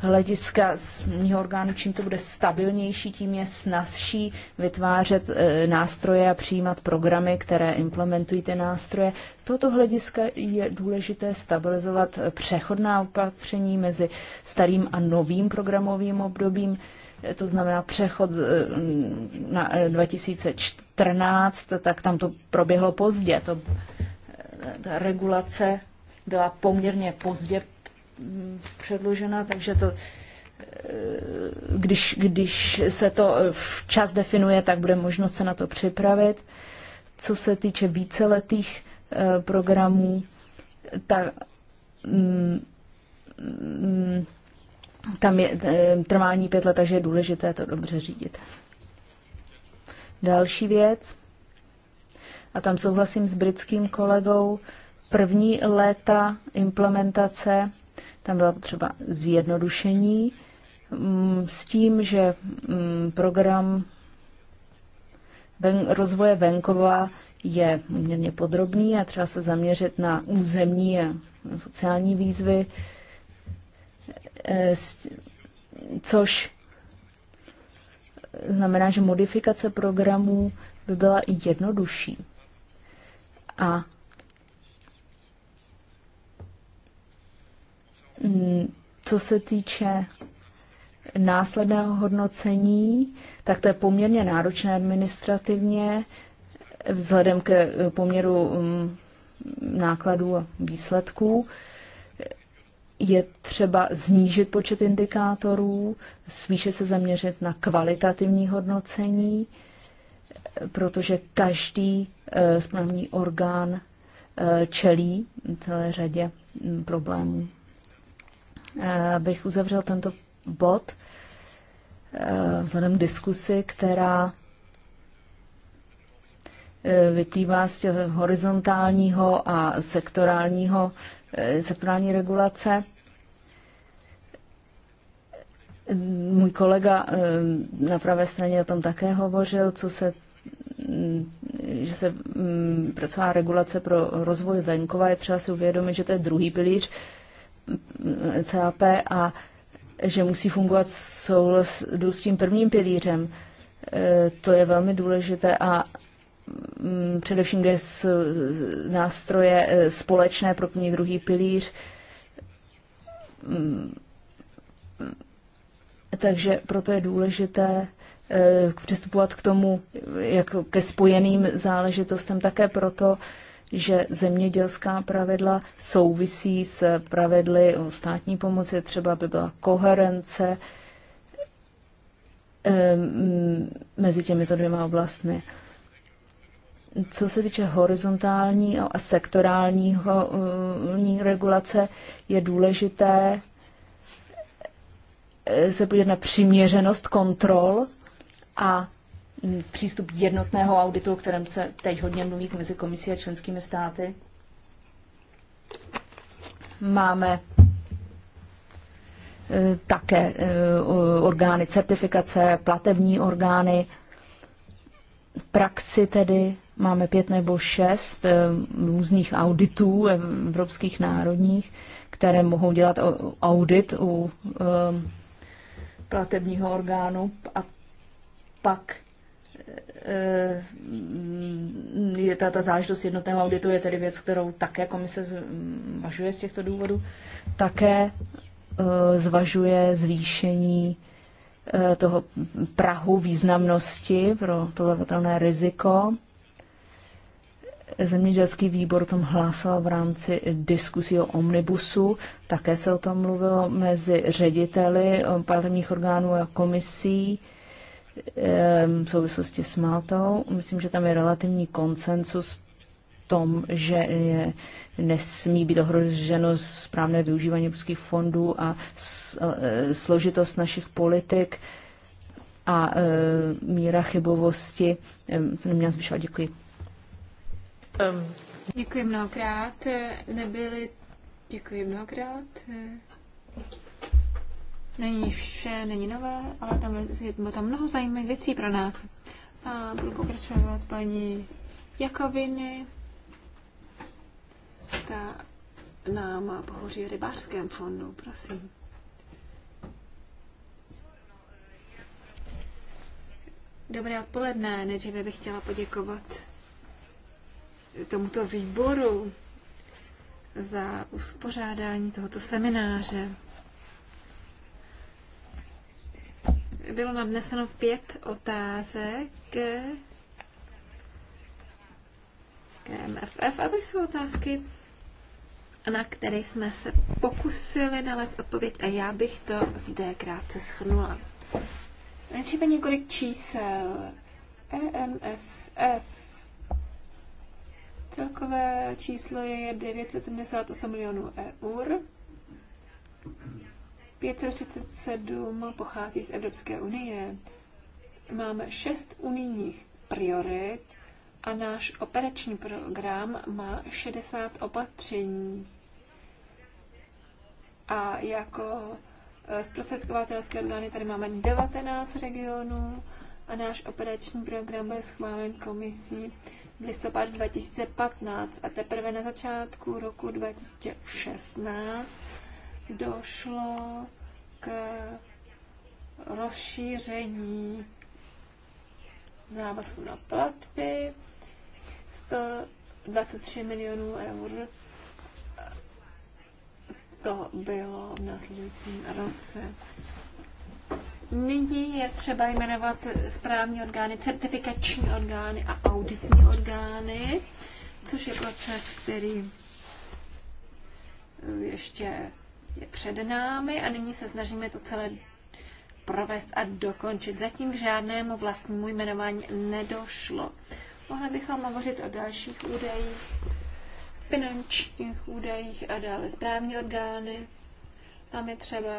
Speaker 1: hlediska z mého orgánu, čím to bude stabilnější, tím je snazší vytvářet e, nástroje a přijímat programy, které implementují ty nástroje. Z tohoto hlediska je důležité stabilizovat přechodná opatření mezi starým a novým programovým obdobím to znamená přechod e, na 2014, e, tak tam to proběhlo pozdě. To, ta regulace byla poměrně pozdě předložena, takže to, eh, když, když se to včas definuje, tak bude možnost se na to připravit. Co se týče víceletých eh, programů, tak mm, mm, tam je eh, trvání pět let, takže je důležité to dobře řídit. Další věc, a tam souhlasím s britským kolegou, první léta implementace tam byla potřeba zjednodušení mm, s tím, že mm, program rozvoje venkova je poměrně podrobný a třeba se zaměřit na územní a sociální výzvy, eh, což znamená, že modifikace programů by byla i jednodušší. A Mm, co se týče následného hodnocení, tak to je poměrně náročné administrativně vzhledem k eh, poměru mm, nákladů a výsledků. Je třeba znížit počet indikátorů, spíše se zaměřit na kvalitativní hodnocení, protože každý eh, správní orgán eh, čelí celé řadě mm, problémů. Eh, bych uzavřel tento bod eh, vzhledem k diskusi, která eh, vyplývá z těch horizontálního a sektorálního, sektorální regulace. Můj kolega na pravé straně o tom také hovořil, co se, mm, že se mm, pracová regulace pro rozvoj venkova. Je třeba si uvědomit, že to je druhý pilíř E CAP a že musí fungovat souladu s tím prvním pilířem. E, to je velmi důležité a mm, především kde nástroje e, společné pro první druhý pilíř. Mm, takže proto je důležité přistupovat k tomu jako ke spojeným záležitostem také proto, že zemědělská pravidla souvisí s pravidly o státní pomoci, třeba by byla koherence mezi těmito dvěma oblastmi. Co se týče horizontální a sektorálního eh, regulace, je důležité eh, se podívat na přiměřenost kontrol a přístup jednotného auditu, o kterém se teď hodně mluví mezi komisí a členskými státy. Máme e, také e, orgány certifikace, platební orgány. V praxi tedy máme pět nebo šest e, různých auditů evropských národních, které mohou dělat audit u platebního orgánu a pak Eh, je ta, ta záležitost jednotného auditu je tedy věc, kterou také komise mm, zvažuje z těchto důvodů. Také eh, zvažuje zvýšení eh, toho prahu významnosti pro tolerovatelné riziko. Zemědělský výbor o tom hlásal v rámci diskusí o omnibusu. Také se o tom mluvilo mezi řediteli parlamentních orgánů a komisí. Ehm, v souvislosti s Maltou. Myslím, že tam je relativní konsensus tom, že nesmí být ohroženo správné využívání evropských fondů a e, složitost našich politik a e, míra chybovosti. Ehm, to neměla zvyšovat. Děkuji.
Speaker 4: Ehm,
Speaker 2: děkuji mnohokrát. Nebyly... Děkuji mnohokrát není vše, není nové, ale tam bylo tam mnoho zajímavých věcí pro nás. A budu pokračovat paní Jakoviny. Ta nám pohoří rybářském fondu, prosím. Dobré odpoledne. Nejdříve bych chtěla poděkovat tomuto výboru za uspořádání tohoto semináře. bylo nadneseno pět otázek k MFF a to jsou otázky, na které jsme se pokusili nalézt odpověď a já bych to zde krátce schrnula. Nejdříve několik čísel. EMFF. Celkové číslo je 978 milionů eur. 537 pochází z Evropské unie. Máme šest unijních priorit a náš operační program má 60 opatření. A jako eh, zprostředkovatelské orgány tady máme 19 regionů a náš operační program byl schválen komisí v listopadu 2015 a teprve na začátku roku 2016 došlo k rozšíření závazku na platby 123 milionů eur. To bylo v následujícím roce. Nyní je třeba jmenovat správní orgány, certifikační orgány a auditní orgány, což je proces, který ještě je před námi a nyní se snažíme to celé provést a dokončit. Zatím k žádnému vlastnímu jmenování nedošlo. Mohli bychom hovořit o dalších údajích, finančních údajích a dále správní orgány. Tam je třeba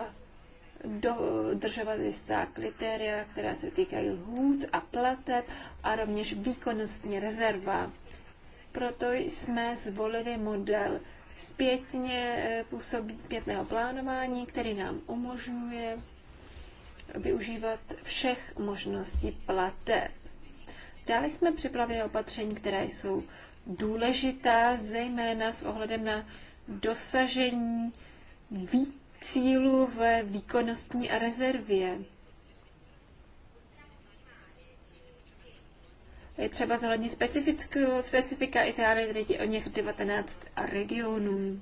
Speaker 2: dodržovat jistá kritéria, která se týkají lhůt a plateb a rovněž výkonnostní rezerva. Proto jsme zvolili model zpětně eh, působí zpětného plánování, který nám umožňuje využívat všech možností plateb. Dále jsme připravili opatření, která jsou důležitá, zejména s ohledem na dosažení cílu ve výkonnostní rezervě. je třeba specifickou specifika Itálie, tedy o něch 19 regionů.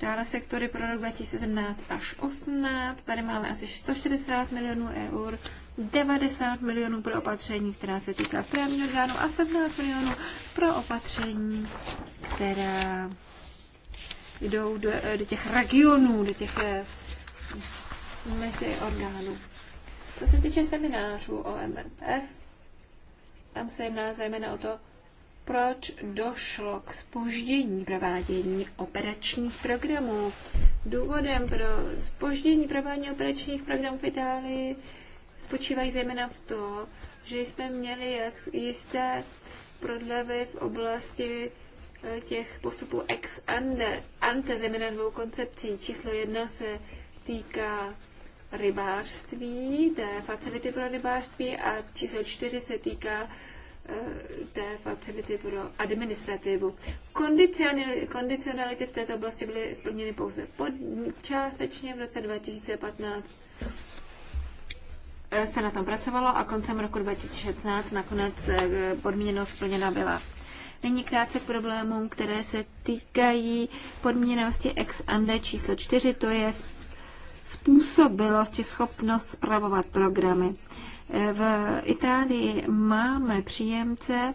Speaker 2: Dále sektory pro rok 2017 až 18. Tady máme asi 160 milionů eur, 90 milionů pro opatření, která se týká správního orgánu a 17 milionů pro opatření, která jdou do, do těch regionů, do těch eh, mezi orgánů. Co se týče seminářů o MMF, tam se jedná zejména o to, proč došlo k spoždění provádění operačních programů. Důvodem pro spoždění provádění operačních programů v Itálii spočívají zejména v to, že jsme měli jak jisté prodlevy v oblasti eh, těch postupů ex ante, ante zejména dvou koncepcí. Číslo jedna se týká rybářství, té facility pro rybářství a číslo čtyři se týká eh, té facility pro administrativu. Kondicionality v této oblasti byly splněny pouze pod, částečně v roce 2015 eh, se na tom pracovalo a koncem roku 2016 nakonec eh, podmíněno splněna byla. Nyní krátce k problémům, které se týkají podmíněnosti ex ante číslo 4, to je způsobilost či schopnost zpravovat programy. V Itálii máme příjemce,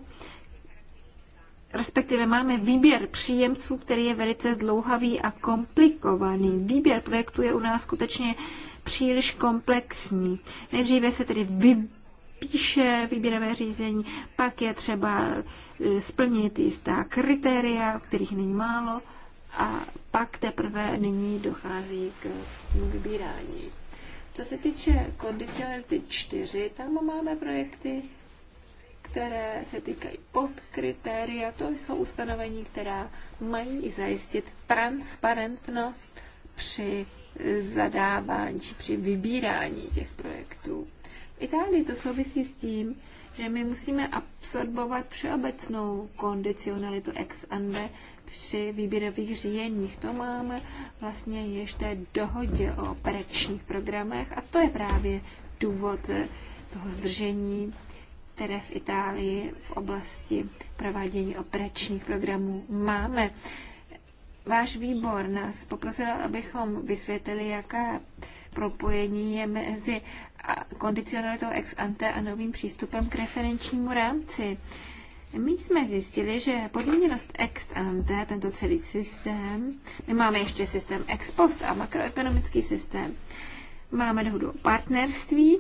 Speaker 2: respektive máme výběr příjemců, který je velice dlouhavý a komplikovaný. Výběr projektu je u nás skutečně příliš komplexní. Nejdříve se tedy vypíše výběrové řízení, pak je třeba eh, splnit jistá kritéria, kterých není málo, a pak teprve nyní dochází k vybírání. Co se týče kondicionality 4, tam máme projekty, které se týkají podkritéria, to jsou ustanovení, která mají zajistit transparentnost při zadávání či při vybírání těch projektů. V Itálii to souvisí s tím, že my musíme absorbovat všeobecnou kondicionalitu ex ante, při výběrových řízeních. To máme vlastně ještě dohodě o operačních programech a to je právě důvod eh, toho zdržení, které v Itálii v oblasti provádění operačních programů máme. Váš výbor nás poprosil, abychom vysvětlili, jaká propojení je mezi kondicionalitou ex ante a novým přístupem k referenčnímu rámci. My jsme zjistili, že podmíněnost ex ante, tento celý systém, my máme ještě systém ex post a makroekonomický systém, máme dohodu o partnerství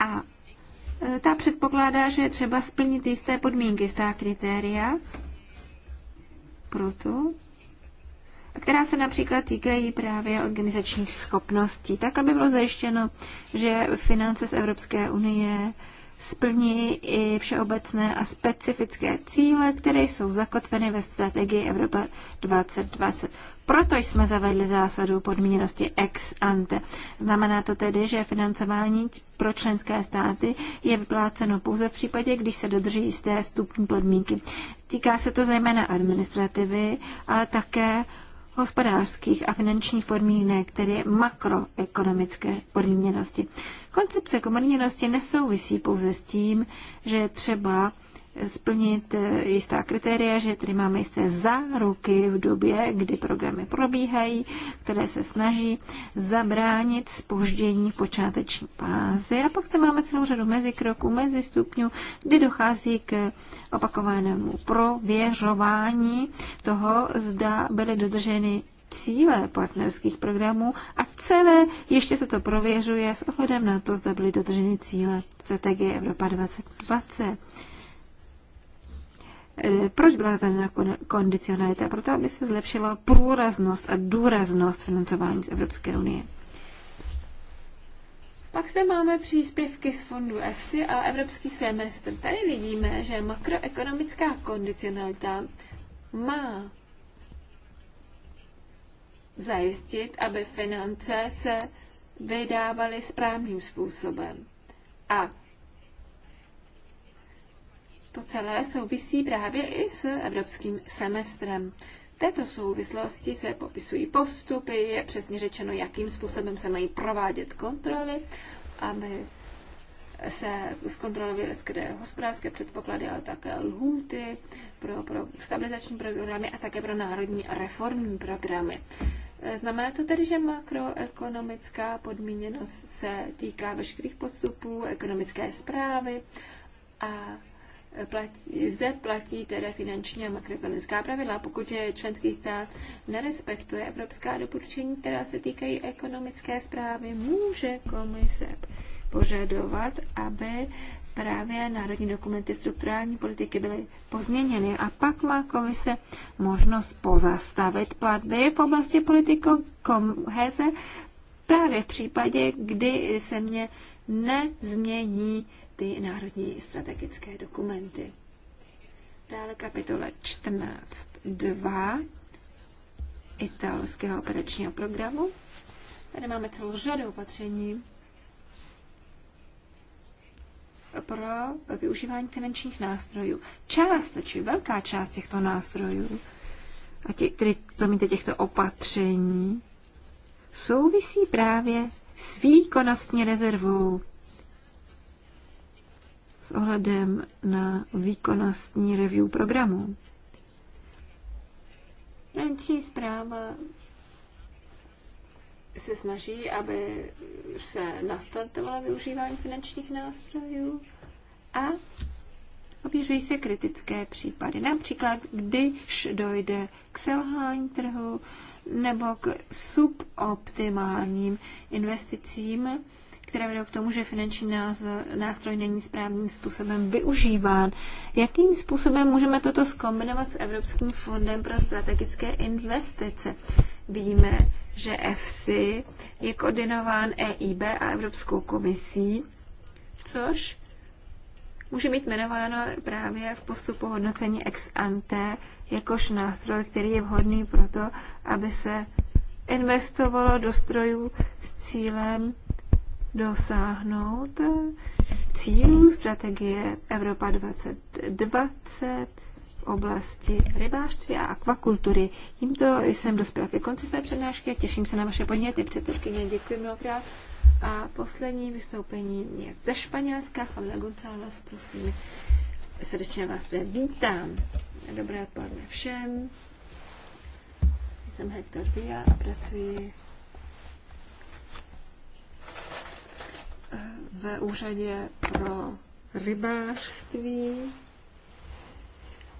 Speaker 2: a e, ta předpokládá, že je třeba splnit jisté podmínky, jistá kritéria proto, která se například týkají právě organizačních schopností, tak aby bylo zajištěno, že finance z Evropské unie splní i všeobecné a specifické cíle, které jsou zakotveny ve strategii Evropa 2020. Proto jsme zavedli zásadu podmíněnosti ex ante. Znamená to tedy, že financování pro členské státy je vypláceno pouze v případě, když se dodrží jisté stupní podmínky. Týká se to zejména administrativy, ale také hospodářských a finančních podmínek, tedy makroekonomické podmíněnosti. Koncepce komorněnosti nesouvisí pouze s tím, že třeba splnit eh, jistá kritéria, že tedy máme jisté záruky v době, kdy programy probíhají, které se snaží zabránit spoždění v počáteční fázi. A pak zde máme celou řadu mezikroků, mezistupňů, kdy dochází k opakovanému prověřování toho, zda byly dodrženy cíle partnerských programů a celé ještě se to prověřuje s ohledem na to, zda byly dodrženy cíle strategie Evropa 2020. Eh, proč byla zavedena kondicionalita? Proto, aby se zlepšila průraznost a důraznost financování z Evropské unie. Pak zde máme příspěvky z fondu EFSI a Evropský semestr. Tady vidíme, že makroekonomická kondicionalita má zajistit, aby finance se vydávaly správným způsobem. A to celé souvisí právě i s evropským semestrem. V této souvislosti se popisují postupy, je přesně řečeno, jakým způsobem se mají provádět kontroly, aby se zkontrolovaly skrze hospodářské předpoklady, ale také lhůty pro, pro stabilizační programy a také pro národní reformní programy. Znamená to tedy, že makroekonomická podmíněnost se týká veškerých podstupů, ekonomické zprávy a platí, zde platí teda finanční a makroekonomická pravidla. Pokud je členský stát nerespektuje evropská doporučení, která se týkají ekonomické zprávy, může komise požadovat, aby právě národní dokumenty strukturální politiky byly pozměněny a pak má komise možnost pozastavit platby v oblasti politiko koheze právě v případě, kdy se mě nezmění ty národní strategické dokumenty. Dále kapitola 14.2 italského operačního programu. Tady máme celou řadu opatření pro využívání finančních nástrojů. Část, či velká část těchto nástrojů, a tě, tedy, promiňte, těchto opatření, souvisí právě s výkonnostní rezervou s ohledem na výkonnostní review programu. Finanční zpráva se snaží, aby se nastartovala využívání finančních nástrojů a objevují se kritické případy. Například, když dojde k selhání trhu nebo k suboptimálním investicím, které vedou k tomu, že finanční nástroj není správným způsobem využíván. Jakým způsobem můžeme toto skombinovat s Evropským fondem pro strategické investice? Víme, že EFSI je koordinován EIB a Evropskou komisí, což může být jmenováno právě v postupu hodnocení ex ante, jakož nástroj, který je vhodný pro to, aby se investovalo do strojů s cílem dosáhnout cílů strategie Evropa 2020 v oblasti rybářství a akvakultury. Tímto jsem dospěla ke konci své přednášky a těším se na vaše podněty. Předsedkyně, děkuji mnohokrát. A poslední vystoupení je ze Španělska. Fabla González, prosím, srdečně vás zde vítám. Dobré odpoledne všem. Jsem Hector Via a pracuji v úřadě pro rybářství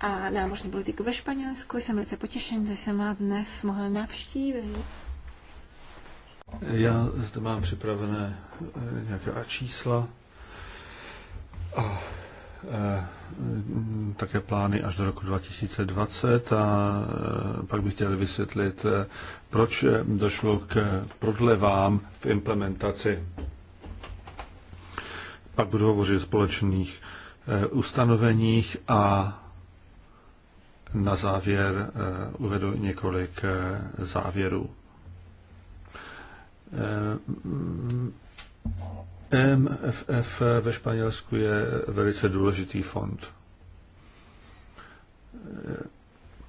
Speaker 2: a námořní politiku ve Španělsku. Jsem velice potěšen, že jsem má dnes mohl navštívit.
Speaker 3: Já zde mám připravené eh, nějaká čísla a eh, také plány až do roku 2020 a eh, pak bych chtěl vysvětlit, proč došlo k prodlevám v implementaci pak budu hovořit o společných eh, ustanoveních a na závěr eh, uvedu několik eh, závěrů. MFF ve Španělsku je velice důležitý fond.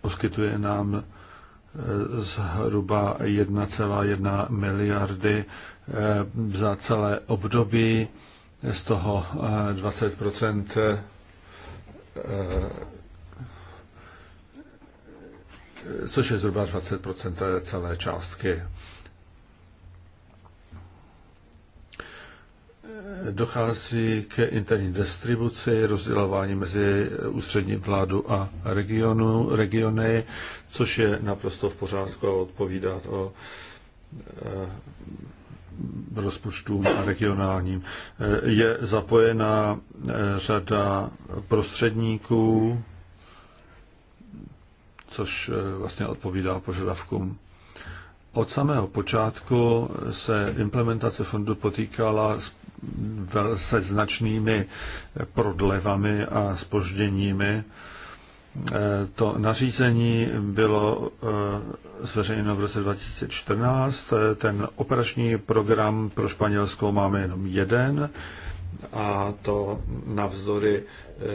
Speaker 3: Poskytuje nám zhruba 1,1 miliardy za celé období z toho 20 eh, eh, eh, což je zhruba 20 celé částky. Dochází k interní distribuci, rozdělování mezi ústřední vládu a regionu, regiony, což je naprosto v pořádku a odpovídá to rozpočtům regionálním. Je zapojena eh, řada prostředníků, což eh, vlastně odpovídá požadavkům. Od samého počátku se implementace fondu potýkala se značnými prodlevami a spožděními Eh, to nařízení bylo eh, zveřejněno v roce 2014. Eh, ten operační program pro Španělsko máme jenom jeden a to navzdory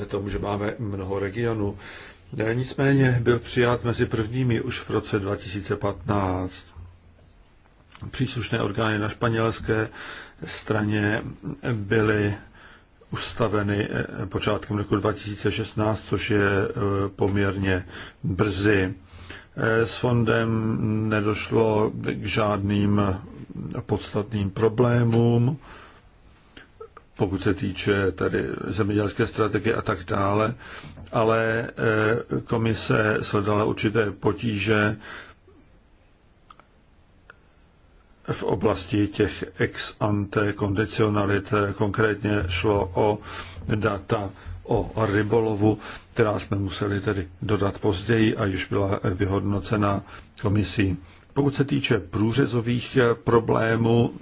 Speaker 3: tomu, že máme mnoho regionů. Nicméně byl přijat mezi prvními už v roce 2015. Příslušné orgány na španělské straně byly ustaveny eh, počátkem roku 2016, což je eh, poměrně brzy. Eh, s fondem nedošlo k žádným podstatným problémům, pokud se týče tady zemědělské strategie a tak dále, ale komise sledala určité potíže v oblasti těch ex ante kondicionalit. Eh, konkrétně šlo o data o rybolovu, která jsme museli tedy dodat později a již byla eh, vyhodnocena komisí. Pokud se týče průřezových eh, problémů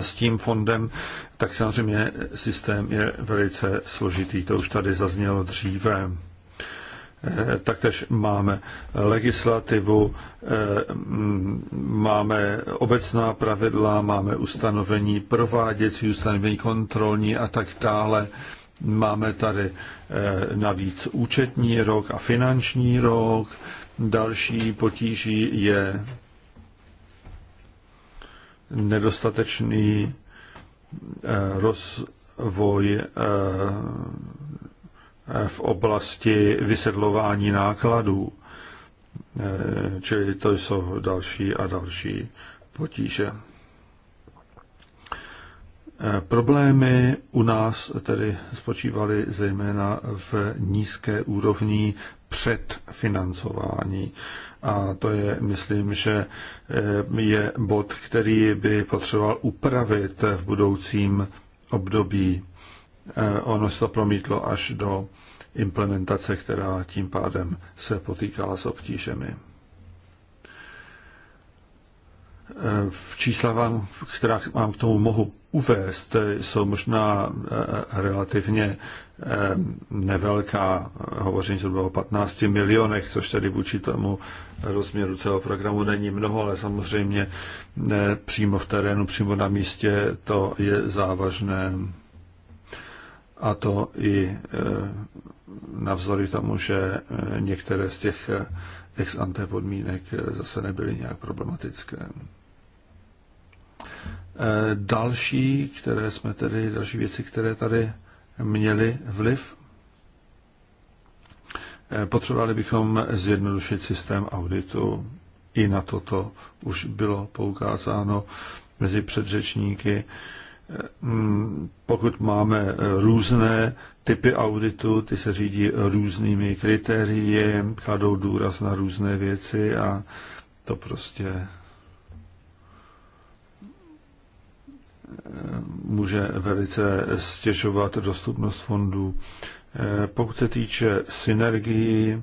Speaker 3: s tím fondem, tak samozřejmě systém je velice složitý. To už tady zaznělo dříve. Eh, Taktež máme legislativu, eh, máme obecná pravidla, máme ustanovení prováděcí, ustanovení kontrolní a tak dále. Máme tady eh, navíc účetní rok a finanční rok. Další potíží je nedostatečný rozvoj v oblasti vysedlování nákladů. Eh, čili to jsou další a další potíže. Eh, problémy u nás tedy spočívaly zejména v nízké úrovni předfinancování. A to je, myslím, že eh, je bod, který by potřeboval upravit v budoucím období. Eh, ono se to promítlo až do implementace, která tím pádem se potýkala s obtížemi. Eh, v čísla, vám, která vám k tomu mohu uvést, jsou možná eh, relativně nevelká, hovořím zhruba o 15 milionech, což tedy vůči tomu rozměru celého programu není mnoho, ale samozřejmě ne přímo v terénu, přímo na místě to je závažné. A to i e, navzory tomu, že e, některé z těch e, ex ante podmínek zase nebyly nějak problematické. Další, které jsme tedy, další věci, které tady měly vliv, potřebovali bychom zjednodušit systém auditu. I na toto už bylo poukázáno mezi předřečníky. Mm, pokud máme různé typy auditu, ty se řídí různými kritérii, kladou důraz na různé věci a to prostě eh, může velice stěžovat dostupnost fondů. Eh, pokud se týče synergii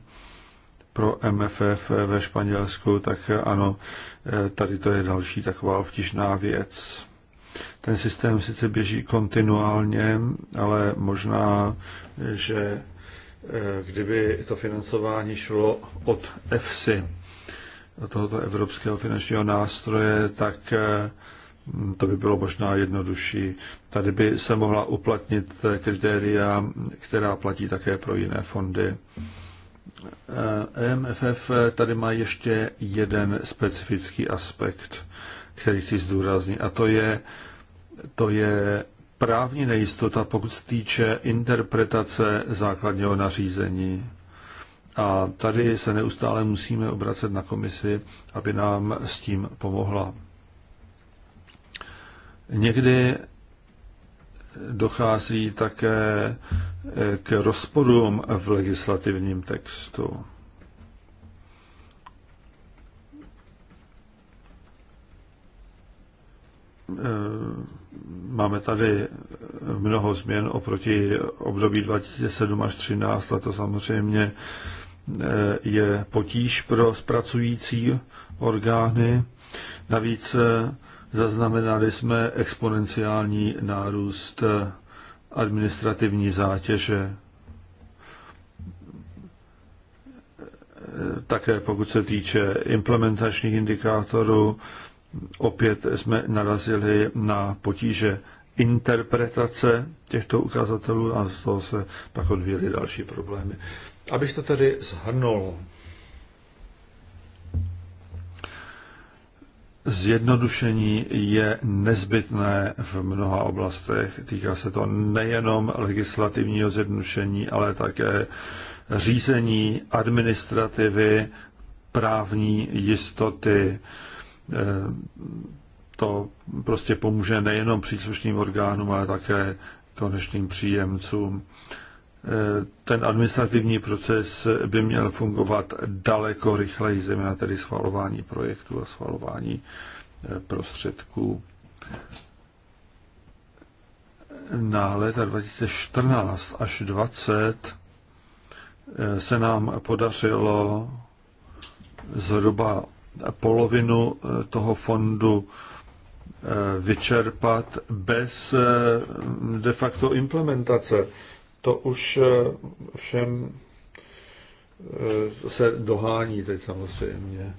Speaker 3: pro MFF ve Španělsku, tak ano, eh, tady to je další taková obtížná věc. Ten systém sice běží kontinuálně, ale možná, že eh, kdyby to financování šlo od EFSI, od tohoto evropského finančního nástroje, tak eh, to by bylo možná jednodušší. Tady by se mohla uplatnit kritéria, která platí také pro jiné fondy. EMFF eh, e tady má ještě jeden specifický aspekt, který chci zdůraznit, a to je to je právní nejistota, pokud se týče interpretace základního nařízení. A tady se neustále musíme obracet na komisi, aby nám s tím pomohla. Někdy dochází také eh, k rozporům v legislativním textu. Ehm Máme tady eh, mnoho změn oproti období 2007 až 2013, a to samozřejmě eh, je potíž pro zpracující orgány. Navíc eh, zaznamenali jsme exponenciální nárůst administrativní zátěže. Také pokud se týče implementačních indikátorů, opět jsme narazili na potíže interpretace těchto ukazatelů a z toho se pak odvíjely další problémy. Abych to tedy zhrnul. Zjednodušení je nezbytné v mnoha oblastech. Týká se to nejenom legislativního zjednodušení, ale také řízení, administrativy, právní jistoty, Eh, to prostě pomůže nejenom příslušným orgánům, ale také konečným příjemcům. Eh, ten administrativní proces by měl fungovat daleko rychleji, zejména tedy schvalování projektů a schvalování eh, prostředků. Na léta 2014 až 2020 se nám podařilo zhruba polovinu eh, toho fondu eh, vyčerpat bez eh, de facto implementace. To už všem se dohání teď samozřejmě.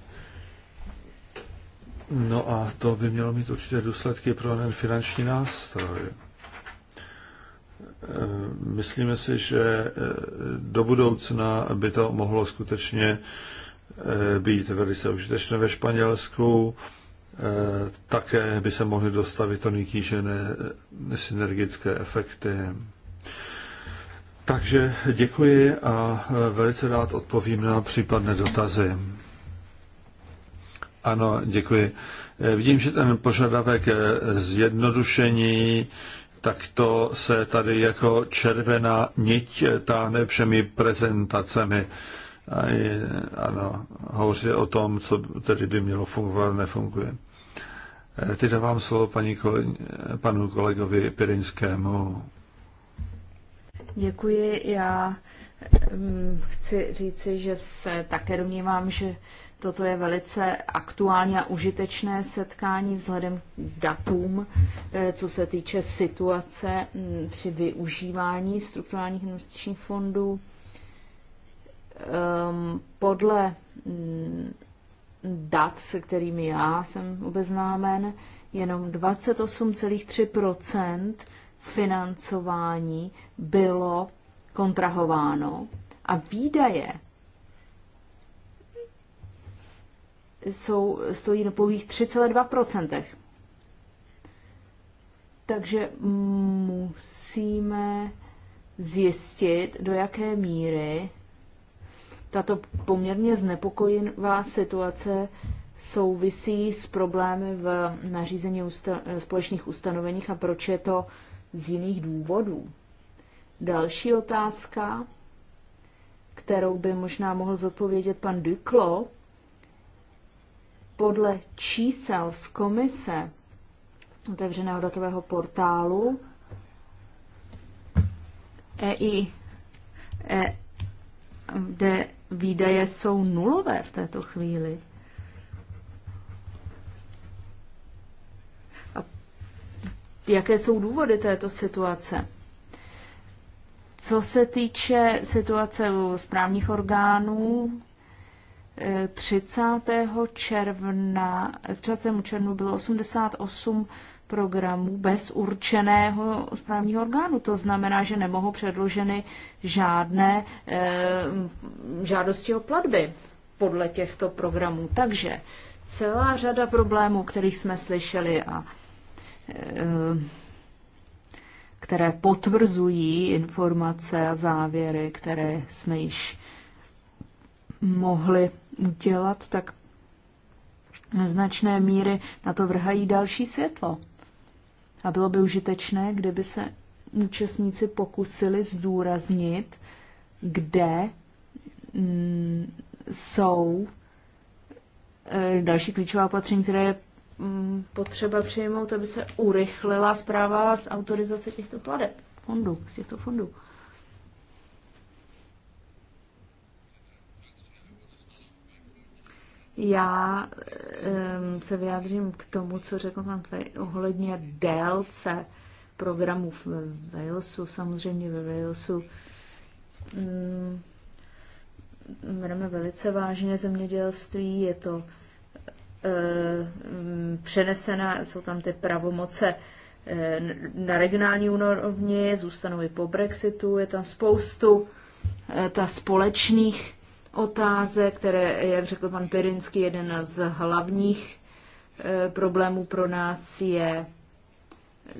Speaker 3: No a to by mělo mít určitě důsledky pro ten finanční nástroj. Myslíme si, že do budoucna by to mohlo skutečně Eh, být velice užitečné ve Španělsku. Eh, také by se mohly dostavit ony kýžené eh, synergické efekty. Takže děkuji a velice rád odpovím na případné dotazy. Ano, děkuji. Vidím, že ten požadavek zjednodušení, tak to se tady jako červená niť táhne všemi prezentacemi a je, ano, hovoří o tom, co tedy by mělo fungovat, nefunguje. E, teď dávám slovo paní kole, panu kolegovi Pirinskému.
Speaker 1: Děkuji. Já chci říci, že se také domnívám, že toto je velice aktuální a užitečné setkání vzhledem k datům, e, co se týče situace při využívání strukturálních investičních fondů. Ehm, podle mm, dat, se kterými já jsem obeznámen, jenom 28,3 financování bylo kontrahováno a výdaje jsou, stojí na pouhých 3,2 Takže musíme zjistit, do jaké míry tato poměrně znepokojivá situace souvisí s problémy v nařízení usta- společných ustanoveních a proč je to z jiných důvodů. Další otázka, kterou by možná mohl zodpovědět pan Duklo, podle čísel z komise otevřeného datového portálu EI e, de výdaje jsou nulové v této chvíli. A jaké jsou důvody této situace? Co se týče situace u správních orgánů, 30. Eh, června, v 30. červnu bylo 88 programů bez určeného správního orgánu. To znamená, že nemohou předloženy žádné e, žádosti o platby podle těchto programů. Takže celá řada problémů, kterých jsme slyšeli a e, které potvrzují informace a závěry, které jsme již mohli udělat, tak značné míry na to vrhají další světlo. A bylo by užitečné, kdyby se účastníci pokusili zdůraznit, kde mm, jsou e, další klíčová opatření, které je mm, potřeba přijmout, aby se urychlila zpráva z autorizace těchto pladeb, fondů, z těchto fondů. Já um, se vyjádřím k tomu, co řekl pan Play, ohledně délce programů v Walesu. Samozřejmě ve Walesu um, bereme velice vážně zemědělství, je to um, přenesená, jsou tam ty pravomoce ehm, na regionální úrovni, zůstanou i po Brexitu, je tam spoustu eh, ta společných otáze, které, jak řekl pan Pirinský, jeden z hlavních eh, problémů pro nás je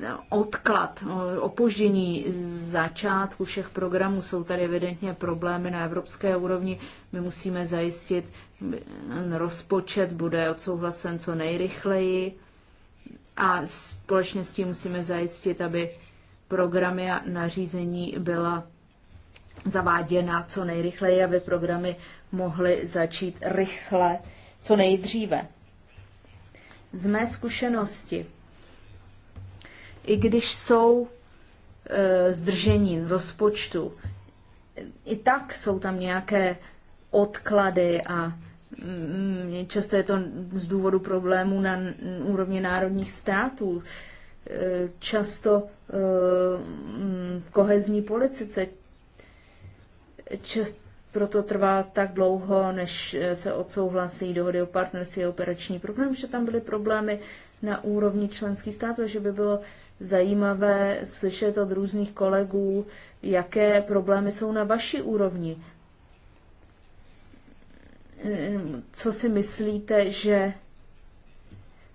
Speaker 1: no, odklad, no, opoždění začátku všech programů. Jsou tady evidentně problémy na evropské úrovni. My musíme zajistit, rozpočet bude odsouhlasen co nejrychleji a společně s tím musíme zajistit, aby programy a nařízení byla zaváděna co nejrychleji, aby programy mohly začít rychle, co nejdříve. Z mé zkušenosti, i když jsou e, zdržení rozpočtu, i tak jsou tam nějaké odklady a mm, často je to z důvodu problémů na úrovni národních států. E, často e, mm, kohezní politice čest, proto trvá tak dlouho, než eh, se odsouhlasí dohody o partnerství a operační program, že tam byly problémy na úrovni členských států, že by bylo zajímavé slyšet od různých kolegů, jaké problémy jsou na vaší úrovni. Eh, co si myslíte, že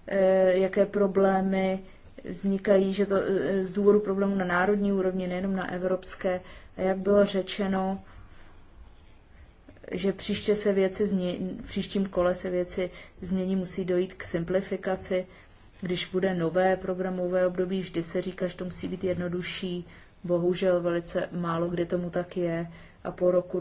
Speaker 1: eh, jaké problémy vznikají, že to z důvodu problémů na národní úrovni, nejenom na evropské, a jak bylo řečeno, že příště se věci změní, v příštím kole se věci změní, musí dojít k simplifikaci. Když bude nové programové období, vždy se říká, že to musí být jednodušší. Bohužel velice málo kdy tomu tak je. A po roku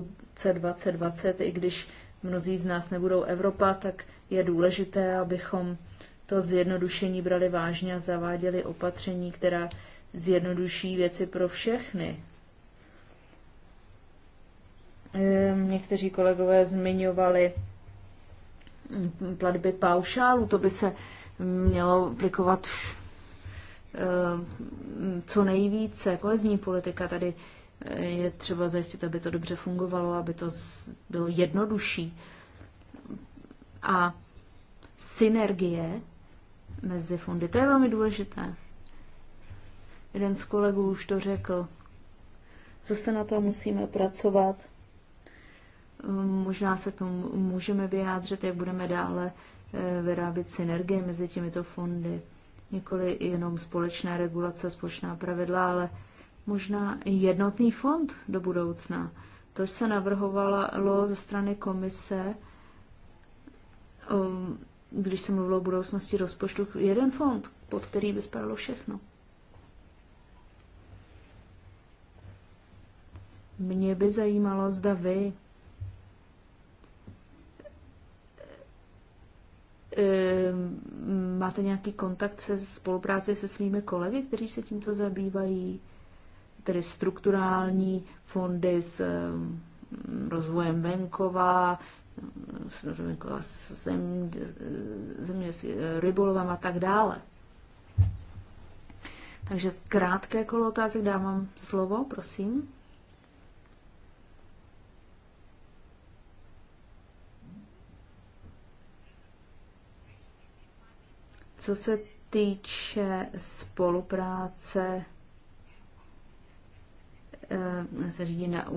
Speaker 1: 2020, i když mnozí z nás nebudou Evropa, tak je důležité, abychom to zjednodušení brali vážně a zaváděli opatření, která zjednoduší věci pro všechny, Ehm, někteří kolegové zmiňovali platby paušálu, to by se mělo aplikovat ehm, co nejvíce. Kolezní politika tady eh, je třeba zajistit, aby to dobře fungovalo, aby to bylo jednodušší. A synergie mezi fondy, to je velmi důležité. Jeden z kolegů už to řekl. Zase na to musíme pracovat. Možná se k tomu můžeme vyjádřit, jak budeme dále eh, vyrábět synergie mezi těmito fondy. Nikoli jenom společné regulace, společná pravidla, ale možná jednotný fond do budoucna. To se navrhovalo ze strany komise, um, když se mluvilo o budoucnosti rozpočtu, jeden fond, pod který by spadalo všechno. Mě by zajímalo, zda vy Ehm, máte nějaký kontakt se spolupráci se svými kolegy, kteří se tímto zabývají, tedy strukturální fondy s ehm, rozvojem venkova, venkova zem, země, rybolovem a tak dále. Takže krátké kolo otázek dávám slovo, prosím. Co se týče spolupráce eh, se řídí na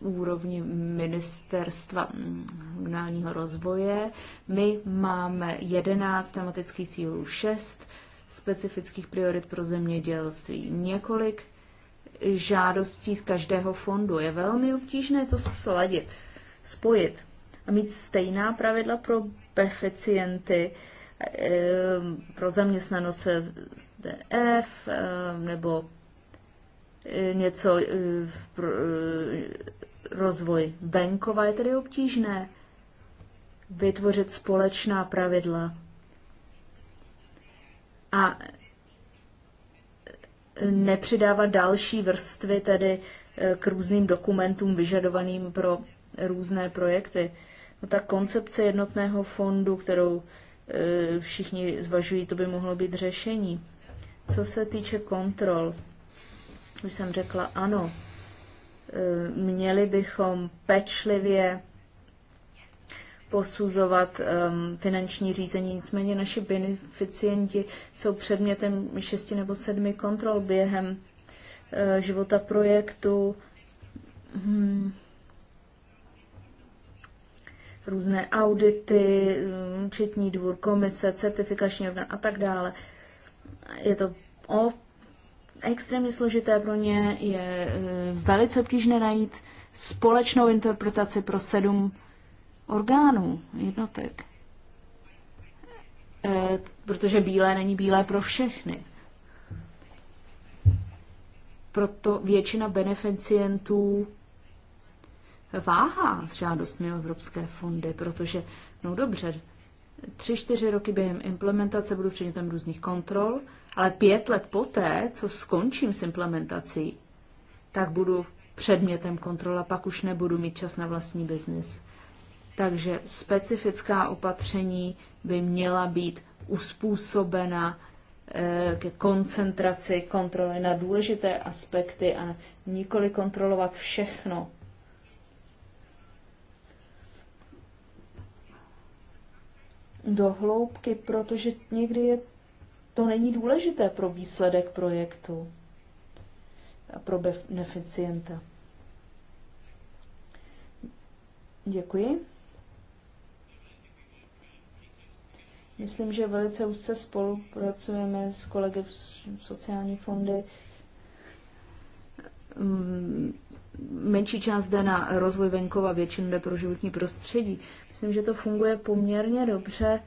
Speaker 1: úrovni ministerstva regionálního mm, rozvoje. My máme 11 tematických cílů, 6 specifických priorit pro zemědělství, několik žádostí z každého fondu. Je velmi obtížné to sladit, spojit a mít stejná pravidla pro beneficienty, eh, pro zaměstnanost F eh, nebo eh, něco pro rozvoj venkova je tedy obtížné vytvořit společná pravidla. A nepřidávat další vrstvy tedy k různým dokumentům vyžadovaným pro různé projekty. No ta koncepce jednotného fondu, kterou e, všichni zvažují, to by mohlo být řešení. Co se týče kontrol, už jsem řekla ano, e, měli bychom pečlivě posuzovat um, finanční řízení. Nicméně naši beneficienti jsou předmětem šesti nebo sedmi kontrol během uh, života projektu. Hmm různé audity, mm, účetní dvůr, komise, certifikační orgán a tak dále. Je to o extrémně složité pro ně, je eh, velice obtížné najít společnou interpretaci pro sedm orgánů, jednotek. Eh, protože bílé není bílé pro všechny. Proto většina beneficientů váhá s žádostmi o evropské fondy, protože, no dobře, tři, čtyři roky během implementace budu předmětem různých kontrol, ale pět let poté, co skončím s implementací, tak budu předmětem kontrola, pak už nebudu mít čas na vlastní biznis. Takže specifická opatření by měla být uspůsobena eh, ke koncentraci kontroly na důležité aspekty a nikoli kontrolovat všechno. do hloubky, protože někdy je, to není důležité pro výsledek projektu a pro beneficienta. Děkuji. Myslím, že velice úzce spolupracujeme s kolegy v sociální fondy mm, menší část jde na rozvoj venkova, většinu jde pro životní prostředí. Myslím, že to funguje poměrně dobře.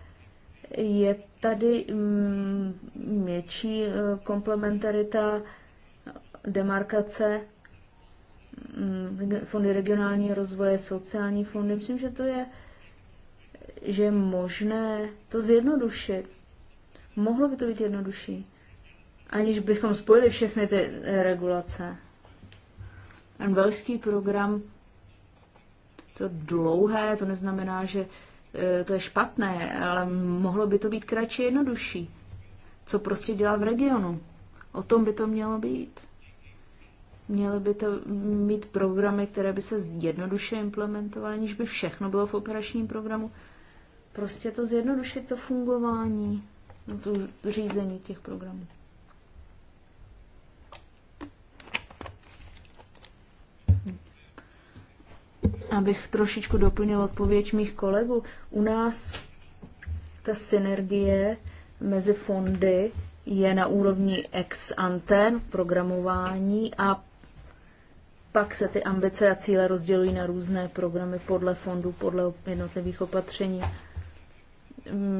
Speaker 1: Je tady mm, větší eh, komplementarita, demarkace, mm, fondy regionální rozvoje, sociální fondy. Myslím, že to je že je možné to zjednodušit. Mohlo by to být jednodušší, aniž bychom spojili všechny ty eh, regulace. Ten velský program, to dlouhé, to neznamená, že e, to je špatné, ale mohlo by to být kratší, jednodušší. Co prostě dělá v regionu? O tom by to mělo být. Měly by to mít programy, které by se jednoduše implementovaly, aniž by všechno bylo v operačním programu. Prostě to zjednodušit to fungování, no to řízení těch programů. abych trošičku doplnil odpověď mých kolegů. U nás ta synergie mezi fondy je na úrovni ex ante programování a pak se ty ambice a cíle rozdělují na různé programy podle fondů, podle jednotlivých opatření.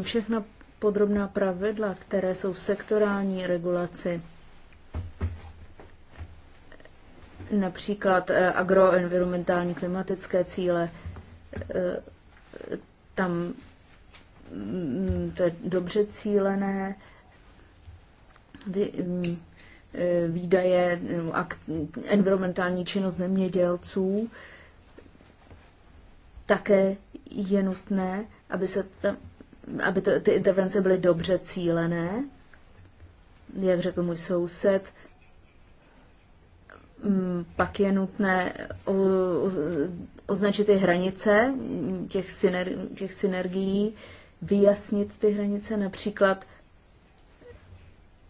Speaker 1: Všechna podrobná pravidla, které jsou v sektorální regulaci, Například eh, agroenvironmentální klimatické cíle, eh, tam mm, to je dobře cílené, mm, eh, výdaje, environmentální činnost zemědělců, také je nutné, aby, se tam, aby to, ty intervence byly dobře cílené. Jak řekl můj soused, Mm, pak je nutné označit ty hranice těch, syner, těch synergií, vyjasnit ty hranice. Například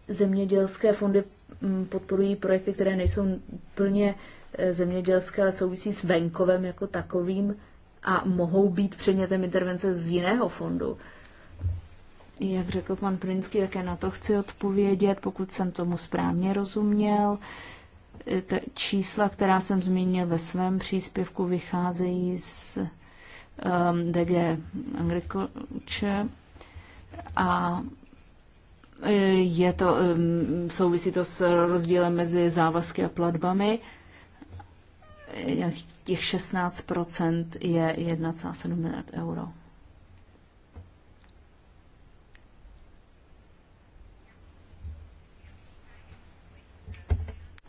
Speaker 1: zemědělské fondy mm, podporují projekty, které nejsou plně e, zemědělské, ale souvisí s venkovem jako takovým a mohou být předmětem intervence z jiného fondu. Jak řekl pan Prinský, také na to chci odpovědět, pokud jsem tomu správně rozuměl ta čísla, která jsem zmínil ve svém příspěvku, vycházejí z um, DG Agriculture a e, je to, um, souvisí to s rozdílem mezi závazky a platbami. E, těch 16% je 1,7 miliard euro.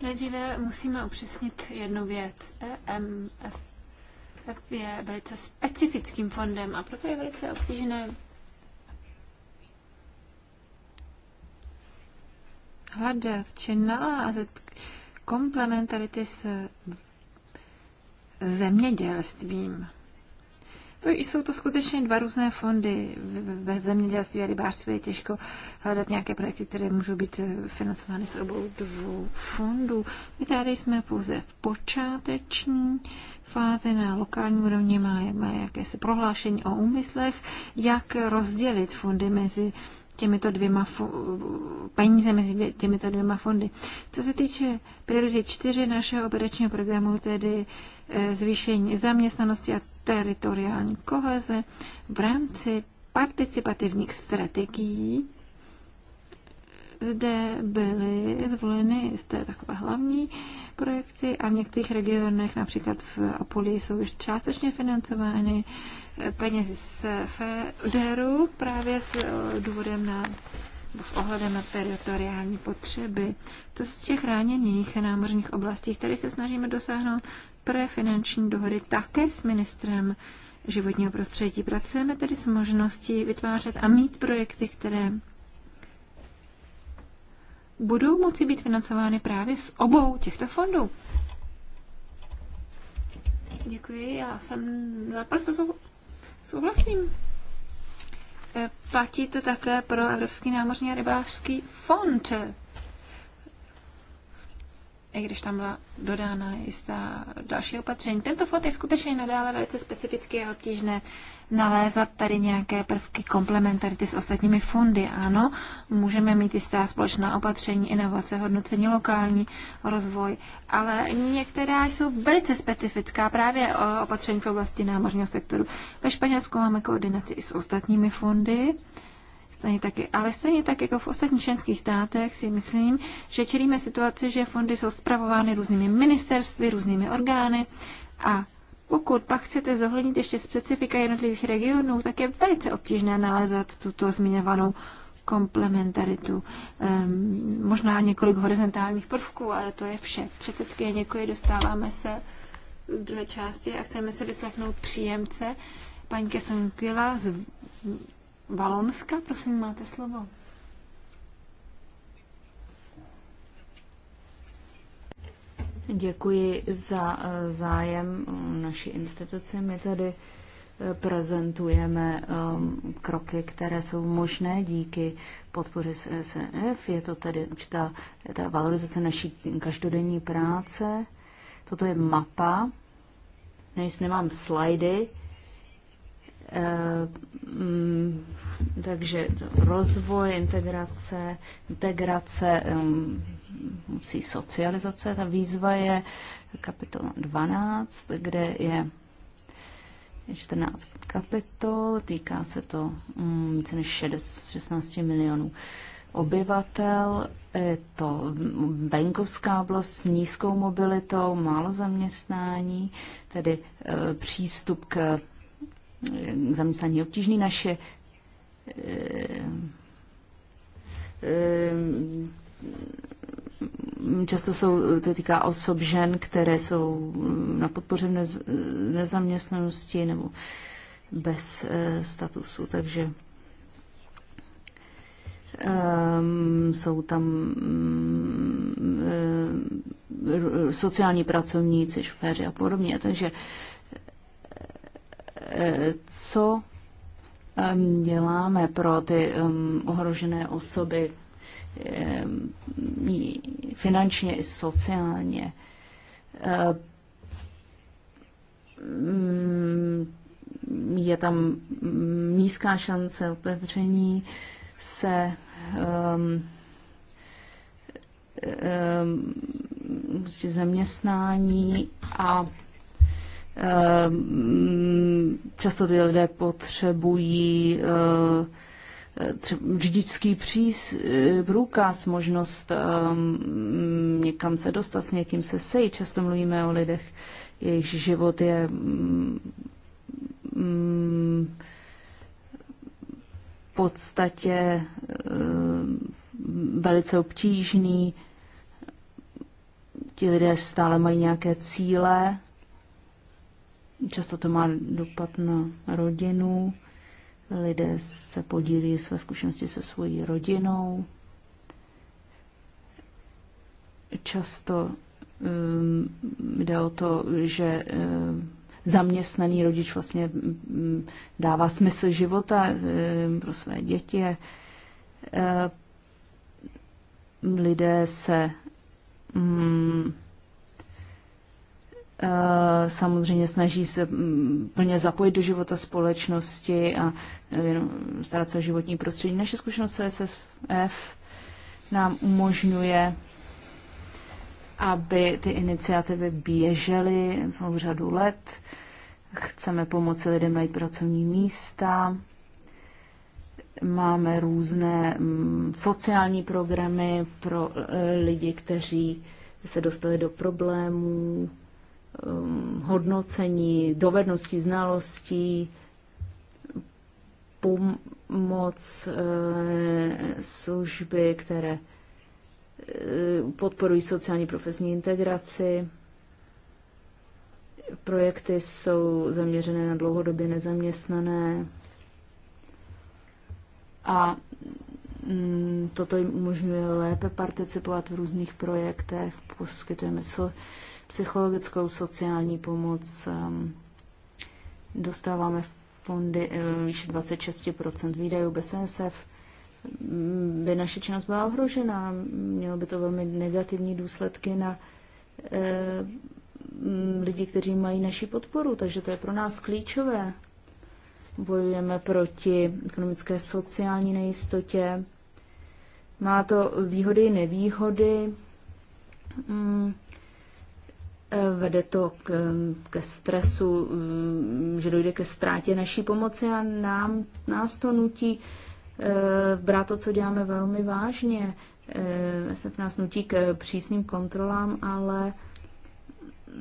Speaker 2: Nejdříve musíme upřesnit jednu věc. EMF je velice specifickým fondem a proto je velice obtížné hledat či nalézat komplementarity s zemědělstvím. To jsou to skutečně dva různé fondy. Ve zemědělství a rybářství je těžko hledat nějaké projekty, které můžou být eh, financovány z obou dvou fondů. My tady jsme pouze v počáteční fázi na lokální úrovni, Máme jakési prohlášení o úmyslech, jak rozdělit fondy mezi těmito dvěma peníze mezi těmito dvěma fondy. Co se týče priority 4 našeho operačního programu, tedy Eh, zvýšení zaměstnanosti a teritoriální koheze v rámci participativních strategií. Zde byly zvoleny jste takové hlavní projekty a v některých regionech, například v Apulii, jsou už částečně financovány eh, penězi z FEDERu právě s eh, důvodem na s ohledem na teritoriální potřeby. To z těch ráněných námořních oblastí, které se snažíme dosáhnout prefinanční dohody také s ministrem životního prostředí. Pracujeme tedy s možností vytvářet a mít projekty, které budou moci být financovány právě z obou těchto fondů. Děkuji, já jsem naprosto souhlasím. E, platí to také pro Evropský námořní a rybářský fond i když tam byla dodána jistá další opatření. Tento fond je skutečně nadále velice specifický a obtížné nalézat tady nějaké prvky komplementarity s ostatními fondy. Ano, můžeme mít jistá společná opatření, inovace, hodnocení, lokální rozvoj, ale některá jsou velice specifická právě opatření v oblasti námořního sektoru. Ve Španělsku máme koordinaci i s ostatními fondy Stejně taky, ale stejně tak jako v ostatních členských státech si myslím, že čelíme situaci, že fondy jsou zpravovány různými ministerstvy, různými orgány a pokud pak chcete zohlednit ještě specifika jednotlivých regionů, tak je velice obtížné nalézat tuto zmiňovanou komplementaritu. Um, možná několik horizontálních prvků, ale to je vše. Předsedky, děkuji, dostáváme se z druhé části a chceme se vyslechnout příjemce, paní Kesonkila z
Speaker 1: Valonska, prosím, máte slovo. Děkuji za eh, zájem naší instituce. My tady eh, prezentujeme ehm, kroky, které jsou možné díky podpoře SNF. Je to tedy určitá ta valorizace naší každodenní práce. Toto je mapa. Nejsme nemám slajdy, Eh, mm, takže rozvoj, integrace, integrace, eh, musí socializace. Ta výzva je kapitola 12, kde je 14 kapitol, týká se to mm, více než 16 milionů obyvatel, je to venkovská oblast s nízkou mobilitou, málo zaměstnání, tedy eh, přístup k Eh, zaměstnání je obtížný. Naše eh, eh, často jsou, to týká osob žen, které jsou na podpoře nez, nezaměstnanosti nebo bez statusu, takže Um, jsou tam um, sociální pracovníci, šoféři a podobně. Takže co eh, děláme pro ty eh, ohrožené osoby eh, finančně i sociálně? Mm, je tam mm, nízká šance otevření se ehm, ehm, prostě zaměstnání a Ehm, často ty lidé potřebují eh, řidičský přís, eh, průkaz, možnost ehm, někam se dostat, s někým se sejít. Často mluvíme o lidech, jejich život je mm, mm, v podstatě ehm, velice obtížný. Ti lidé stále mají nějaké cíle, Často to má dopad na rodinu, lidé se podílí své zkušenosti se svojí rodinou. Často um, jde o to, že um, zaměstnaný rodič vlastně um, dává smysl života um, pro své děti. Um, lidé se um, Eh, samozřejmě snaží se mm, plně zapojit do života společnosti a eh, starat se o životní prostředí. Naše zkušenost CSF nám umožňuje, aby ty iniciativy běžely celou řadu let. Chceme pomoci lidem najít pracovní místa, máme různé mm, sociální programy pro eh, lidi, kteří se dostali do problémů, Um, hodnocení dovedností, znalostí, pomoc eh, služby, které eh, podporují sociální profesní integraci. Projekty jsou zaměřené na dlouhodobě nezaměstnané a mm, toto jim umožňuje lépe participovat v různých projektech, poskytujeme so, psychologickou sociální pomoc. Dostáváme fondy eh, výše 26 výdajů bez NSF. Mm, by naše činnost byla ohrožena, mělo by to velmi negativní důsledky na eh, lidi, kteří mají naši podporu, takže to je pro nás klíčové. Bojujeme proti ekonomické sociální nejistotě. Má to výhody, nevýhody. Mm, Vede to k, ke stresu, že dojde ke ztrátě naší pomoci a nám, nás to nutí eh, brát to, co děláme, velmi vážně. v eh, nás nutí k přísným kontrolám, ale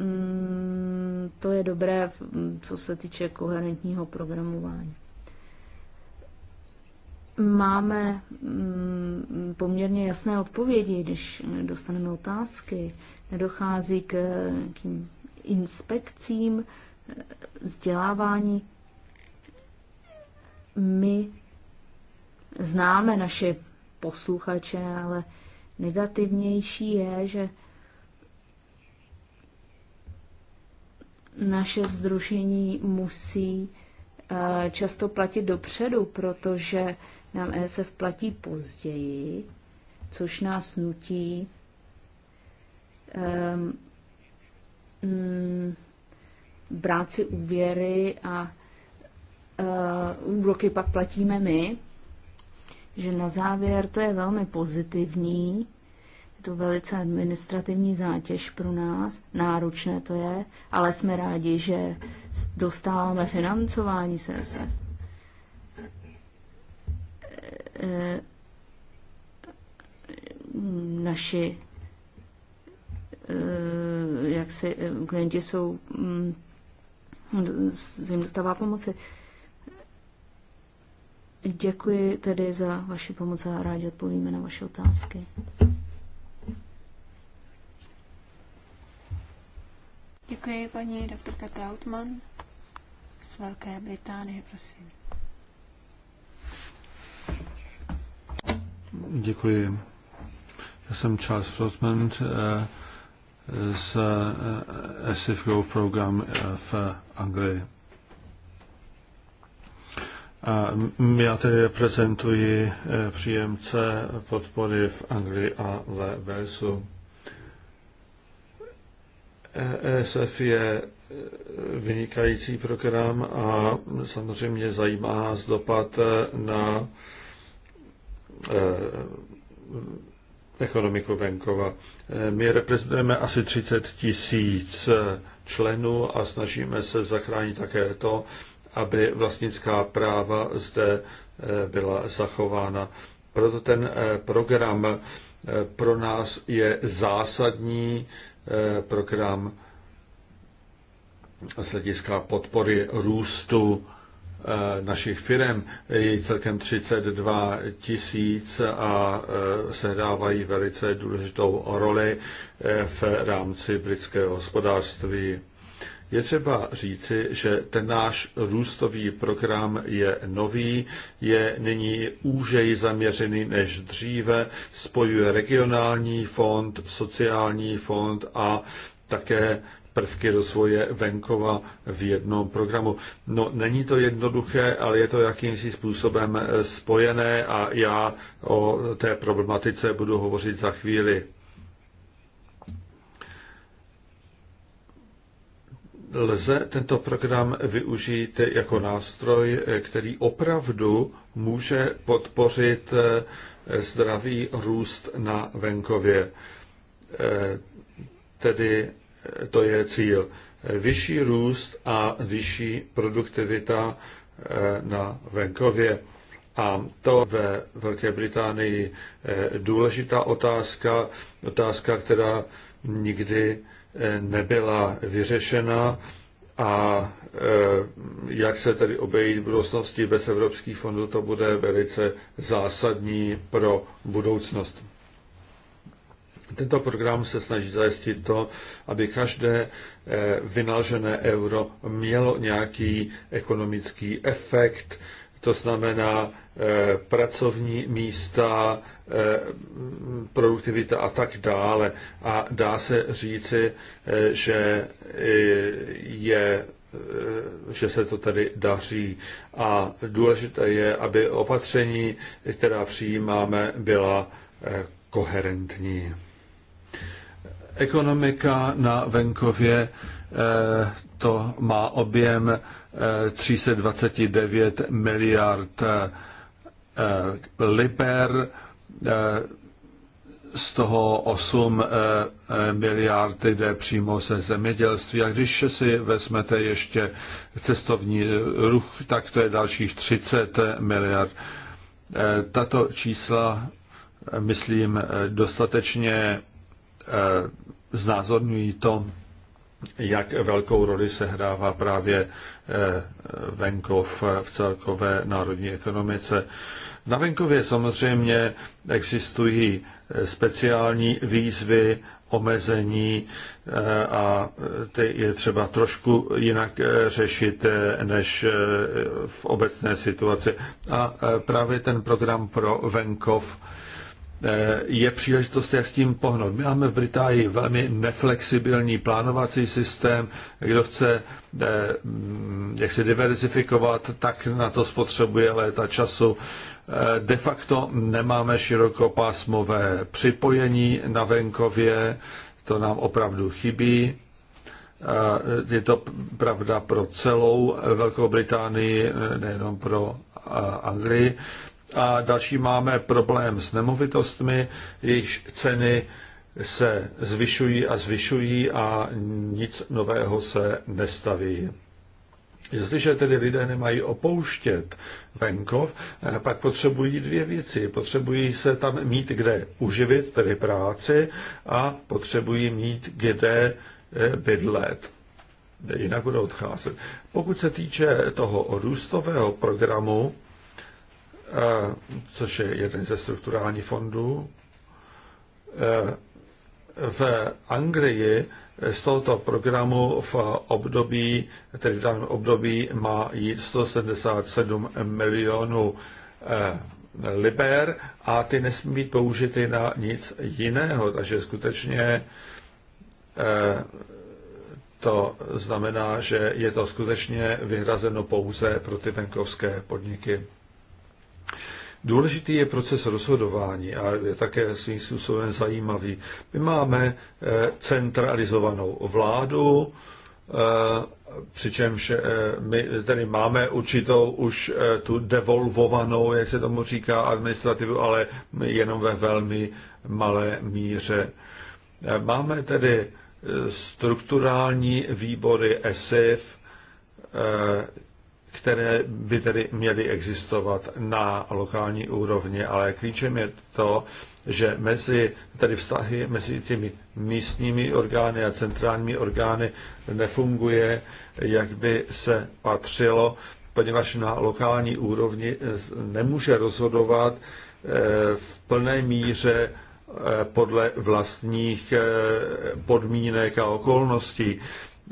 Speaker 1: mm, to je dobré, co se týče koherentního programování. Máme mm, poměrně jasné odpovědi, když dostaneme otázky nedochází k nějakým inspekcím, vzdělávání. My známe naše posluchače, ale negativnější je, že naše združení musí eh, často platit dopředu, protože nám ESF platí později, což nás nutí um, brát si úvěry a uh, úroky pak platíme my, že na závěr to je velmi pozitivní, je to velice administrativní zátěž pro nás, náročné to je, ale jsme rádi, že dostáváme financování se. Eh, eh, naši Eh, jak si eh, klienti jsou, mm, se jim dostává pomoci. Děkuji tedy za vaši pomoc a rádi odpovíme na vaše otázky.
Speaker 2: Děkuji paní doktorka Trautmann z Velké Británie, prosím.
Speaker 3: Děkuji. Já jsem Charles Rotman, eh, Eh, s ESIF Go program eh, v Anglii. A já tedy reprezentuji eh, příjemce podpory v Anglii a ve Walesu. ESF je vynikající program a samozřejmě zajímá nás dopad na ekonomiku venkova. Eh, my reprezentujeme asi 30 tisíc eh, členů a snažíme se zachránit také to, aby vlastnická práva zde eh, byla zachována. Proto ten program pro nás je zásadní program z hlediska podpory růstu Eh, našich firm. Je celkem 32 tisíc a eh, sehrávají velice důležitou roli eh, v rámci britského hospodářství. Je třeba říci, že ten náš růstový program je nový, je nyní úžej zaměřený než dříve, spojuje regionální fond, sociální fond a také prvky rozvoje venkova v jednom programu. No, není to jednoduché, ale je to jakýmsi způsobem eh, spojené a já o té problematice budu hovořit za chvíli. Lze tento program využít jako nástroj, eh, který opravdu může podpořit eh, zdravý růst na venkově tedy to je cíl. Vyšší růst a vyšší produktivita eh, na venkově. A to ve Velké Británii eh, důležitá otázka, otázka, která nikdy eh, nebyla vyřešena a jak se tedy obejít v budoucnosti bez evropských fondů, to bude velice zásadní pro budoucnost. Tento program se snaží zajistit to, aby každé eh, vynaložené euro mělo nějaký ekonomický efekt, to znamená eh, pracovní místa, eh, produktivita a tak dále. A dá se říci, že je že se to tady daří. A důležité je, aby opatření, která přijímáme, byla koherentní. Ekonomika na venkově eh, to má objem 329 eh, miliard eh, liber, z toho 8 miliard jde přímo ze zemědělství. A když si vezmete ještě cestovní ruch, tak to je dalších 30 miliard. Tato čísla, myslím, dostatečně znázorňují to, jak velkou roli sehrává právě eh, venkov v celkové národní ekonomice. Na venkově samozřejmě existují eh, speciální výzvy, omezení eh, a ty je třeba trošku jinak řešit než v obecné situaci. A právě ten program pro venkov je příležitost, jak s tím pohnout. My máme v Británii velmi neflexibilní plánovací systém. Kdo chce eh, mm, jak se diverzifikovat, tak na to spotřebuje léta času. Eh, de facto nemáme širokopásmové připojení na venkově, to nám opravdu chybí. Eh, je to pravda pro celou Velkou Británii, nejenom pro Anglii. A další máme problém s nemovitostmi, jejichž ceny se zvyšují a zvyšují a nic nového se nestaví. Jestliže tedy lidé nemají opouštět venkov, eh, pak potřebují dvě věci. Potřebují se tam mít kde uživit, tedy práci, a potřebují mít kde eh, bydlet. Jinak budou odcházet. Pokud se týče toho růstového programu, Eh, což je jeden ze strukturálních fondů. Eh, v Anglii z tohoto programu v období, tedy v daném období má jít 177 milionů eh, liber a ty nesmí být použity na nic jiného. Takže skutečně to znamená, že je to skutečně vyhrazeno pouze pro ty venkovské podniky. Důležitý je proces rozhodování a je také svým způsobem zajímavý. My máme eh, centralizovanou vládu, eh, přičemž eh, my tady máme určitou už tu devolvovanou, jak se tomu říká, administrativu, ale jenom ve velmi malé míře. Máme tedy strukturální výbory ESIF, které by tedy měly existovat na lokální úrovni, ale klíčem je to, že mezi tedy vztahy mezi těmi místními orgány a centrálními orgány nefunguje, jak by se patřilo, poněvadž na lokální úrovni eh, nemůže rozhodovat eh, v plné míře eh, podle vlastních podmínek a okolností.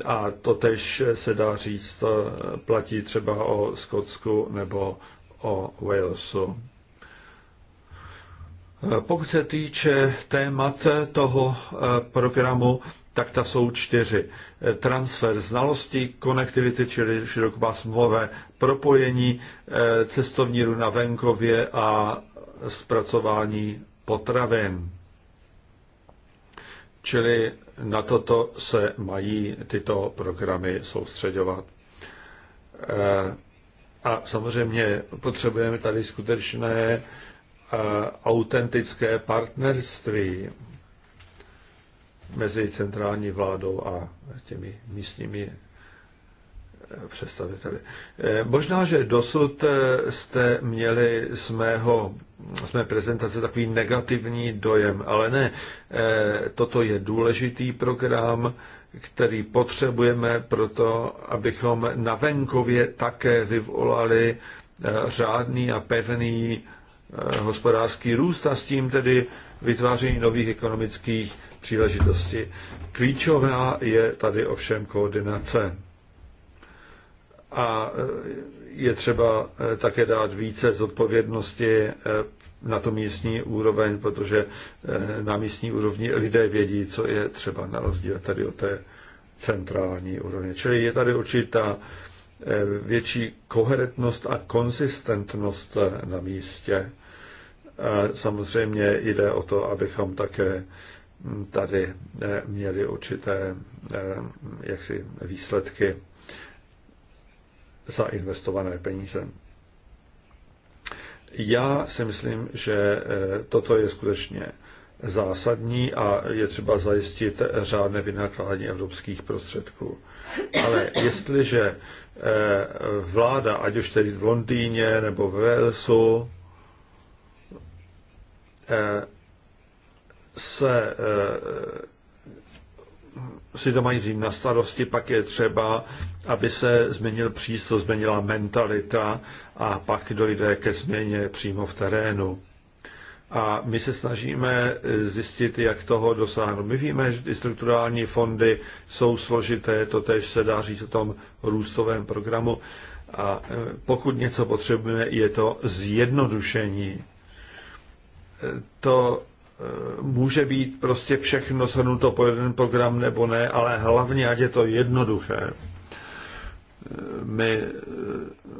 Speaker 3: A to tež se dá říct, eh, platí třeba o Skotsku nebo o Walesu. Eh, pokud se týče témat toho eh, programu, tak ta jsou čtyři. Transfer znalostí, konektivity, čili širokopásmové propojení, cestovní ruch na venkově a zpracování potravin. Čili na toto se mají tyto programy soustředovat. Eh, a samozřejmě potřebujeme tady skutečné eh, autentické partnerství mezi centrální vládou a těmi místními představiteli. Eh, možná, že dosud eh, jste měli z mého z mé prezentace takový negativní dojem, ale ne. Eh, toto je důležitý program, který potřebujeme proto, abychom na venkově také vyvolali řádný a pevný hospodářský růst a s tím tedy vytváření nových ekonomických příležitostí. Klíčová je tady ovšem koordinace. A e, je třeba e, také dát více zodpovědnosti e, na to místní úroveň, protože na místní úrovni lidé vědí, co je třeba na rozdíl tady od té centrální úrovně. Čili je tady určitá větší koherentnost a konzistentnost na místě. Samozřejmě jde o to, abychom také tady měli určité jaksi výsledky za investované peníze. Já si myslím, že eh, toto je skutečně zásadní a je třeba zajistit řádné vynakládání evropských prostředků. Ale jestliže eh, vláda, ať už tedy v Londýně nebo v Walesu, eh, se si to mají na starosti, pak je třeba, aby se změnil přístup, změnila mentalita a pak dojde ke změně přímo v terénu. A my se snažíme zjistit, jak toho dosáhnout. My víme, že ty strukturální fondy jsou složité, to tež se dá říct o tom růstovém programu. A e, pokud něco potřebujeme, je to zjednodušení. E, to Eh, může být prostě všechno shrnuto po jeden program nebo ne, ale hlavně, ať je to jednoduché. Eh, my eh,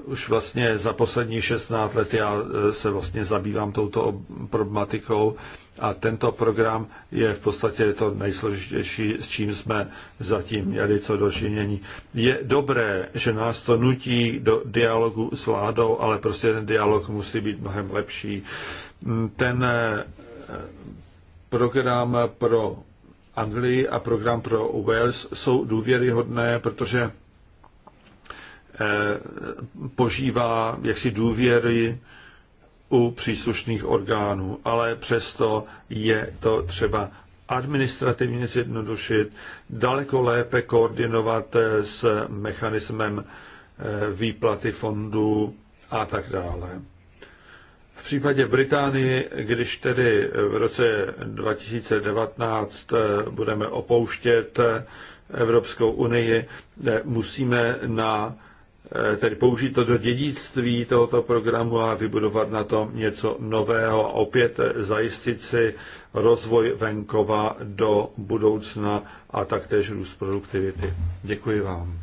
Speaker 3: už vlastně za poslední 16 let já se vlastně zabývám touto problematikou a tento program je v podstatě to nejsložitější, s čím jsme zatím měli co dočinění. Je dobré, že nás to nutí do dialogu s vládou, ale prostě ten dialog musí být mnohem lepší. Ten program pro Anglii a program pro Wales jsou důvěryhodné, protože eh, požívá jaksi důvěry u příslušných orgánů, ale přesto je to třeba administrativně zjednodušit, daleko lépe koordinovat eh, s mechanismem eh, výplaty fondů a tak dále. V případě Británii, když tedy v roce 2019 eh, budeme opouštět eh, Evropskou unii, eh, musíme na, tedy použít to do dědictví tohoto programu a vybudovat na tom něco nového a opět zajistit si rozvoj venkova do budoucna a taktéž růst produktivity. Děkuji vám.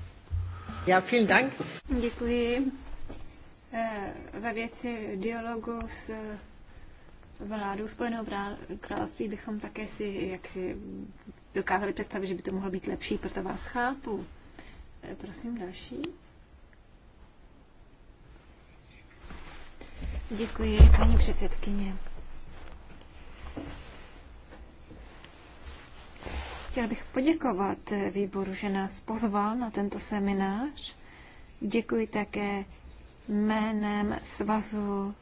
Speaker 2: Já vielen Dank. Děkuji. Eh, ve věci dialogu s eh, vládou Spojeného království bychom také si, jak si dokázali představit, že by to mohlo být lepší, proto vás chápu. Eh, prosím další. Děkuji, paní předsedkyně. Chtěla bych poděkovat výboru, že nás pozval na tento seminář. Děkuji také jménem Svazu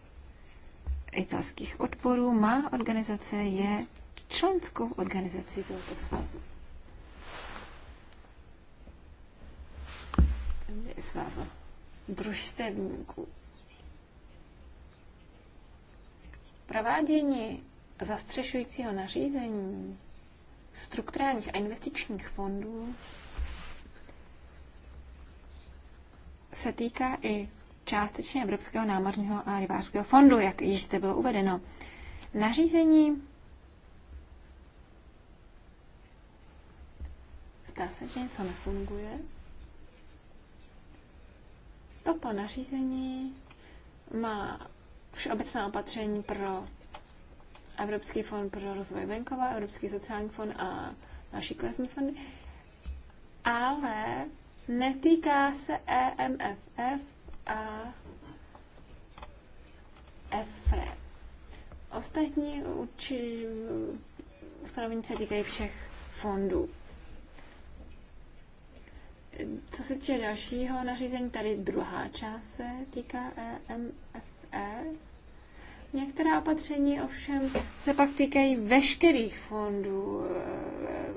Speaker 2: italských odborů má organizace je členskou organizací tohoto svazu. Svazu družstevníků. Provádění zastřešujícího nařízení strukturálních a investičních fondů se týká i částečně Evropského námořního a rybářského fondu, jak již zde bylo uvedeno. Nařízení Zdá se, že něco nefunguje. Toto nařízení má všeobecná opatření pro Evropský fond pro rozvoj venkova, Evropský sociální fond a další kohezní fondy, ale netýká se EMFF a EFRE. Ostatní uči, ustanovení se týkají všech fondů. Co se týče dalšího nařízení, tady druhá část se týká EMFE, Některá opatření ovšem se pak týkají veškerých fondů,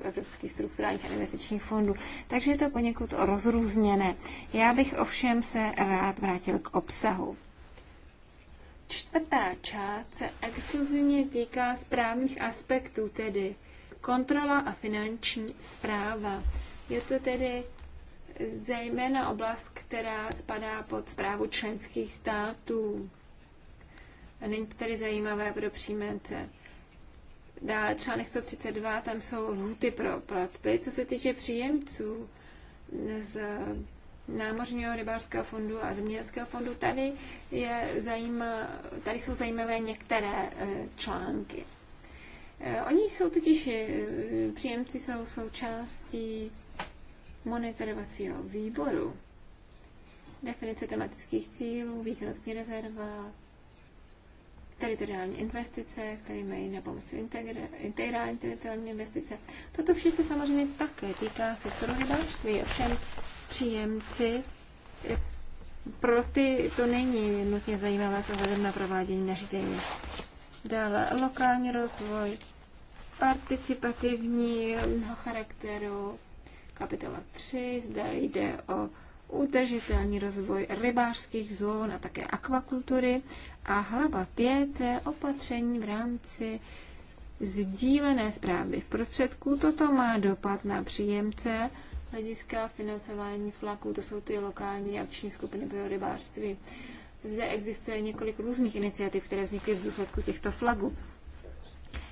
Speaker 2: eh, evropských strukturálních a investičních fondů, takže je to poněkud rozrůzněné. Já bych ovšem se rád vrátil k obsahu. Čtvrtá část se exkluzivně týká správních aspektů, tedy kontrola a finanční zpráva. Je to tedy zejména oblast, která spadá pod zprávu členských států. Není to tedy zajímavé pro příjmence. Dále článek 132, tam jsou lhuty pro platby. Co se týče příjemců z Námořního rybářského fondu a zemědělského fondu, tady, je zajímá, tady jsou zajímavé některé e, články. E, oni jsou totiž, e, příjemci jsou součástí monitorovacího výboru, definice tematických cílů, výkonnostní rezerva, teritoriální investice, které mají na pomoci integrální teritoriální investice. Toto vše se samozřejmě také týká sektoru rybářství, ovšem příjemci eh, pro ty to není nutně zajímavé s ohledem na provádění nařízení. Dále lokální rozvoj, participativního charakteru, kapitola 3, zde jde o udržitelný rozvoj rybářských zón a také akvakultury a hlava pěté eh, opatření v rámci sdílené zprávy v prostředku. Toto má dopad na příjemce hlediska financování flaků, to jsou ty lokální akční skupiny pro Zde existuje několik různých iniciativ, které vznikly v důsledku těchto flagů.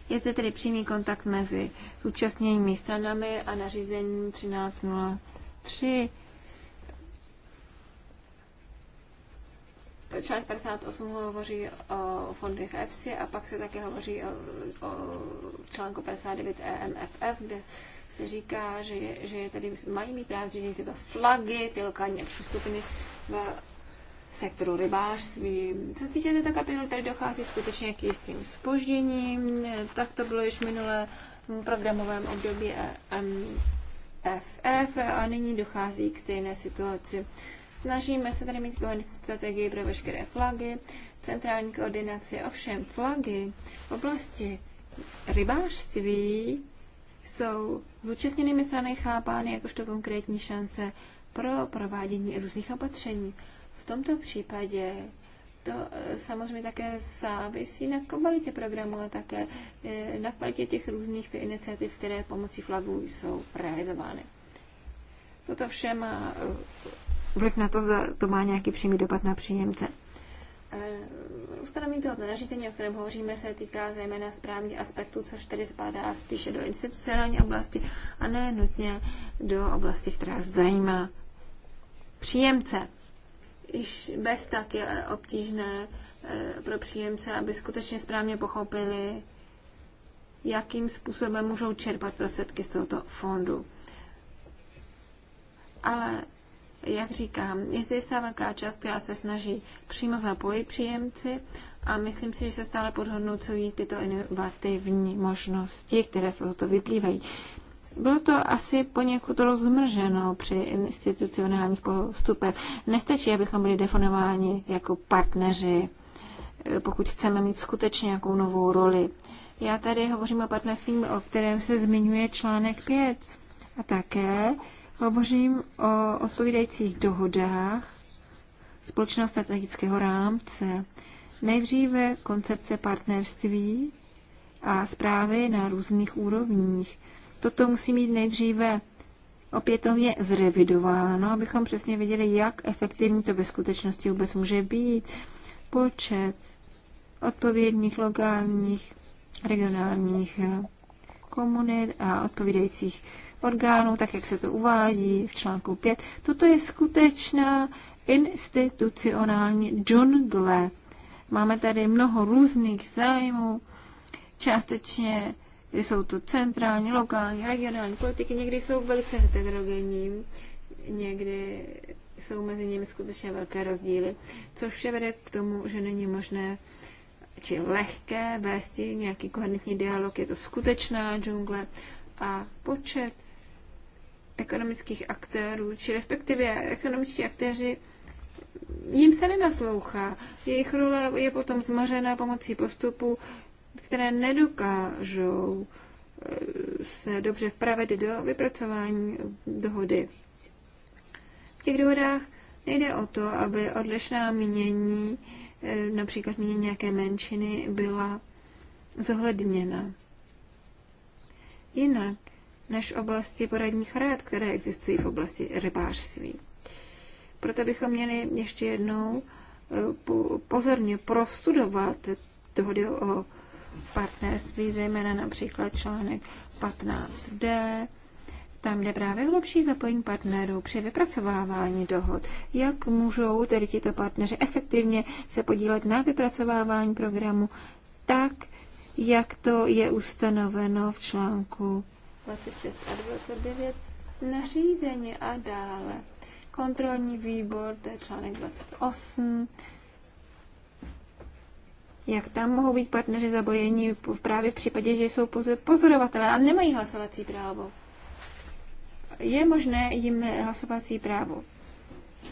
Speaker 2: Je zde tedy přímý kontakt mezi zúčastněnými stranami a nařízením 1303 Článek 58 hovoří o fondech EFSI a pak se také hovoří o, o článku 59 EMFF, kde se říká, že, je, že je tady mají mít právě zřízení tyto flagy, ty lokální akční skupiny v sektoru rybářství. Co se týče této kapitoly, tady dochází skutečně k jistým spožděním. Tak to bylo již minulé programovém období EMFF, a nyní dochází k stejné situaci. Snažíme se tady mít strategii pro veškeré flagy, centrální koordinaci, ovšem flagy v oblasti rybářství jsou zúčastněnými strany chápány jakožto konkrétní šance pro provádění různých opatření. V tomto případě to eh, samozřejmě také závisí na kvalitě programu a také eh, na kvalitě těch různých iniciativ, které pomocí flagů jsou realizovány. Toto vše má eh, vliv na to, zda to má nějaký přímý dopad na příjemce. Eh, ustanovení tohoto nařízení, o kterém hovoříme, se týká zejména správních aspektů, což tedy spadá spíše do institucionální oblasti a ne nutně do oblasti, která zajímá příjemce. Již bez tak je obtížné eh, pro příjemce, aby skutečně správně pochopili, jakým způsobem můžou čerpat prostředky z tohoto fondu. Ale jak říkám, je zde jistá velká část, která se snaží přímo zapojit příjemci a myslím si, že se stále podhodnocují tyto inovativní možnosti, které z tohoto vyplývají. Bylo to asi poněkud rozmrženo při institucionálních postupech. Nestačí, abychom byli definováni jako partneři, pokud chceme mít skutečně nějakou novou roli. Já tady hovořím o partnerství, o kterém se zmiňuje článek 5. A také Hovořím o odpovídajících dohodách společného strategického rámce. Nejdříve koncepce partnerství a zprávy na různých úrovních. Toto musí mít nejdříve opětovně zrevidováno, abychom přesně viděli, jak efektivní to ve skutečnosti vůbec může být. Počet odpovědných lokálních, regionálních eh, komunit a odpovídajících orgánů, tak jak se to uvádí v článku 5. Toto je skutečná institucionální džungle. Máme tady mnoho různých zájmů, částečně jsou to centrální, lokální, regionální politiky, někdy jsou velice heterogenní, někdy jsou mezi nimi skutečně velké rozdíly, což vše vede k tomu, že není možné či lehké vést nějaký koherentní dialog, je to skutečná džungle a počet ekonomických aktérů, či respektive ekonomičtí aktéři jim se nenaslouchá. Jejich role je potom zmařena pomocí postupů, které nedokážou eh, se dobře vpravit do vypracování dohody. V těch dohodách nejde o to, aby odlišná mínění, eh, například mínění nějaké menšiny, byla zohledněna. Jinak než oblasti poradních rád, které existují v oblasti rybářství. Proto bychom měli ještě jednou eh, pozorně prostudovat dohody o partnerství, zejména například článek 15d, tam jde právě hlubší zapojení partnerů při vypracovávání dohod. Jak můžou tedy tito partneři efektivně se podílet na vypracovávání programu tak, jak to je ustanoveno v článku 26 a 29 nařízení a dále. Kontrolní výbor, to je článek 28. Jak tam mohou být partneři zabojení právě v případě, že jsou pouze pozorovatelé a nemají hlasovací právo? Je možné jim hlasovací právo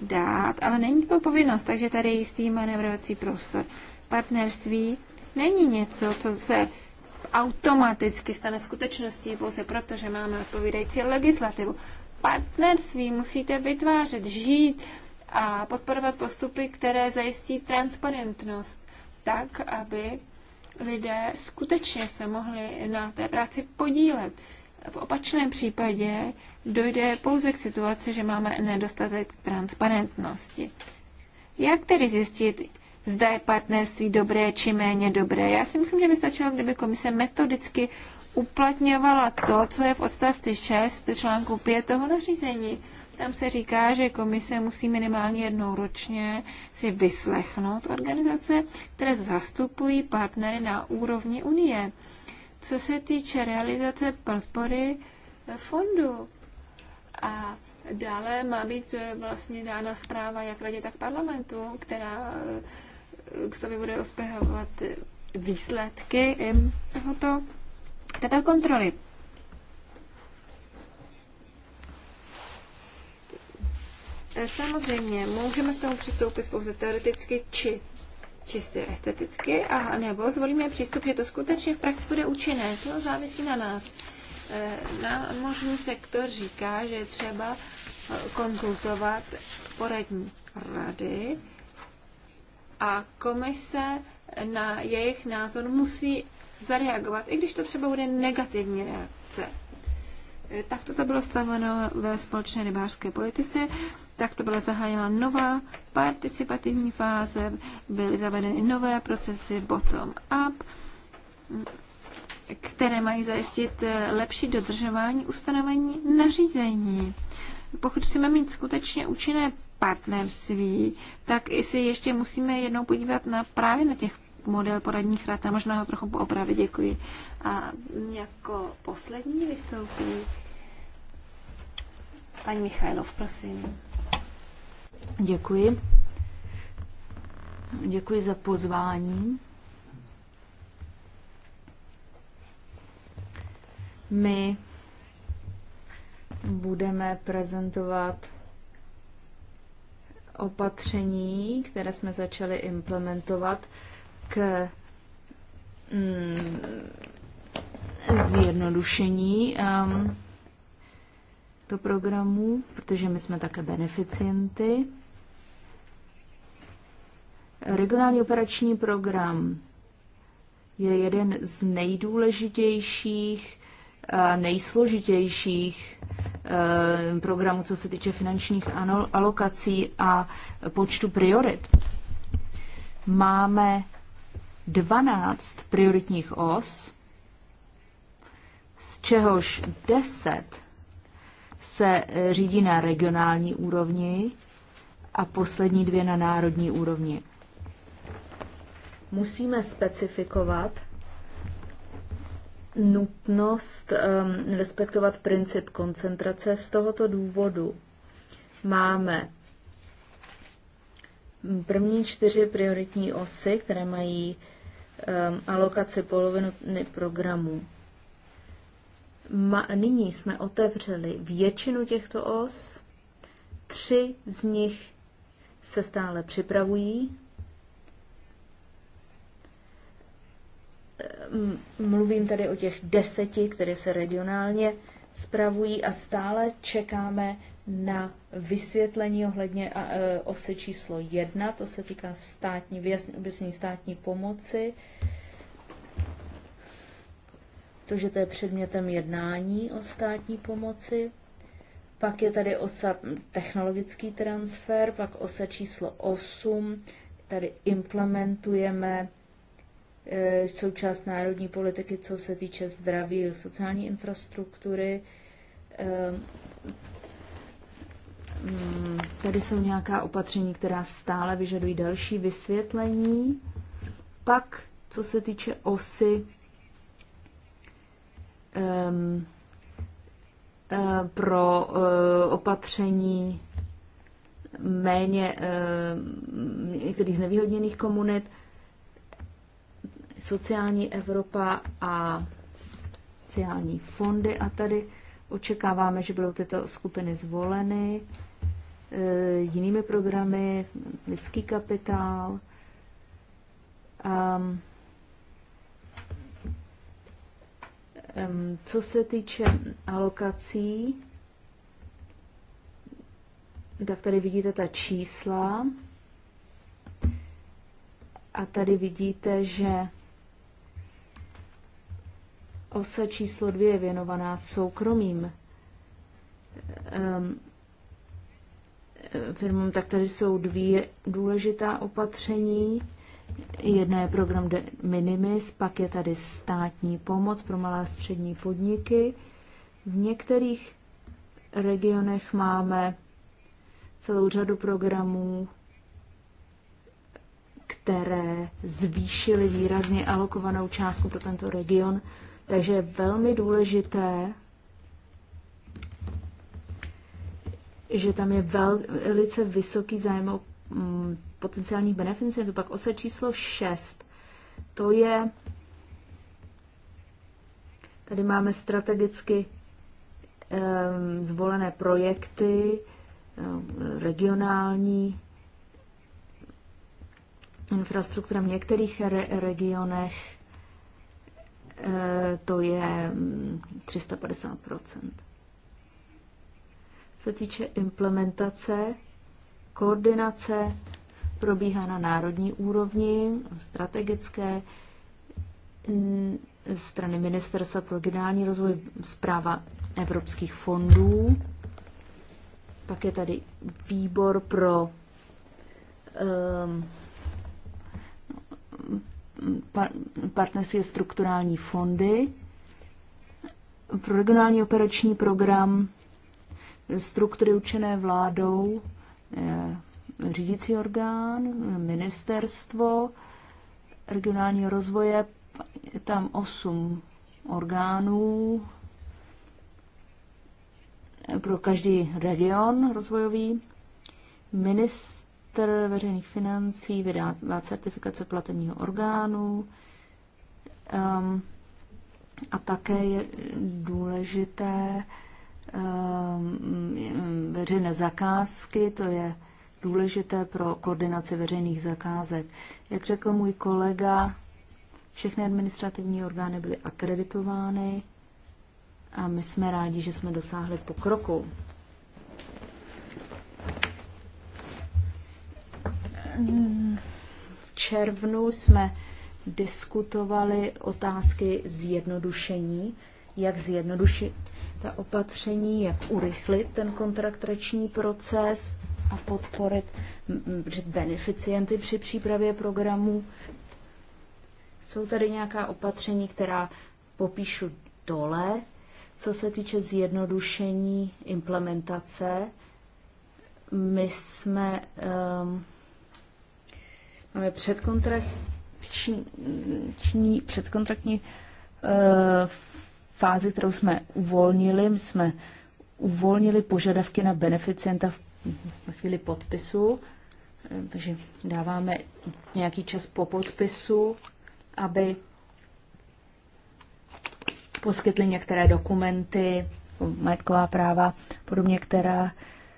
Speaker 2: dát, ale není to povinnost, takže tady je jistý manevrovací prostor. Partnerství není něco, co se automaticky stane skutečností pouze proto, že máme odpovídající legislativu. Partnerství musíte vytvářet, žít a podporovat postupy, které zajistí transparentnost, tak, aby lidé skutečně se mohli na té práci podílet. V opačném případě dojde pouze k situaci, že máme nedostatek transparentnosti. Jak tedy zjistit, zda je partnerství dobré či méně dobré. Já si myslím, že by stačilo, kdyby komise metodicky uplatňovala to, co je v odstavci 6 článku 5 toho nařízení. Tam se říká, že komise musí minimálně jednou ročně si vyslechnout organizace, které zastupují partnery na úrovni Unie. Co se týče realizace podpory fondu a dále má být vlastně dána zpráva jak radě, tak parlamentu, která k sobě bude ospěhovat výsledky tohoto, této kontroly. Samozřejmě, můžeme k tomu přistoupit pouze teoreticky či čistě esteticky, a nebo zvolíme přístup, že to skutečně v praxi bude účinné. To závisí na nás. E, na možný sektor říká, že je třeba konzultovat poradní
Speaker 4: rady,
Speaker 2: a komise na jejich názor musí zareagovat, i když to třeba bude negativní reakce. E, tak to bylo stanoveno ve společné rybářské politice, tak to byla zahájena nová participativní fáze, byly zavedeny nové procesy bottom-up, které mají zajistit e, lepší dodržování ustanovení nařízení. Pokud chceme mít skutečně účinné partnerství, tak si ještě musíme jednou podívat na právě na těch model poradních rad a možná ho trochu poopravit. Děkuji. A jako poslední vystoupí paní Michailov, prosím.
Speaker 1: Děkuji. Děkuji za pozvání. My budeme prezentovat opatření, které jsme začali implementovat k mm, zjednodušení um, do programu, protože my jsme také beneficienty. Regionální operační program je jeden z nejdůležitějších a nejsložitějších Eh, programu, co se týče finančních alokací a počtu priorit. Máme 12 prioritních os, z čehož 10 se eh, řídí na regionální úrovni a poslední dvě na národní úrovni. Musíme specifikovat, nutnost um, respektovat princip koncentrace. Z tohoto důvodu máme první čtyři prioritní osy, které mají um, alokaci poloviny programů. Ma, nyní jsme otevřeli většinu těchto os, tři z nich se stále připravují, mluvím tady o těch deseti, které se regionálně spravují a stále čekáme na vysvětlení ohledně e, ose číslo jedna, to se týká státní, vysvětlení státní pomoci. To, že to je předmětem jednání o státní pomoci. Pak je tady osa technologický transfer, pak osa číslo 8. Tady implementujeme E, součást národní politiky, co se týče zdraví a sociální infrastruktury. E, mm, tady jsou nějaká opatření, která stále vyžadují další vysvětlení. Pak, co se týče osy um, pro uh, opatření méně uh, některých znevýhodněných komunit, sociální Evropa a sociální fondy a tady očekáváme, že budou tyto skupiny zvoleny e, jinými programy, lidský kapitál. Um, um, co se týče alokací, tak tady vidíte ta čísla a tady vidíte, že Osa číslo dvě je věnovaná soukromým um, ehm, firmám, tak tady jsou dvě důležitá opatření. Jedna je program de minimis, pak je tady státní pomoc pro malé a střední podniky. V některých regionech máme celou řadu programů, které zvýšily výrazně alokovanou částku pro tento region. Takže je velmi důležité, že tam je velice vysoký zájem o mm, potenciálních to Pak osa číslo 6, to je, tady máme strategicky um, zvolené projekty, um, regionální infrastruktura v některých re- regionech, Eh, to je 350 mm, Co týče implementace, koordinace probíhá na národní úrovni, strategické mm, strany Ministerstva pro regionální rozvoj, zpráva evropských fondů. Pak je tady výbor pro um, partnerské strukturální fondy, pro regionální operační program, struktury učené vládou, eh, řídící orgán, ministerstvo regionálního rozvoje, je tam osm orgánů eh, pro každý region rozvojový, ministerstvo, registr veřejných financí, vydává certifikace platebního orgánu. Um, a také je důležité um, veřejné zakázky, to je důležité pro koordinaci veřejných zakázek. Jak řekl můj kolega, všechny administrativní orgány byly akreditovány a my jsme rádi, že jsme dosáhli pokroku. v červnu jsme diskutovali otázky zjednodušení, jak zjednodušit ta opatření, jak urychlit ten kontraktrační proces a podporit beneficienty při přípravě programů. Jsou tady nějaká opatření, která popíšu dole, co se týče zjednodušení implementace. My jsme um, Máme předkontrakční, mm, mm, předkontraktní e, eh, fázi, kterou jsme uvolnili. My jsme uvolnili požadavky na beneficienta na chvíli podpisu, eh, takže dáváme nějaký čas po podpisu, aby poskytli některé dokumenty, majetková práva, podobně, která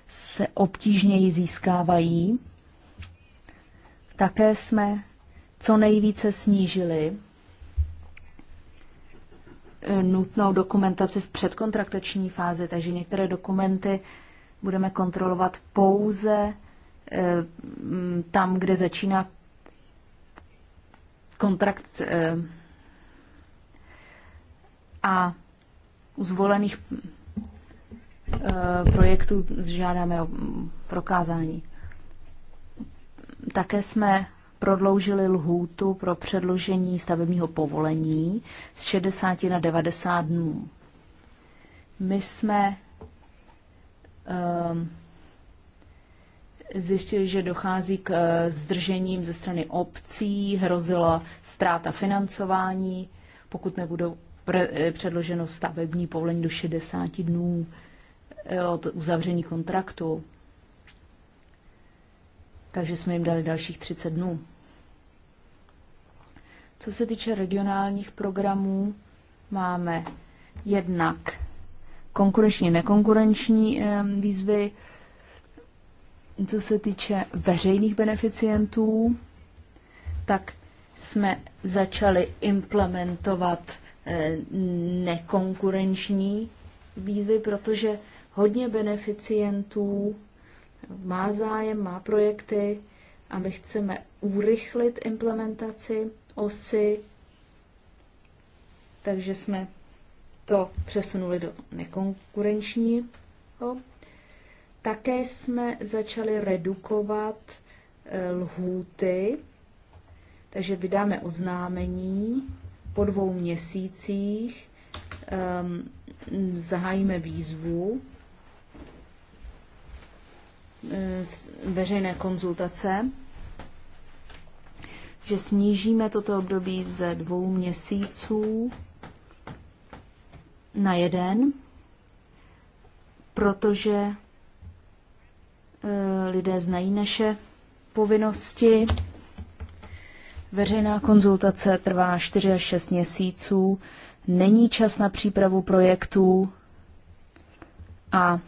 Speaker 1: se obtížněji získávají také jsme co nejvíce snížili eh, nutnou dokumentaci v předkontraktační fázi, takže některé dokumenty budeme kontrolovat pouze eh, tam, kde začíná kontrakt eh, a u zvolených projektů žádáme o prokázání. Také jsme prodloužili lhůtu pro předložení stavebního povolení z 60 na 90 dnů. My jsme um, zjistili, že dochází k eh, zdržením ze strany obcí, hrozila ztráta financování, pokud nebudou eh, předloženo stavební povolení do 60 dnů eh, od uzavření kontraktu takže jsme jim dali dalších 30 dnů. Co se týče regionálních programů, máme jednak konkurenční, nekonkurenční výzvy, co se týče veřejných beneficientů, tak jsme začali implementovat e, nekonkurenční výzvy, protože hodně beneficientů má zájem, má projekty a my chceme urychlit implementaci osy, takže jsme to přesunuli do nekonkurenčního. Také jsme začali redukovat e, lhůty, takže vydáme oznámení po dvou měsících, ehm, zahájíme výzvu Eh, veřejné konzultace, že snížíme toto období ze dvou měsíců na jeden, protože eh, lidé znají naše povinnosti. Veřejná konzultace trvá 4 až 6 měsíců, není čas na přípravu projektů a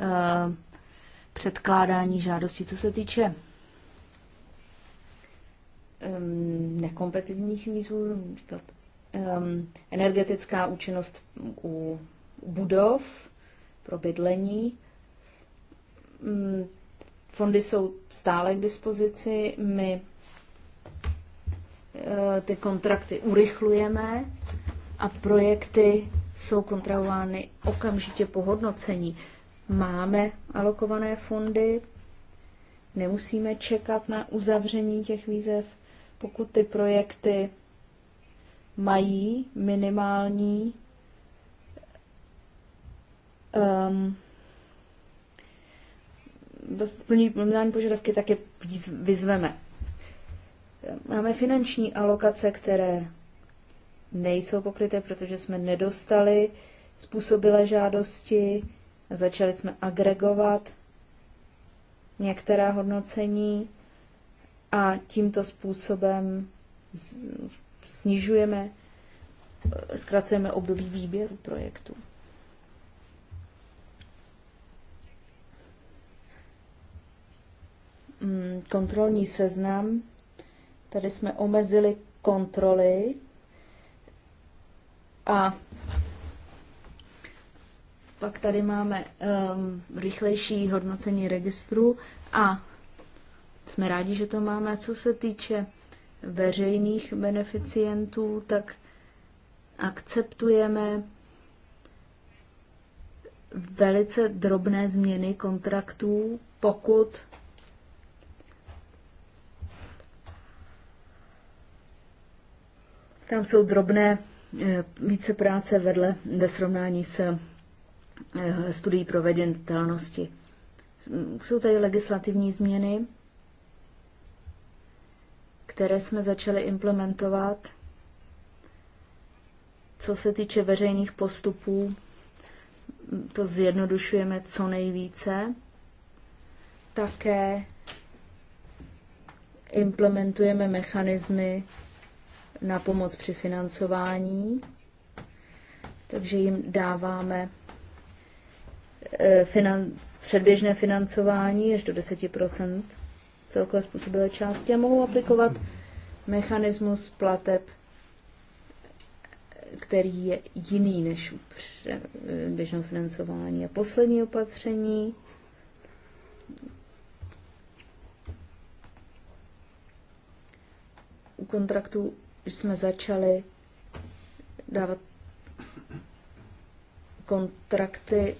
Speaker 1: Eh, předkládání žádostí, co se týče um, nekompetitivních výzvů, um, energetická účinnost u budov pro bydlení. Um, fondy jsou stále k dispozici, my eh, ty kontrakty urychlujeme a projekty jsou kontrolovány okamžitě po hodnocení máme alokované fondy, nemusíme čekat na uzavření těch výzev, pokud ty projekty mají minimální um, splní minimální požadavky, tak je vyzveme. Máme finanční alokace, které nejsou pokryté, protože jsme nedostali způsobilé žádosti, Začali jsme agregovat některá hodnocení a tímto způsobem snižujeme, zkracujeme období výběru projektů. Hmm, kontrolní seznam. Tady jsme omezili kontroly a pak tady máme um, rychlejší hodnocení registru a jsme rádi, že to máme. Co se týče veřejných beneficientů, tak akceptujeme velice drobné změny kontraktů, pokud tam jsou drobné eh, více práce vedle ve srovnání s Eh, studií proveditelnosti. Jsou tady legislativní změny, které jsme začali implementovat. Co se týče veřejných postupů, to zjednodušujeme co nejvíce. Také implementujeme mechanismy na pomoc při financování, takže jim dáváme E, financ, předběžné financování až do 10 celkové způsobilé částky a mohou aplikovat mechanismus plateb, který je jiný než běžného financování. A poslední opatření u kontraktu jsme začali dávat kontrakty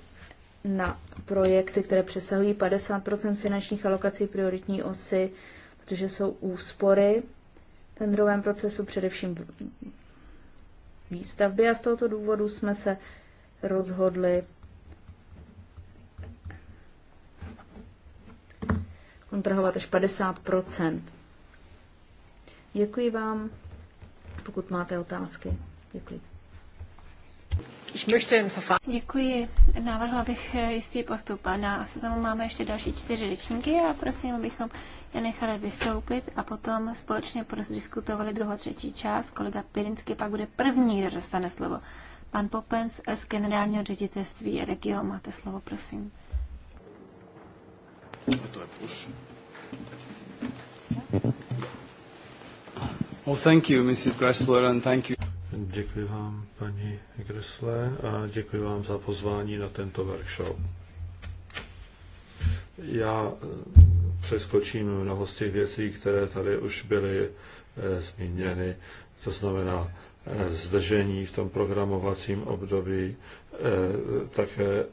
Speaker 1: na projekty, které přesahují 50 finančních alokací prioritní osy, protože jsou úspory v tendrovém procesu, především výstavby. A z tohoto důvodu jsme se rozhodli kontrahovat až 50 Děkuji vám, pokud máte otázky. Děkuji.
Speaker 2: Děkuji. Navrhla bych eh, jistý postup. Na seznamu máme ještě další čtyři řečníky a prosím, abychom je nechali vystoupit a potom společně prodiskutovali druhou třetí část. Kolega Pirinsky pak bude první, kdo dostane slovo. Pan Popens z generálního ředitelství Regio, máte slovo, prosím.
Speaker 3: Well, thank you, Mrs. Gressler, and thank you. Děkuji vám, paní Gresle, a děkuji vám za pozvání na tento workshop. Já eh, přeskočím mnoho z těch věcí, které tady už byly eh, zmíněny, to znamená eh, zdržení v tom programovacím období, také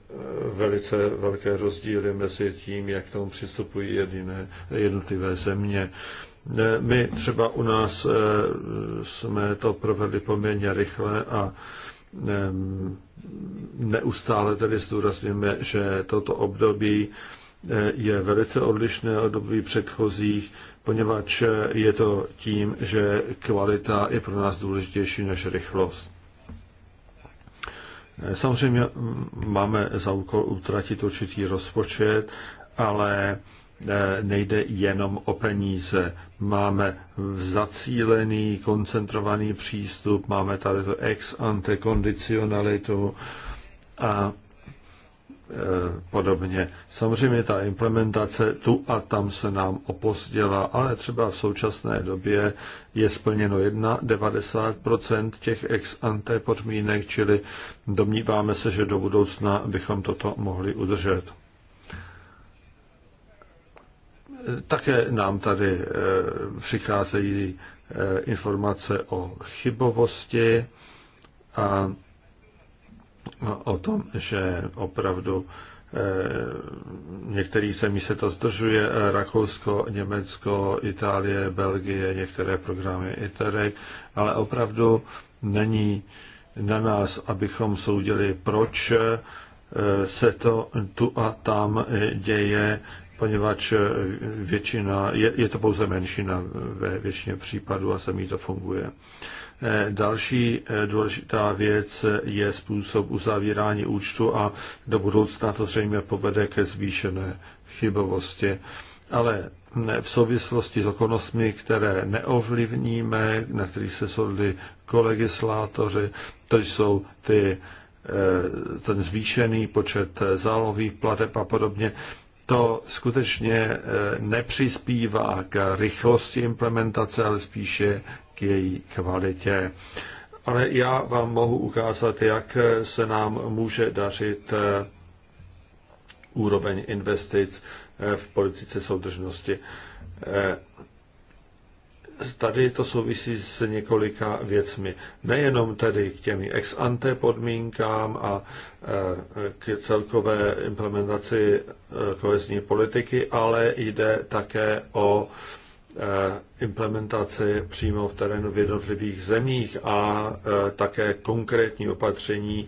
Speaker 3: velice velké rozdíly mezi tím, jak tomu přistupují jedine, jednotlivé země. My třeba u nás eh, jsme to provedli poměrně rychle a neustále tedy zdůrazňujeme, že toto období eh, je velice odlišné od období předchozích, poněvadž eh, je to tím, že kvalita je pro nás důležitější než rychlost. Samozřejmě máme za úkol utratit určitý rozpočet, ale nejde jenom o peníze. Máme zacílený, koncentrovaný přístup, máme tady to ex ante kondicionalitu a e, podobně. Samozřejmě ta implementace tu a tam se nám opozdila, ale třeba v současné době je splněno 91% těch ex ante podmínek, čili domníváme se, že do budoucna bychom toto mohli udržet. Také nám tady eh, přicházejí eh, informace o chybovosti a o tom, že opravdu eh, některých zemí se to zdržuje, Rakousko, Německo, Itálie, Belgie, některé programy Iterek, ale opravdu není na nás, abychom soudili, proč se to tu a tam děje, poněvadž eh, většina, je, je to pouze menšina ve většině případů a samý to funguje. Eh, další eh, důležitá věc je způsob uzavírání účtu a do budoucna to zřejmě povede ke zvýšené chybovosti. Ale v souvislosti s okolnostmi, které neovlivníme, na kterých se shodli kolegislátoři, to jsou ty ten zvýšený počet zálových plateb a podobně to skutečně eh, nepřispívá k rychlosti implementace, ale spíše k její kvalitě. Ale já vám mohu ukázat, jak eh, se nám může dařit eh, úroveň investic v politice soudržnosti tady to souvisí s několika věcmi. Nejenom tedy k těmi ex ante podmínkám a eh, k celkové implementaci eh, kohezní politiky, ale jde také o eh, implementaci přímo v terénu v jednotlivých zemích a také konkrétní opatření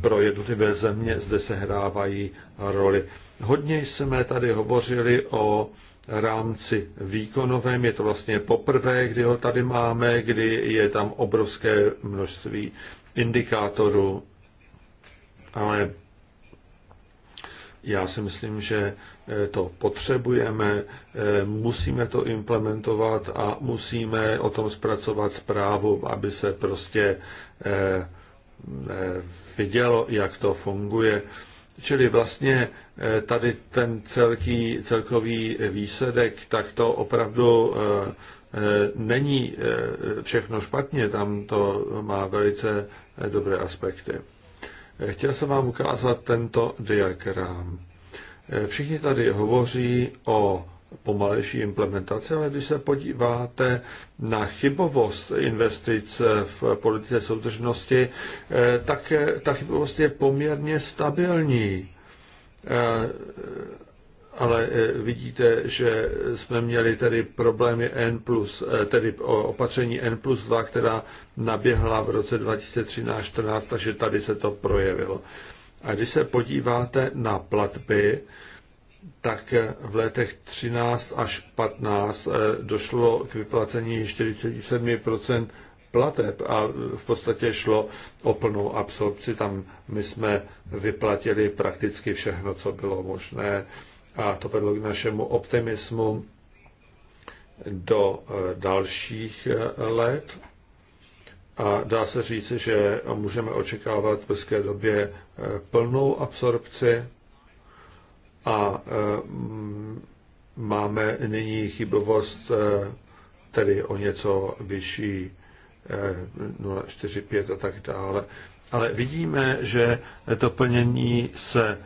Speaker 3: pro jednotlivé země zde se hrávají roli. Hodně jsme tady hovořili o rámci výkonovém. Je to vlastně poprvé, kdy ho tady máme, kdy je tam obrovské množství indikátorů. Ale já si myslím, že eh, to potřebujeme, eh, musíme to implementovat a musíme o tom zpracovat zprávu, aby se prostě eh, vidělo, jak to funguje. Čili vlastně Eh, tady ten celký, celkový výsledek, tak to opravdu eh, eh, není všechno špatně, tam to má velice dobré aspekty. Chtěl jsem vám ukázat tento diagram. Všichni tady hovoří o pomalejší implementaci, ale když se podíváte na chybovost investic v politice soudržnosti, tak ta chybovost je poměrně stabilní. Eh, ale eh, vidíte, že jsme měli tady problémy N+, eh, tedy opatření N plus 2, která naběhla v roce 2013-2014, takže tady se to projevilo. A když se podíváte na platby, tak v letech 13 až 15 došlo k vyplacení 47 plateb a v podstatě šlo o plnou absorpci. Tam my jsme vyplatili prakticky všechno, co bylo možné a to vedlo k našemu optimismu do eh, dalších eh, let. A dá se říci, že můžeme očekávat v brzké době eh, plnou absorpci a máme nyní chybovost tedy o něco vyšší. 045 e, a tak dále. Ale vidíme, že to plnění se e,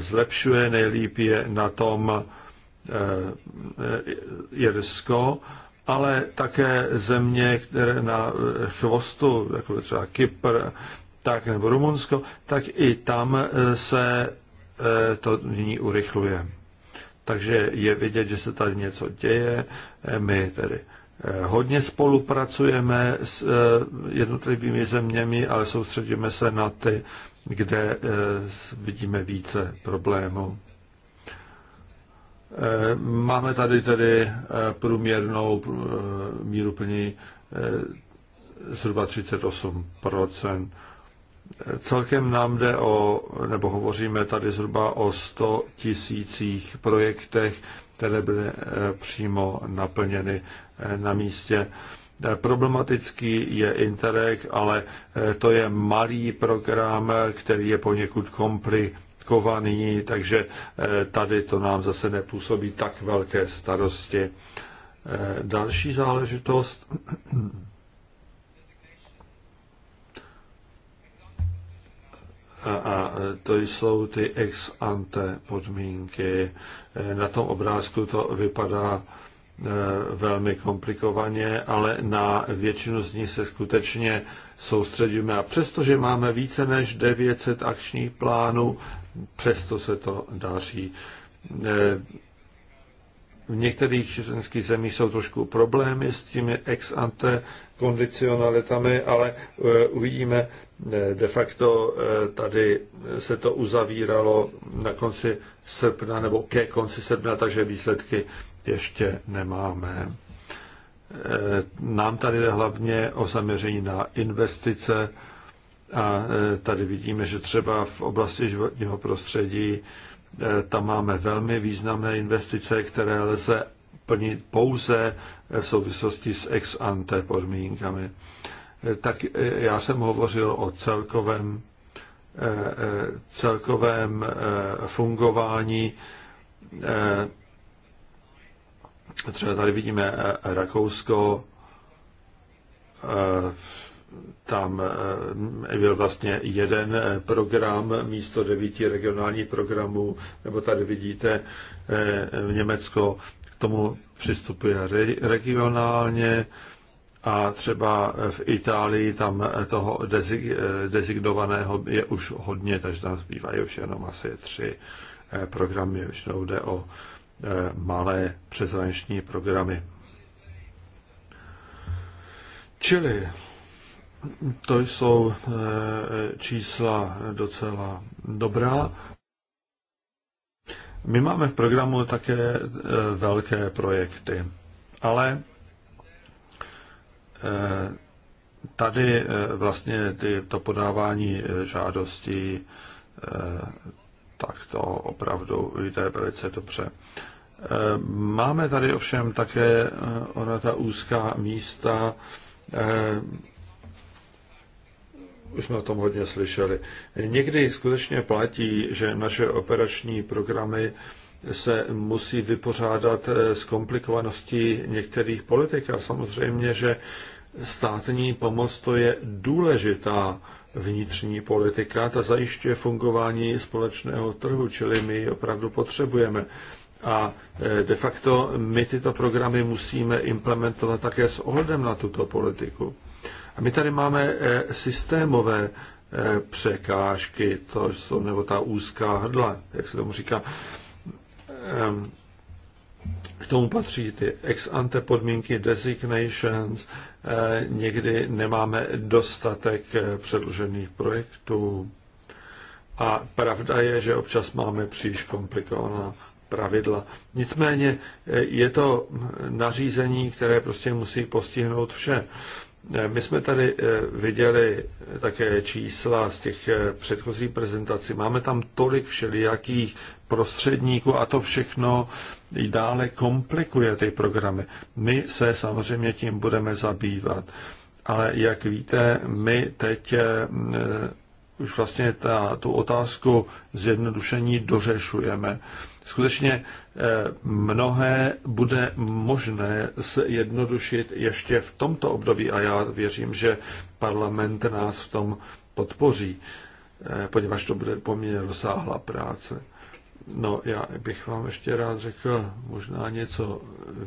Speaker 3: zlepšuje, nejlíp je na tom Jirsko, e, ale také země, které na chvostu, jako třeba Kypr, tak nebo Rumunsko, tak i tam se to nyní urychluje. Takže je vidět, že se tady něco děje. My tedy Eh, hodně spolupracujeme s eh, jednotlivými zeměmi, ale soustředíme se na ty, kde eh, vidíme více problémů. Máme tady tedy průměrnou míru plní zhruba 38 Celkem nám jde o, nebo hovoříme tady zhruba o 100 tisících projektech, které byly eh, přímo naplněny eh, na místě. Eh, problematický je Interreg, ale to je malý program, který je poněkud komplikovaný, takže tady to nám zase nepůsobí tak velké starosti. Další záležitost a to jsou ty ex ante podmínky. Na tom obrázku to vypadá e, velmi komplikovaně, ale na většinu z nich se skutečně soustředíme. A přestože máme více než 900 akčních plánů, přesto se to daří. E, v některých členských zemích jsou trošku problémy s těmi ex ante kondicionalitami, ale e, uvidíme, e, de facto e, tady se to uzavíralo na konci srpna nebo ke konci srpna, takže výsledky ještě nemáme. Nám tady jde hlavně o zaměření na investice a tady vidíme, že třeba v oblasti životního prostředí Eh, tam máme velmi významné investice, které lze plnit pouze eh, v souvislosti s ex ante podmínkami. Eh, tak já jsem hovořil o celkovém, celkovém fungování třeba tady vidíme Rakousko, tam eh, byl vlastně jeden eh, program místo devíti regionálních programů, nebo tady vidíte eh, Německo k tomu přistupuje regionálně a třeba v Itálii tam toho designovaného je už hodně, takže tam zbývají už jenom asi tři programy, většinou jde o malé přeshraniční programy. Čili to jsou eh, čísla docela dobrá. My máme v programu také eh, velké projekty, ale eh, tady vlastně ty, to podávání žádostí tak to opravdu jde velice dobře. Máme tady ovšem také ona ta úzká místa už jsme o tom hodně slyšeli. Někdy skutečně platí, že naše operační programy se musí vypořádat eh, s komplikovaností některých politik. A samozřejmě, že státní pomoc to je důležitá vnitřní politika, ta zajišťuje fungování společného trhu, čili my ji opravdu potřebujeme. A eh, de facto my tyto programy musíme implementovat také s ohledem na tuto politiku. A my tady máme eh, systémové eh, překážky, to jsou, nebo ta úzká hrdla, jak se tomu říká. Ehm, k tomu patří ty ex ante podmínky, designations, eh, někdy nemáme dostatek předložených projektů. A pravda je, že občas máme příliš komplikovaná pravidla. Nicméně je to hm, nařízení, které prostě musí postihnout vše. Eh, my jsme tady eh, viděli také čísla z těch eh, předchozích prezentací. Máme tam tolik všelijakých prostředníků a to všechno i dále komplikuje ty programy. My se samozřejmě tím budeme zabývat. Ale jak víte, my teď už vlastně ta, tu otázku zjednodušení dořešujeme skutečně eh, mnohé bude možné zjednodušit ještě v tomto období a já věřím, že parlament nás v tom podpoří, eh, poněvadž to bude poměrně rozsáhlá práce. No, já bych vám ještě rád řekl možná něco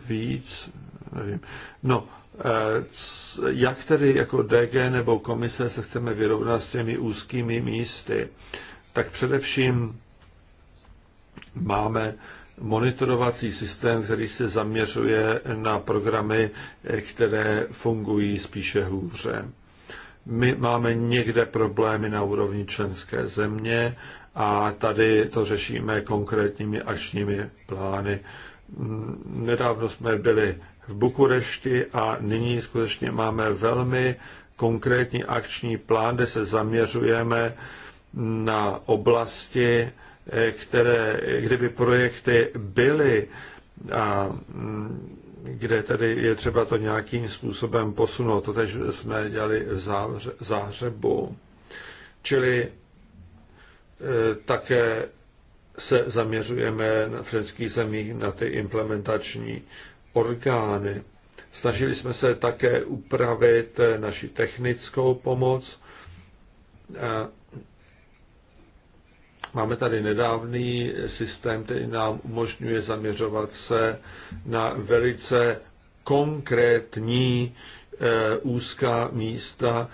Speaker 3: víc, nevím. No, eh, jak tedy jako DG nebo komise se chceme vyrovnat s těmi úzkými místy? Tak především Máme monitorovací systém, který se zaměřuje na programy, které fungují spíše hůře. My máme někde problémy na úrovni členské země a tady to řešíme konkrétními akčními plány. Nedávno jsme byli v Bukurešti a nyní skutečně máme velmi konkrétní akční plán, kde se zaměřujeme na oblasti, Eh, které, kdyby projekty byly a mm, kde tedy je třeba to nějakým způsobem posunout. To tež jsme dělali v záře, záhřebu. Čili e, také se zaměřujeme na všech zemích na ty implementační orgány. Snažili jsme se také upravit eh, naši technickou pomoc. E, Máme tady nedávný systém, který nám umožňuje zaměřovat se na velice konkrétní eh, úzká místa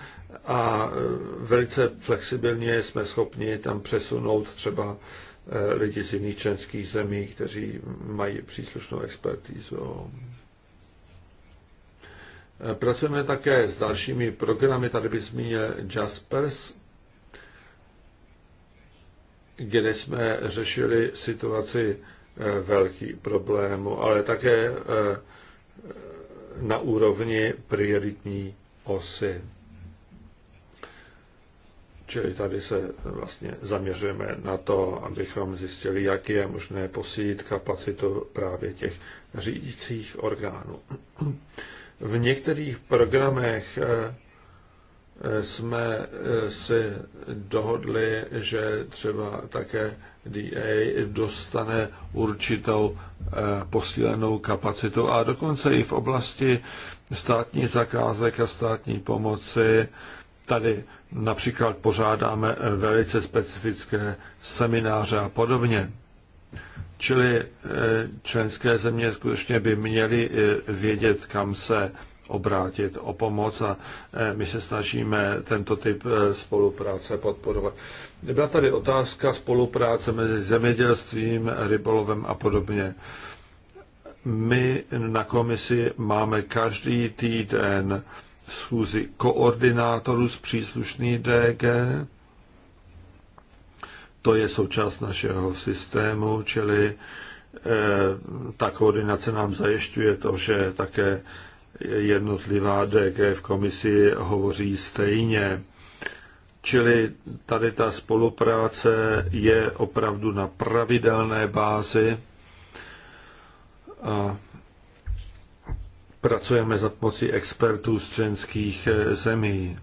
Speaker 3: a eh, velice flexibilně jsme schopni tam přesunout třeba eh, lidi z jiných členských zemí, kteří mají příslušnou expertízu. Pracujeme také s dalšími programy, tady bych zmínil Jaspers, kde jsme řešili situaci eh, velký problému, ale také eh, na úrovni prioritní osy. Čili tady se vlastně zaměřujeme na to, abychom zjistili, jak je možné posílit kapacitu právě těch řídících orgánů. V některých programech eh, jsme eh, si dohodli, že třeba také DA dostane určitou eh, posílenou kapacitu a dokonce i v oblasti státních zakázek a státní pomoci. Tady například pořádáme eh, velice specifické semináře a podobně. Čili členské země skutečně by měly vědět, kam se obrátit o pomoc a e, my se snažíme tento typ e, spolupráce podporovat. Byla tady otázka spolupráce mezi zemědělstvím, rybolovem a podobně. My na komisi máme každý týden schůzi koordinátorů z příslušný DG. To je součást našeho systému, čili e, ta koordinace nám zajišťuje to, že také jednotlivá DG v komisi hovoří stejně. Čili tady ta spolupráce je opravdu na pravidelné bázi a pracujeme za pomocí expertů z členských eh, zemí.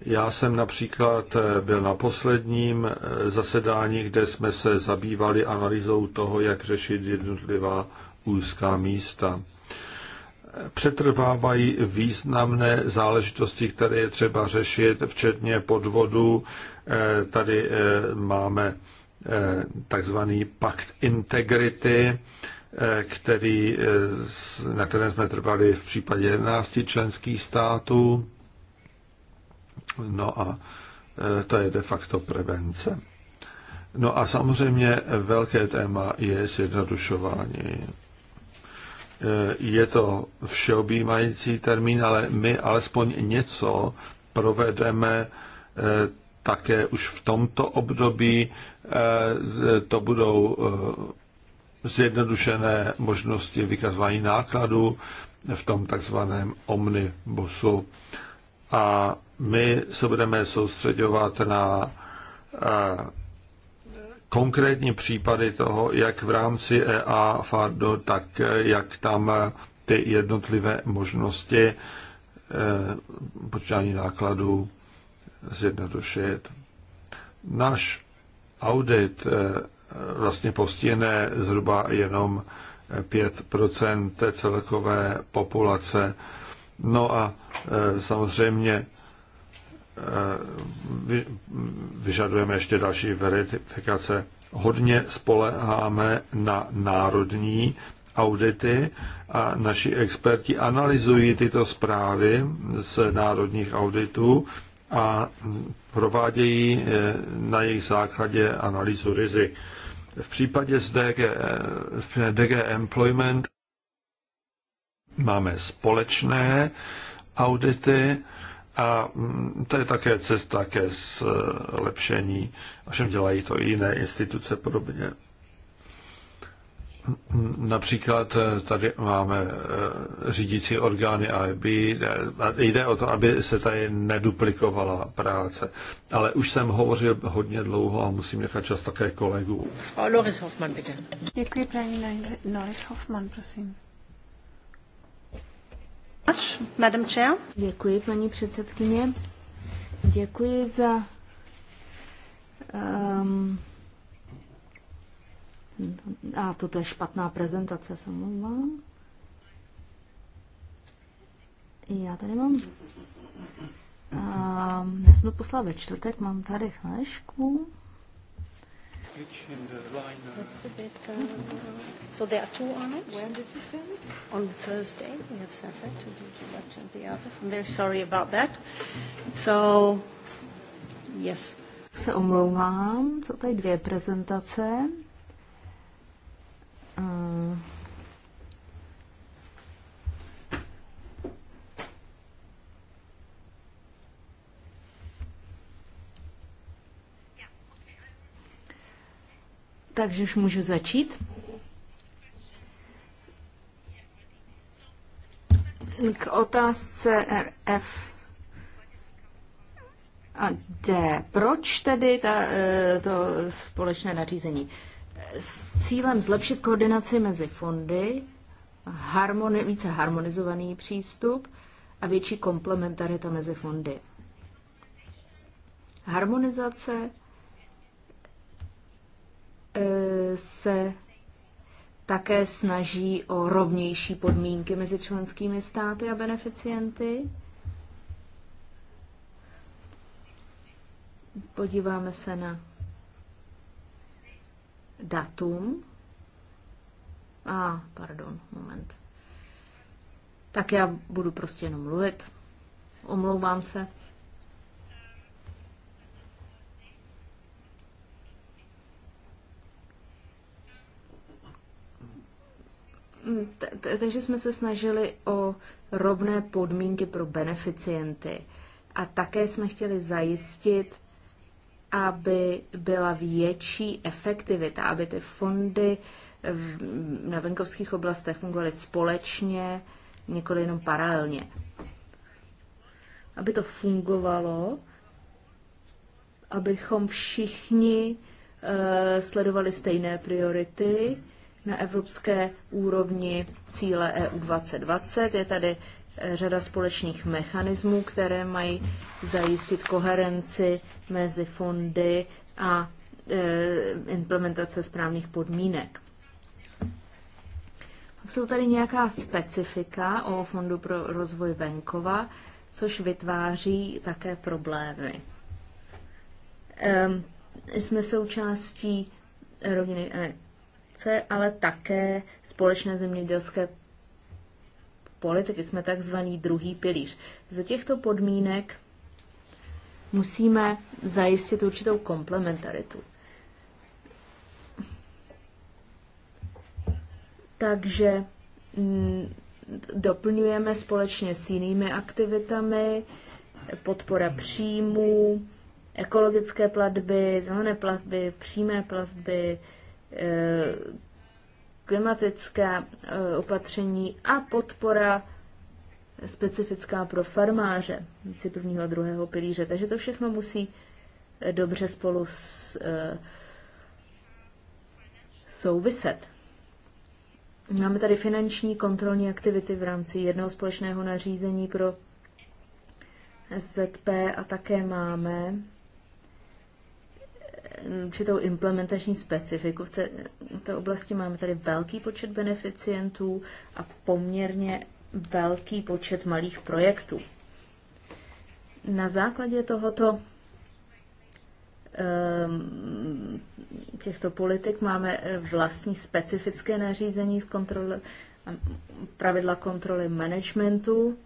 Speaker 3: Já jsem například eh, byl na posledním eh, zasedání, kde jsme se zabývali analýzou toho, jak řešit jednotlivá úzká místa přetrvávají významné záležitosti, které je třeba řešit, včetně podvodu. Eh, tady eh, máme eh, takzvaný pakt integrity, který, na kterém jsme trvali v případě 11 členských států. No a to je de facto prevence. No a samozřejmě velké téma je zjednodušování. Eh, je to všeobjímající termín, ale my alespoň něco provedeme eh, také už v tomto období. Eh, to budou zjednodušené možnosti vykazování nákladů v tom takzvaném omnibusu. A my se budeme soustředovat na konkrétní případy toho, jak v rámci EA FARDO, tak eh, jak tam eh, ty jednotlivé možnosti eh, počítání nákladů zjednodušit. Náš audit vlastně postihne zhruba jenom 5 celkové populace. No a samozřejmě Eh, vyžadujeme ještě další verifikace. Hodně spoleháme na národní audity a naši experti analyzují tyto zprávy z národních auditů a provádějí eh, na jejich základě analýzu rizik. V případě z DG, eh, DG Employment máme společné audity a mm, to je také cesta ke zlepšení, ovšem dělají to i jiné instituce podobně. Například tady máme eh, řídící orgány AIB, eh, Jde o to, aby se tady neduplikovala práce. Ale už jsem hovořil hodně dlouho a musím nechat čas také kolegů.
Speaker 4: Loris Hoffman, bitte. Děkuji, paní
Speaker 2: Loris Hoffman, prosím.
Speaker 1: Madam Chair. Děkuji, paní předsedkyně. Děkuji za um, a toto je špatná prezentace, se mluvám. Já tady mám um, já jsem to poslala ve čtvrtek, mám tady chlešku
Speaker 3: switch in the line. Uh, That's a
Speaker 4: bit. Uh, so there are two on it. When did you send it? On Thursday, we have sent that to the introduction of the
Speaker 1: office. I'm very sorry about that. So, yes. Se omlouvám, jsou tady dvě prezentace. Eh, Takže už můžu začít. K otázce RF a D. Proč tedy ta, e, to společné nařízení? S cílem zlepšit koordinaci mezi fondy, harmoni, více harmonizovaný přístup a větší komplementarita mezi fondy. Harmonizace E, se také snaží o rovnější podmínky mezi členskými státy a beneficienty. Podíváme se na datum. A, ah, pardon, moment. Tak já budu prostě jenom mluvit. Omlouvám se. Mm, takže jsme se snažili o rovné podmínky pro beneficienty. A také jsme chtěli zajistit, aby byla větší efektivita, aby ty fondy na venkovských oblastech fungovaly společně, nikoli jenom paralelně. Aby to fungovalo, abychom všichni uh, sledovali stejné priority, na evropské úrovni cíle EU 2020. Je tady eh, řada společných mechanismů, které mají zajistit koherenci mezi fondy a eh, implementace správných podmínek. Pak jsou tady nějaká specifika o Fondu pro rozvoj venkova, což vytváří také problémy. Ehm, jsme součástí rodiny e akce, ale také společné zemědělské politiky. Jsme takzvaný druhý pilíř. Za těchto podmínek musíme zajistit určitou komplementaritu. Takže mm, doplňujeme společně s jinými aktivitami, podpora příjmů, ekologické platby, zelené platby, přímé platby, Eh, klimatická eh, opatření a podpora specifická pro farmáře si prvního a druhého pilíře. Takže to všechno musí eh, dobře spolu s, souviset. Máme tady finanční kontrolní aktivity v rámci jednoho společného nařízení pro SZP a také máme Eh, určitou implementační specifiku. V té, v té oblasti máme tady velký počet beneficientů a poměrně velký počet malých projektů. Na základě tohoto ehm, těchto politik máme eh, vlastní specifické nařízení z kontroly, pravidla kontroly managementu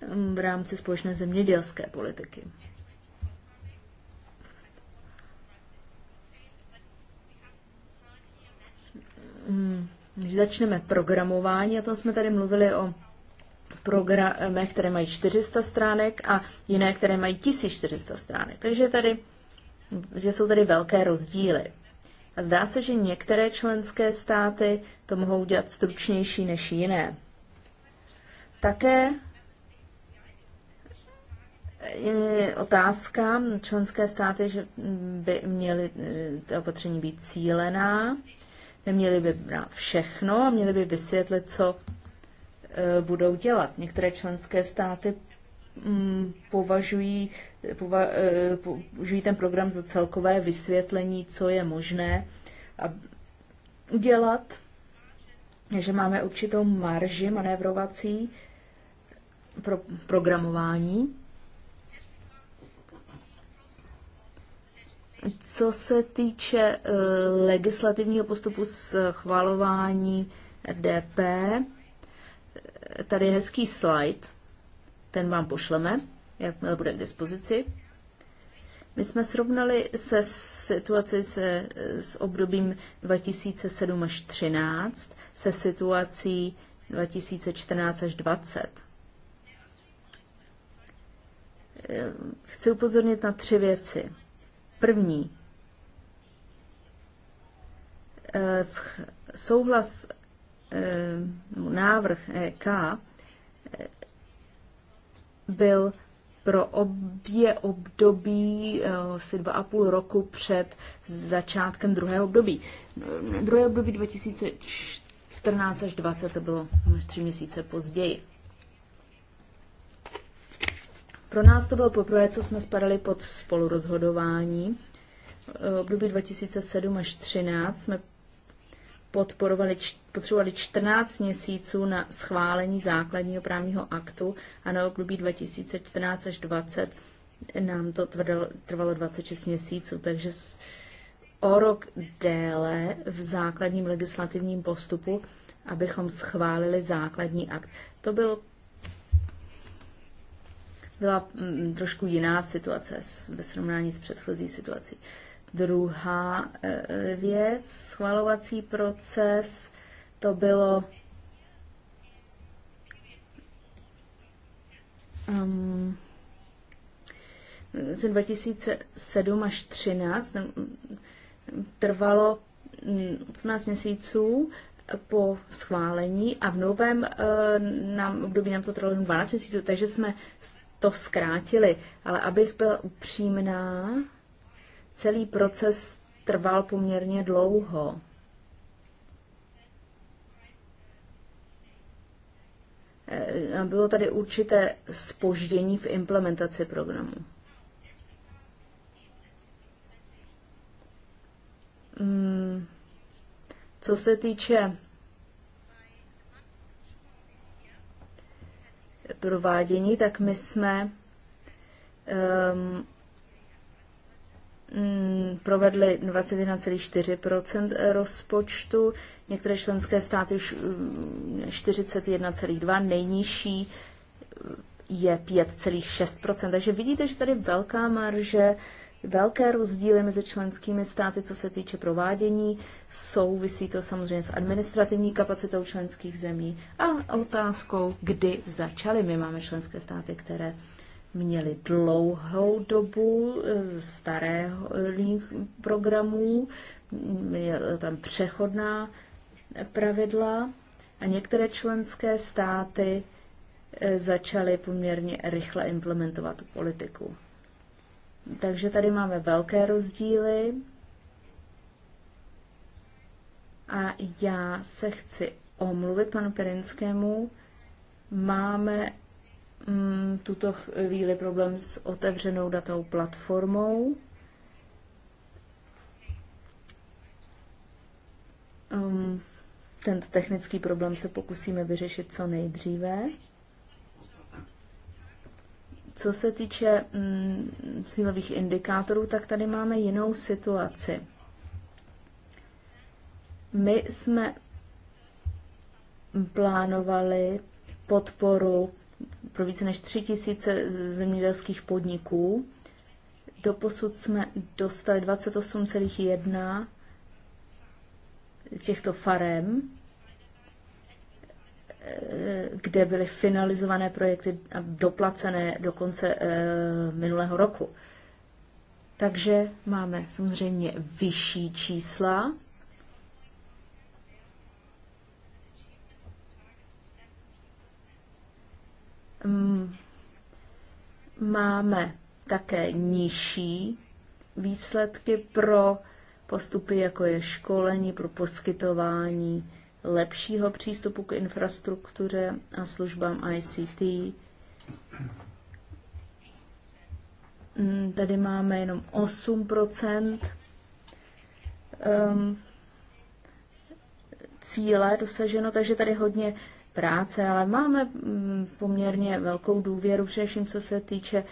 Speaker 1: ehm, v rámci společné zemědělské politiky. Mm, když začneme programování, a to jsme tady mluvili o programech, které mají 400 stránek a jiné, které mají 1400 stránek. Takže tady, že jsou tady velké rozdíly. A zdá se, že některé členské státy to mohou dělat stručnější než jiné. Také je otázka, členské státy, že by měly e, opatření být cílená, Neměli by brát všechno a měli by vysvětlit, co e, budou dělat. Některé členské státy mm, považují, e, považují ten program za celkové vysvětlení, co je možné udělat, že máme určitou marži manévrovací pro programování Co se týče eh, legislativního postupu schvalování RDP, eh, tady je hezký slide, ten vám pošleme, jakmile bude k dispozici. My jsme srovnali se situaci se, eh, s obdobím 2007 až 2013 se situací 2014 až 2020. Chci upozornit na tři věci. První. Eh, souhlas eh, návrh EK eh, byl pro obě období asi dva a půl roku před začátkem druhého období. Druhé období 2014 až 2020 to bylo tři měsíce později. Pro nás to bylo poprvé, co jsme spadali pod spolurozhodování. V eh, období 2007 až 2013 jsme podporovali, potřebovali 14 měsíců na schválení základního právního aktu a na období 2014 až 20 nám to tvrdalo, trvalo 26 měsíců, takže o rok déle v základním legislativním postupu, abychom schválili základní akt. To byl byla mm, trošku jiná situace ve srovnání s předchozí situací. Druhá e, e, věc, schvalovací proces, to bylo um, mm, 2007 až 13 mm, trvalo 18 měsíců po schválení a v novém e, nám, období nám to trvalo 12 měsíců, takže jsme to zkrátili, ale abych byl upřímná, celý proces trval poměrně dlouho. Eh, bylo tady určité spoždění v implementaci programu. Hmm, co se týče provádění, tak my jsme um, provedli 21,4 rozpočtu, některé členské státy už 41,2, mm, nejnižší eh, je 5,6 Takže vidíte, že tady velká marže velké rozdíly mezi členskými státy, co se týče provádění. Souvisí to samozřejmě s administrativní kapacitou členských zemí a otázkou, kdy začaly. My máme členské státy, které měly dlouhou dobu eh, starého programů, eh, tam přechodná pravidla a některé členské státy eh, začaly poměrně rychle implementovat politiku. Takže tady máme velké rozdíly. A já se chci omluvit panu Perinskému. Máme mm, tuto chvíli problém s otevřenou datou platformou. Um, tento technický problém se pokusíme vyřešit co nejdříve. Co se týče mm, cílových indikátorů, tak tady máme jinou situaci. My jsme plánovali podporu pro více než 3000 tisíce zemědělských podniků. Doposud jsme dostali 28,1 těchto farem Eh, kde byly finalizované projekty a doplacené do konce eh, minulého roku. Takže máme samozřejmě vyšší čísla. Mm, máme také nižší výsledky pro postupy, jako je školení, pro poskytování lepšího přístupu k infrastruktuře a službám ICT. Mm, tady máme jenom 8 um, cíle dosaženo, takže tady hodně práce, ale máme mm, poměrně velkou důvěru, především co se týče um,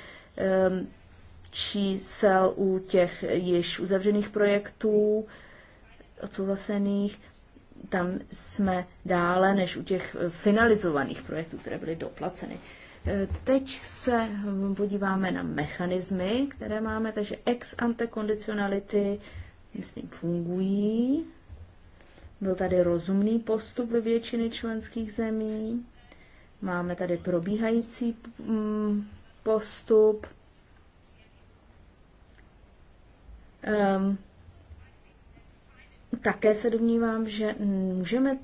Speaker 1: čísel u těch již uzavřených projektů odsouhlasených tam jsme dále než u těch eh, finalizovaných projektů, které byly doplaceny. Eh, teď se hm, podíváme na mechanismy, které máme, takže ex ante kondicionality, myslím, fungují. Byl tady rozumný postup ve většiny členských zemí. Máme tady probíhající hm, postup. Ehm, také se domnívám, že můžeme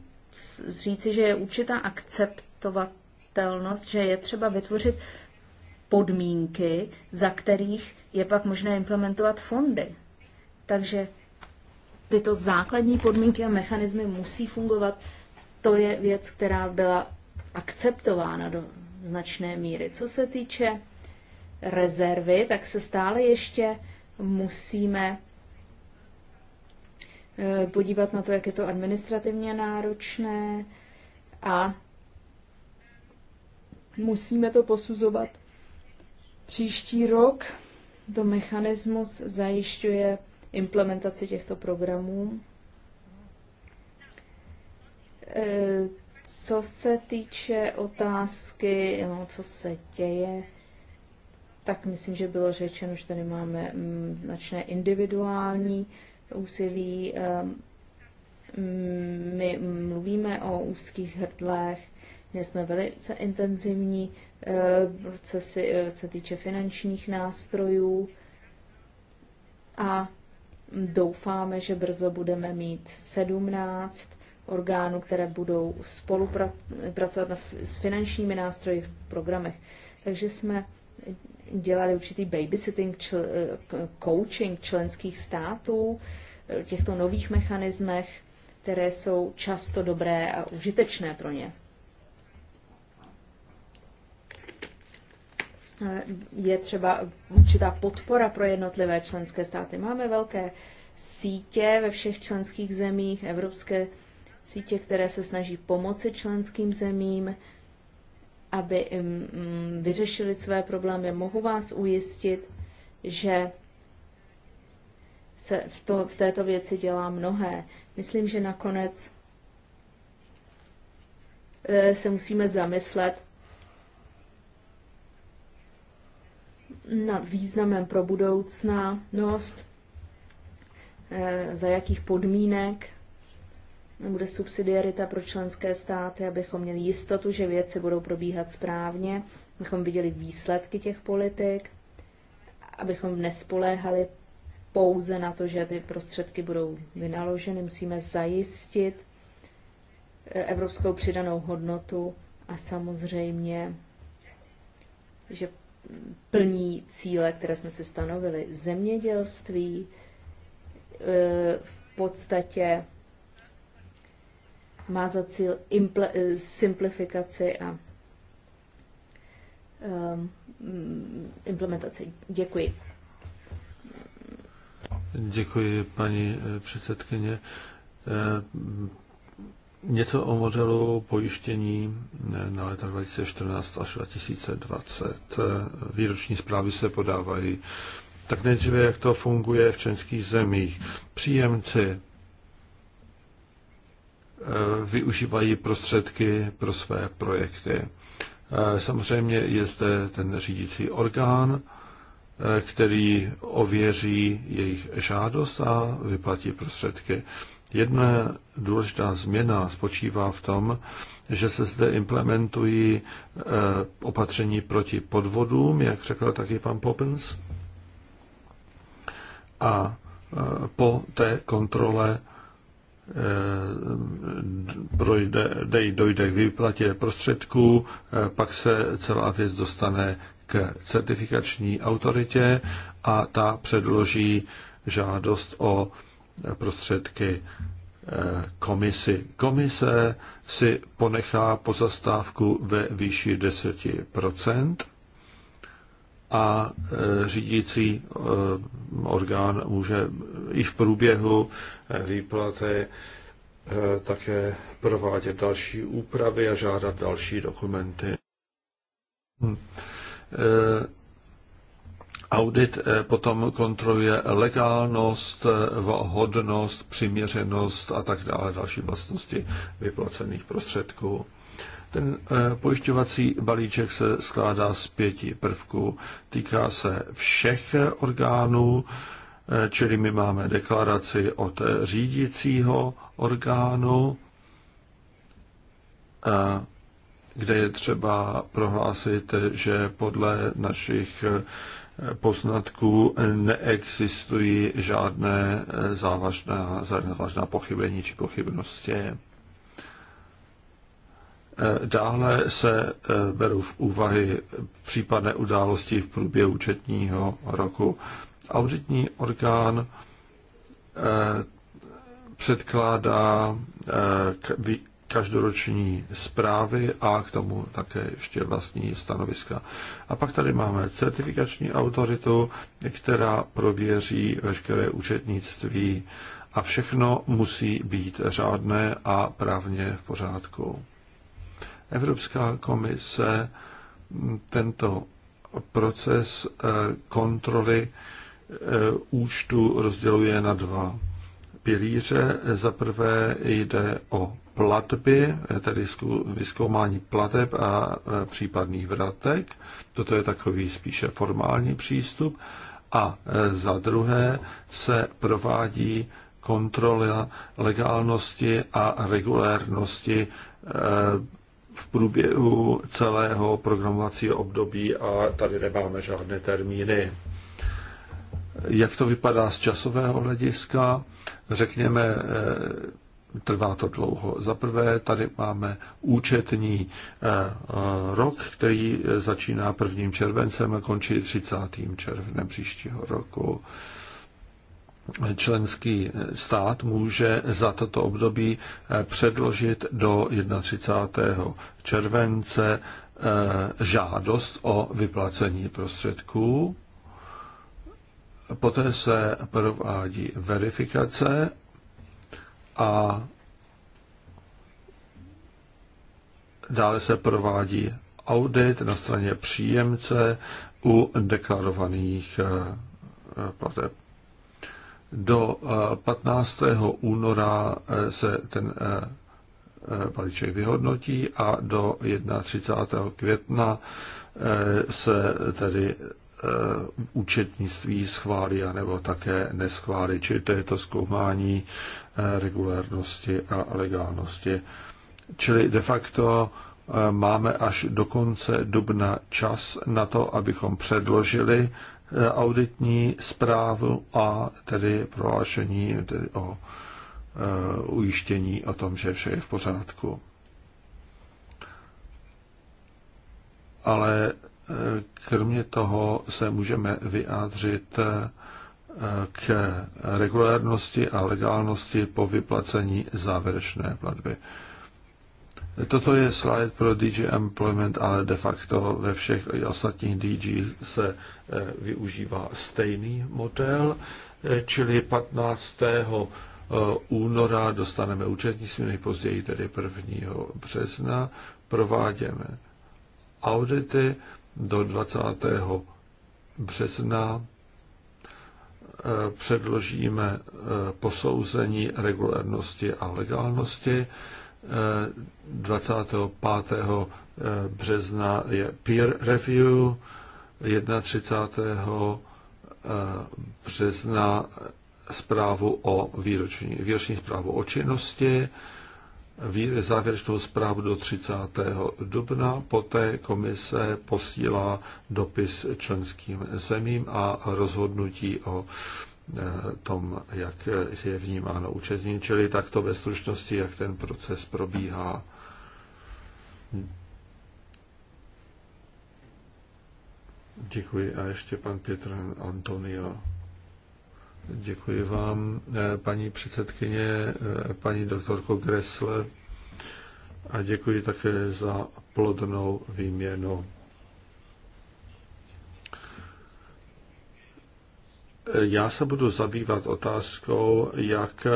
Speaker 1: říci, že je určitá akceptovatelnost, že je třeba vytvořit podmínky, za kterých je pak možné implementovat fondy. Takže tyto základní podmínky a mechanismy musí fungovat. To je věc, která byla akceptována do značné míry. Co se týče rezervy, tak se stále ještě musíme Eh, podívat na to, jak je to administrativně náročné a musíme to posuzovat příští rok. To mechanismus zajišťuje implementaci těchto programů. Eh, co se týče otázky, no, co se děje, tak myslím, že bylo řečeno, že tady máme mm, značné individuální úsilí. Ehm, my mluvíme o úzkých hrdlech, my jsme velice intenzivní, ehm, eh, co se týče finančních nástrojů a doufáme, že brzo budeme mít 17 orgánů, které budou spolupracovat s finančními nástroji v programech. Takže jsme dělali určitý babysitting, čl, eh, coaching členských států, eh, těchto nových mechanismech, které jsou často dobré a užitečné pro ně. Eh, je třeba určitá podpora pro jednotlivé členské státy. Máme velké sítě ve všech členských zemích, evropské sítě, které se snaží pomoci členským zemím aby mm, vyřešili své problémy. Mohu vás ujistit, že se v, to, v této věci dělá mnohé. Myslím, že nakonec e, se musíme zamyslet nad významem pro budoucnost, e, za jakých podmínek bude subsidiarita pro členské státy, abychom měli jistotu, že věci budou probíhat správně, abychom viděli výsledky těch politik, abychom nespoléhali pouze na to, že ty prostředky budou vynaloženy. Musíme zajistit eh, evropskou přidanou hodnotu a samozřejmě, že plní cíle, které jsme si stanovili. Zemědělství eh, v podstatě má za cíl eh, simplifikaci a um, implementaci. Děkuji.
Speaker 3: Děkuji, paní eh, předsedkyně. Eh, něco o modelu pojištění na leta 2014 až 2020. Výroční zprávy se podávají. Tak nejdříve, jak to funguje v českých zemích. Příjemci Eh, využívají prostředky pro své projekty. Eh, samozřejmě je zde ten řídící orgán, eh, který ověří jejich žádost a vyplatí prostředky. Jedna důležitá změna spočívá v tom, že se zde implementují opatření proti podvodům, jak řekl taky pan Poppins. A po té kontrole dojde, eh, dojde k výplatě prostředků, eh, pak se celá věc dostane k certifikační autoritě a ta předloží žádost o prostředky eh, komisi. Komise si ponechá pozastávku ve výši 10 a e, řídící e, orgán může i v průběhu e, výplaty také provádět další úpravy a žádat další dokumenty. Hm. Audit potom kontroluje legálnost, vhodnost, přiměřenost a tak dále, další vlastnosti vyplacených prostředků. Ten eh, pojišťovací balíček se skládá z pěti prvků. Týká se všech orgánů, eh, čili my máme deklaraci od řídícího orgánu, eh, kde je třeba prohlásit, že podle našich poznatků neexistují žádné závažná, závažná pochybení či pochybnosti. Dále se eh, berou v úvahy případné události v průběhu účetního roku. Auditní orgán eh, předkládá eh, každoroční zprávy a k tomu také ještě vlastní stanoviska. A pak tady máme certifikační autoritu, která prověří veškeré účetnictví a všechno musí být řádné a právně v pořádku. Evropská komise tento proces eh, kontroly eh, účtu rozděluje na dva pilíře. Za prvé jde o platby, eh, tedy vyskoumání plateb a případných vratek. Toto je takový spíše formální přístup. A za druhé se provádí kontrola legálnosti a regulérnosti v průběhu celého programovacího období a tady nemáme žádné termíny. Jak to vypadá z časového hlediska? Řekněme, eh, trvá to dlouho. Za prvé, tady máme účetní eh, rok, který eh, začíná 1. červencem a končí 30. červnem příštího roku členský stát může za toto období eh, předložit do 31. července eh, žádost o vyplacení prostředků. Poté se provádí verifikace a dále se provádí audit na straně příjemce u deklarovaných eh, plateb. Do 15. Eh, února eh, se ten eh, balíček vyhodnotí a do 31. května se tedy účetnictví schválí anebo také neschválí, čili to je to zkoumání regulérnosti a legálnosti. Čili de facto máme až do konce dubna čas na to, abychom předložili auditní zprávu a tedy prohlášení tedy o e, ujištění o tom, že vše je v pořádku. Ale e, kromě toho se můžeme vyjádřit e, k regulárnosti a legálnosti po vyplacení závěrečné platby. E, Toto je slide pro DG Employment, ale de facto ve všech ostatních DG se eh, využívá stejný model, eh, čili 15. Eh, února dostaneme účetnictví, nejpozději tedy 1. března, prováděme audity do 20. března předložíme posouzení regulérnosti a legálnosti 25. Eh, eh, března je peer review, 31. Eh, března zprávu o výroční, výroční zprávu o činnosti, závěrečnou zprávu do 30. dubna, poté komise posílá dopis členským zemím a rozhodnutí o Eh, tom, jak je vnímáno účastní, čili takto ve stručnosti, jak ten proces probíhá. Děkuji. A ještě pan Pětr Antonio. Děkuji vám, eh, paní předsedkyně, eh, paní doktorko Gressle a děkuji také za plodnou výměnu Já se budu zabývat otázkou, jak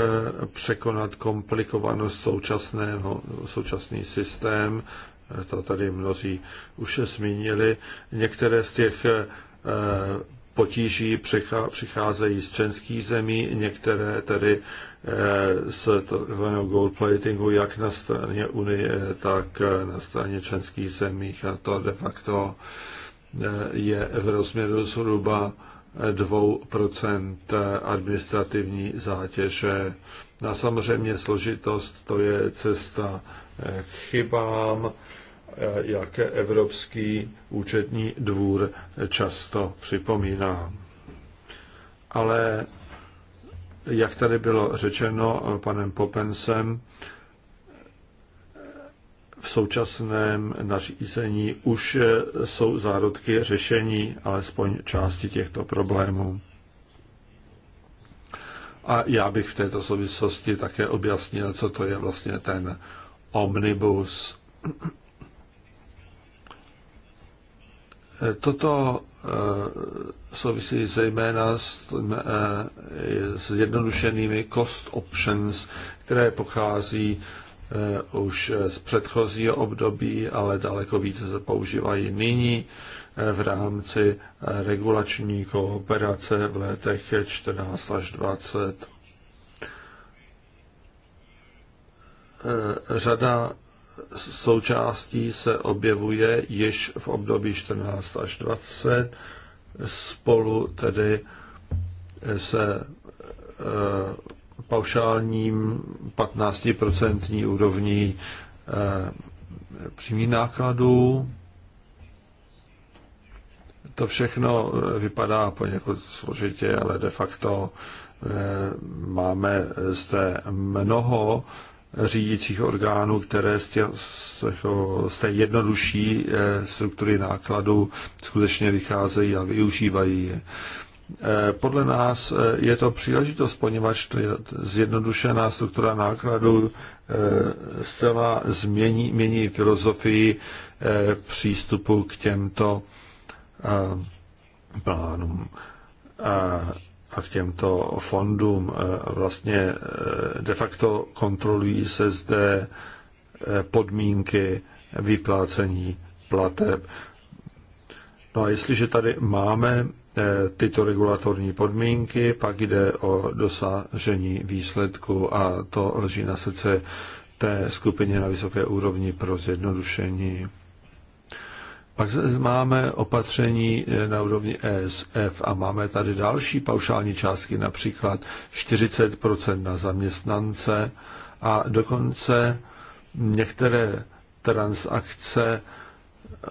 Speaker 3: překonat komplikovanost současného, současný systém. To tady mnozí už zmínili. Některé z těch eh, potíží přicházejí z členských zemí, některé tedy eh, z takzvaného gold platingu, jak na straně Unie, tak eh, na straně členských zemích. A to de facto je v rozměru zhruba 2% administrativní zátěže. A samozřejmě složitost to je cesta k chybám, jak Evropský účetní dvůr často připomíná. Ale jak tady bylo řečeno panem Popensem, v současném nařízení už eh, jsou zárodky řešení alespoň části těchto problémů. A já bych v této souvislosti také objasnil, co to je vlastně ten omnibus. Eh, toto eh, souvisí zejména s, s jednodušenými cost options, které pochází Eh, už z předchozího období, ale daleko více se používají nyní eh, v rámci regulační kooperace v letech 14 až 20. Eh, řada součástí se objevuje již v období 14 až 20 spolu tedy se paušálním 15% úrovní eh, přímých nákladů. To všechno eh, vypadá poněkud složitě, ale de facto eh, máme zde mnoho řídících orgánů, které z, tě, z té jednodušší struktury nákladů skutečně vycházejí a využívají je. Eh, podle nás eh, je to příležitost, poněvadž zjednodušená struktura nákladů eh, zcela změní, mění filozofii přístupu k těmto plánům a k těmto fondům. Vlastně de facto kontrolují se zde podmínky vyplácení plateb. No a jestliže tady máme Eh, tyto regulatorní podmínky, pak jde o dosažení výsledku a to leží na srdce té skupině na vysoké úrovni pro zjednodušení. Pak máme opatření eh, na úrovni ESF a máme tady další paušální částky, například 40% na zaměstnance a dokonce některé transakce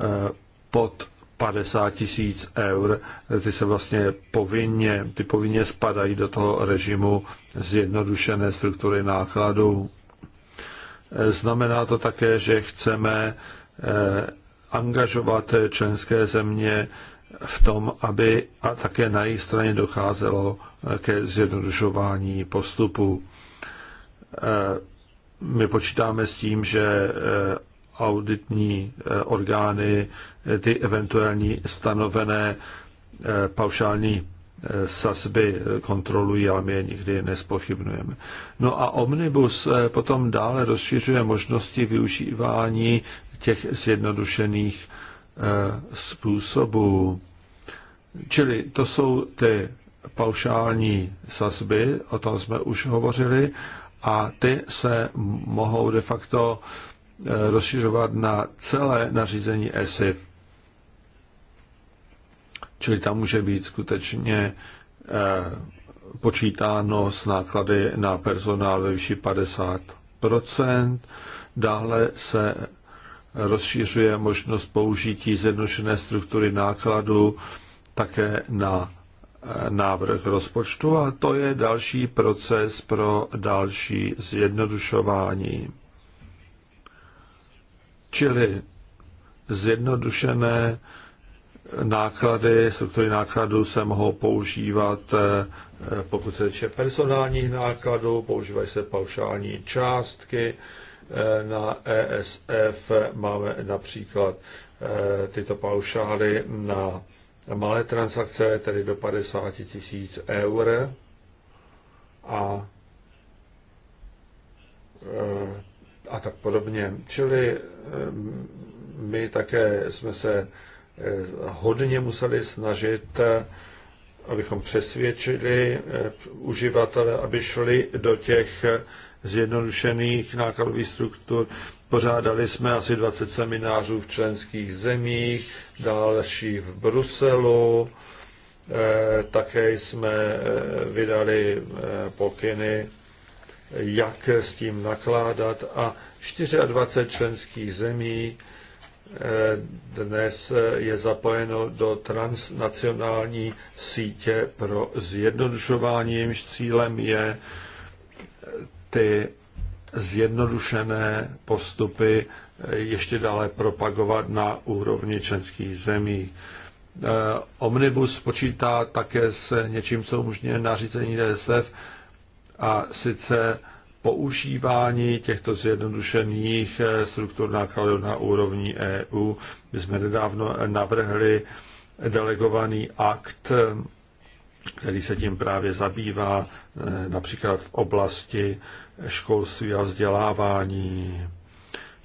Speaker 3: eh, pod 50 tisíc eur, ty se vlastně povinně, ty povinně spadají do toho režimu zjednodušené struktury nákladů. E, znamená to také, že chceme e, angažovat členské země v tom, aby a také na jejich straně docházelo e, ke zjednodušování postupu. My počítáme s tím, že auditní orgány ty eventuální stanovené eh, paušální eh, sazby eh, kontrolují, ale my je nikdy nespochybnujeme. No a Omnibus potom dále rozšiřuje možnosti využívání těch zjednodušených způsobů. Čili to jsou ty paušální sazby, o tom jsme už hovořili, a ty se mohou de facto rozšiřovat na celé nařízení ESIF. Čili tam může být skutečně eh, počítáno s náklady na personál ve výši 50 Dále se rozšířuje možnost použití zjednodušené struktury nákladu také na eh, návrh rozpočtu a to je další proces pro další zjednodušování. Čili zjednodušené náklady, struktury nákladů se mohou používat, eh, pokud se týče personálních nákladů, používají se paušální částky. Eh, na ESF máme například eh, tyto paušály na malé transakce, tedy do 50 tisíc eur. A a tak podobně. Čili my také jsme se hodně museli snažit, eh, abychom přesvědčili eh, uživatele, aby šli do těch eh, zjednodušených nákladových struktur. Pořádali jsme asi 20 seminářů v členských zemích, další v Bruselu. Také jsme vydali pokyny, jak s tím nakládat a 24 členských zemí Eh, dnes je zapojeno do transnacionální sítě pro zjednodušování, jejímž cílem je eh, ty zjednodušené postupy eh, ještě dále propagovat na úrovni členských zemí. Omnibus počítá také s něčím, co umožňuje nařízení DSF, a sice používání těchto zjednodušených eh, struktur nákladů na úrovni EU. My jsme nedávno navrhli delegovaný akt, eh, který se tím právě zabývá, eh, například v oblasti školství a vzdělávání.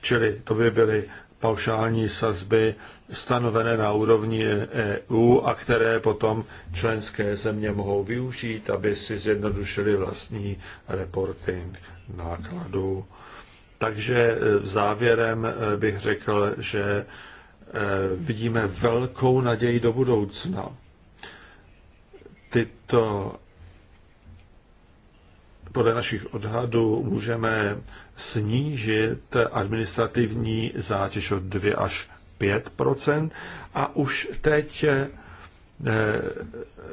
Speaker 3: Čili to by byly paušální sazby stanovené na úrovni EU a které potom členské země mohou využít, aby si zjednodušili vlastní reporting nákladů. Takže e, závěrem e, bych řekl, že e, vidíme velkou naději do budoucna. Tyto podle našich odhadů můžeme snížit administrativní zátěž o 2 až 5 a už teď eh,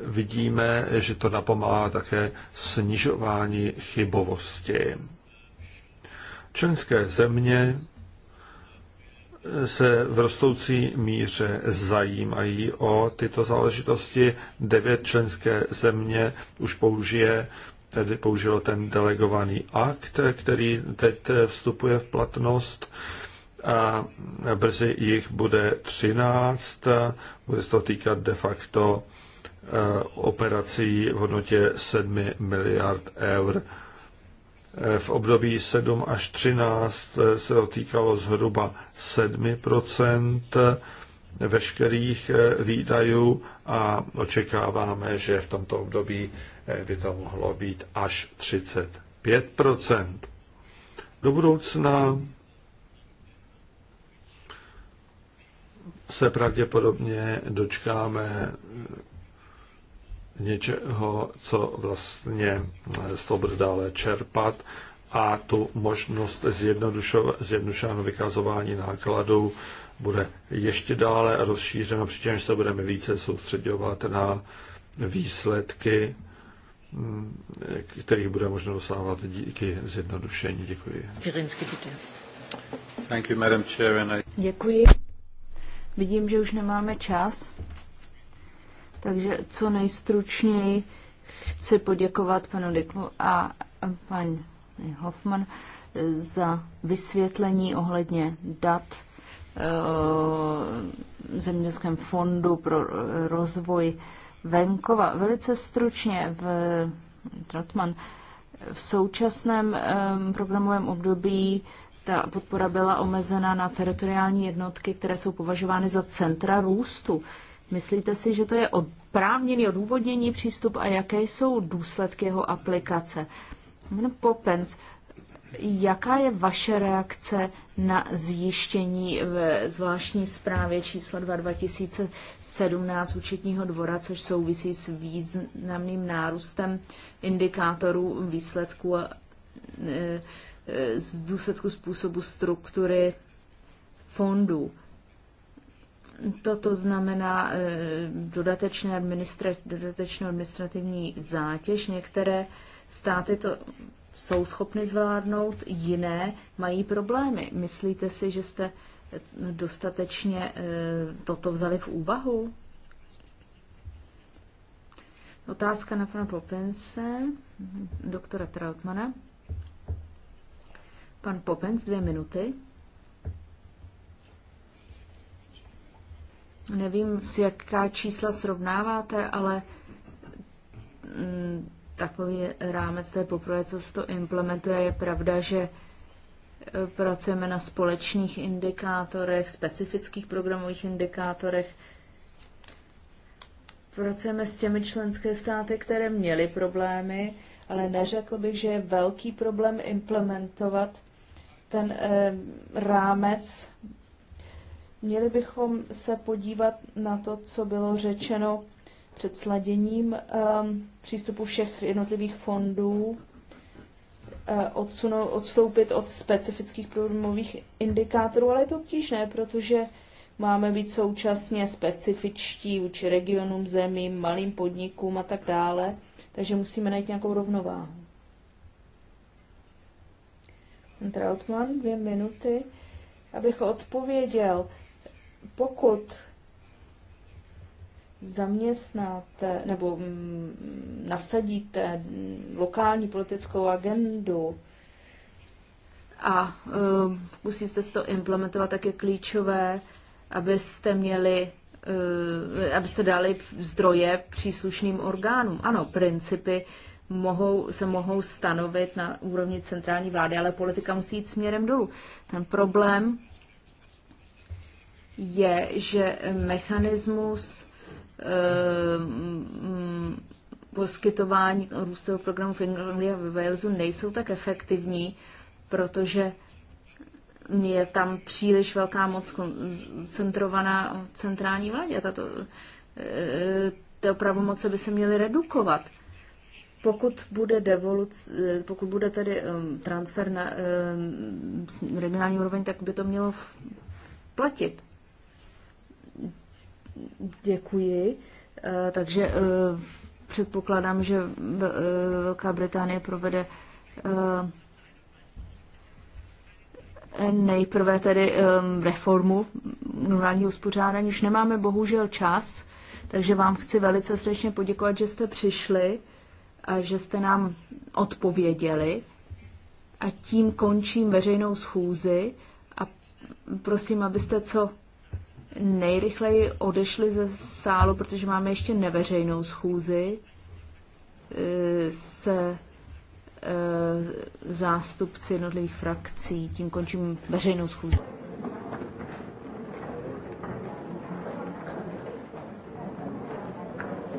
Speaker 3: vidíme, že to napomáhá také snižování chybovosti. Členské země se v rostoucí míře zajímají o tyto záležitosti. Devět členské země už použije tedy použilo ten delegovaný akt, který teď vstupuje v platnost a brzy jich bude 13. Bude se to týkat de facto eh, operací v hodnotě 7 miliard eur. Eh, v období 7 až 13 eh, se to týkalo zhruba 7 veškerých eh, výdajů a očekáváme, že v tomto období eh, by to mohlo být až 35 Do budoucna se pravděpodobně dočkáme eh, něčeho, co vlastně z toho bude dále čerpat a tu možnost zjednodušování vykazování nákladů bude ještě dále rozšířeno, přičemž se budeme více soustředovat na výsledky, mm, kterých bude možno dosávat díky zjednodušení. Děkuji. Thank you, Madam Chair, I...
Speaker 1: Děkuji. Vidím, že už nemáme čas, takže co nejstručněji chci poděkovat panu Deklu a paní Hoffman za vysvětlení ohledně dat Eh, Zemědělském fondu pro rozvoj venkova. Velice stručně v Trotman. V současném eh, programovém období ta podpora byla omezena na teritoriální jednotky, které jsou považovány za centra růstu. Myslíte si, že to je oprávněný odůvodnění přístup a jaké jsou důsledky jeho aplikace? Popens, Jaká je vaše reakce na zjištění v zvláštní zprávě číslo 2 2017 účetního dvora, což souvisí s významným nárůstem indikátorů výsledků a e, e, z důsledku způsobu struktury fondů? Toto znamená e, dodatečné, administra- dodatečnou administrativní zátěž. Některé státy to jsou schopny zvládnout, jiné mají problémy. Myslíte si, že jste eh, dostatečně eh, toto vzali v úvahu? Otázka na pana Popence, doktora Trautmana. Pan Popens, dvě minuty. Nevím, s jaká čísla srovnáváte, ale mm, takový rámec, to je poprvé, co se to implementuje. Je pravda, že e, pracujeme na společných indikátorech, specifických programových indikátorech. Pracujeme s těmi členské státy, které měly problémy, ale neřekl bych, že je velký problém implementovat ten eh, rámec. Měli bychom se podívat na to, co bylo řečeno před sladěním um, přístupu všech jednotlivých fondů eh, odsunout, odstoupit od specifických programových indikátorů, ale je to obtížné, protože máme být současně specifičtí vůči regionům, zemím, malým podnikům a tak dále, takže musíme najít nějakou rovnováhu. Trautmann, dvě minuty, abych odpověděl. Pokud zaměstnáte nebo mm, nasadíte mm, lokální politickou agendu a eh, musíte si to implementovat, tak je klíčové, abyste měli eh, abyste dali zdroje příslušným orgánům. Ano, principy mohou, se mohou stanovit na úrovni centrální vlády, ale politika musí jít směrem dolů. Ten problém je, že mechanismus Eh, mm, poskytování růstového programu v Anglii a ve Walesu nejsou tak efektivní, protože je tam příliš velká moc koncentrovaná centrální vládě. Tato, eh, ty pravomoce by se měly redukovat. Pokud bude, devoluc, eh, pokud bude tedy transfer na regionální úroveň, tak by to mělo platit. Děkuji. Eh, takže eh, předpokládám, že eh, Velká Británie provede nejprve tedy reformu normálního uspořádání. Už nemáme bohužel čas, takže vám chci velice srdečně poděkovat, že jste přišli a že jste nám odpověděli. A tím končím veřejnou schůzi a prosím, abyste co nejrychleji odešli ze sálu, protože máme ještě neveřejnou schůzi e, se e, zástupci jednotlivých frakcí. Tím končím veřejnou schůzi.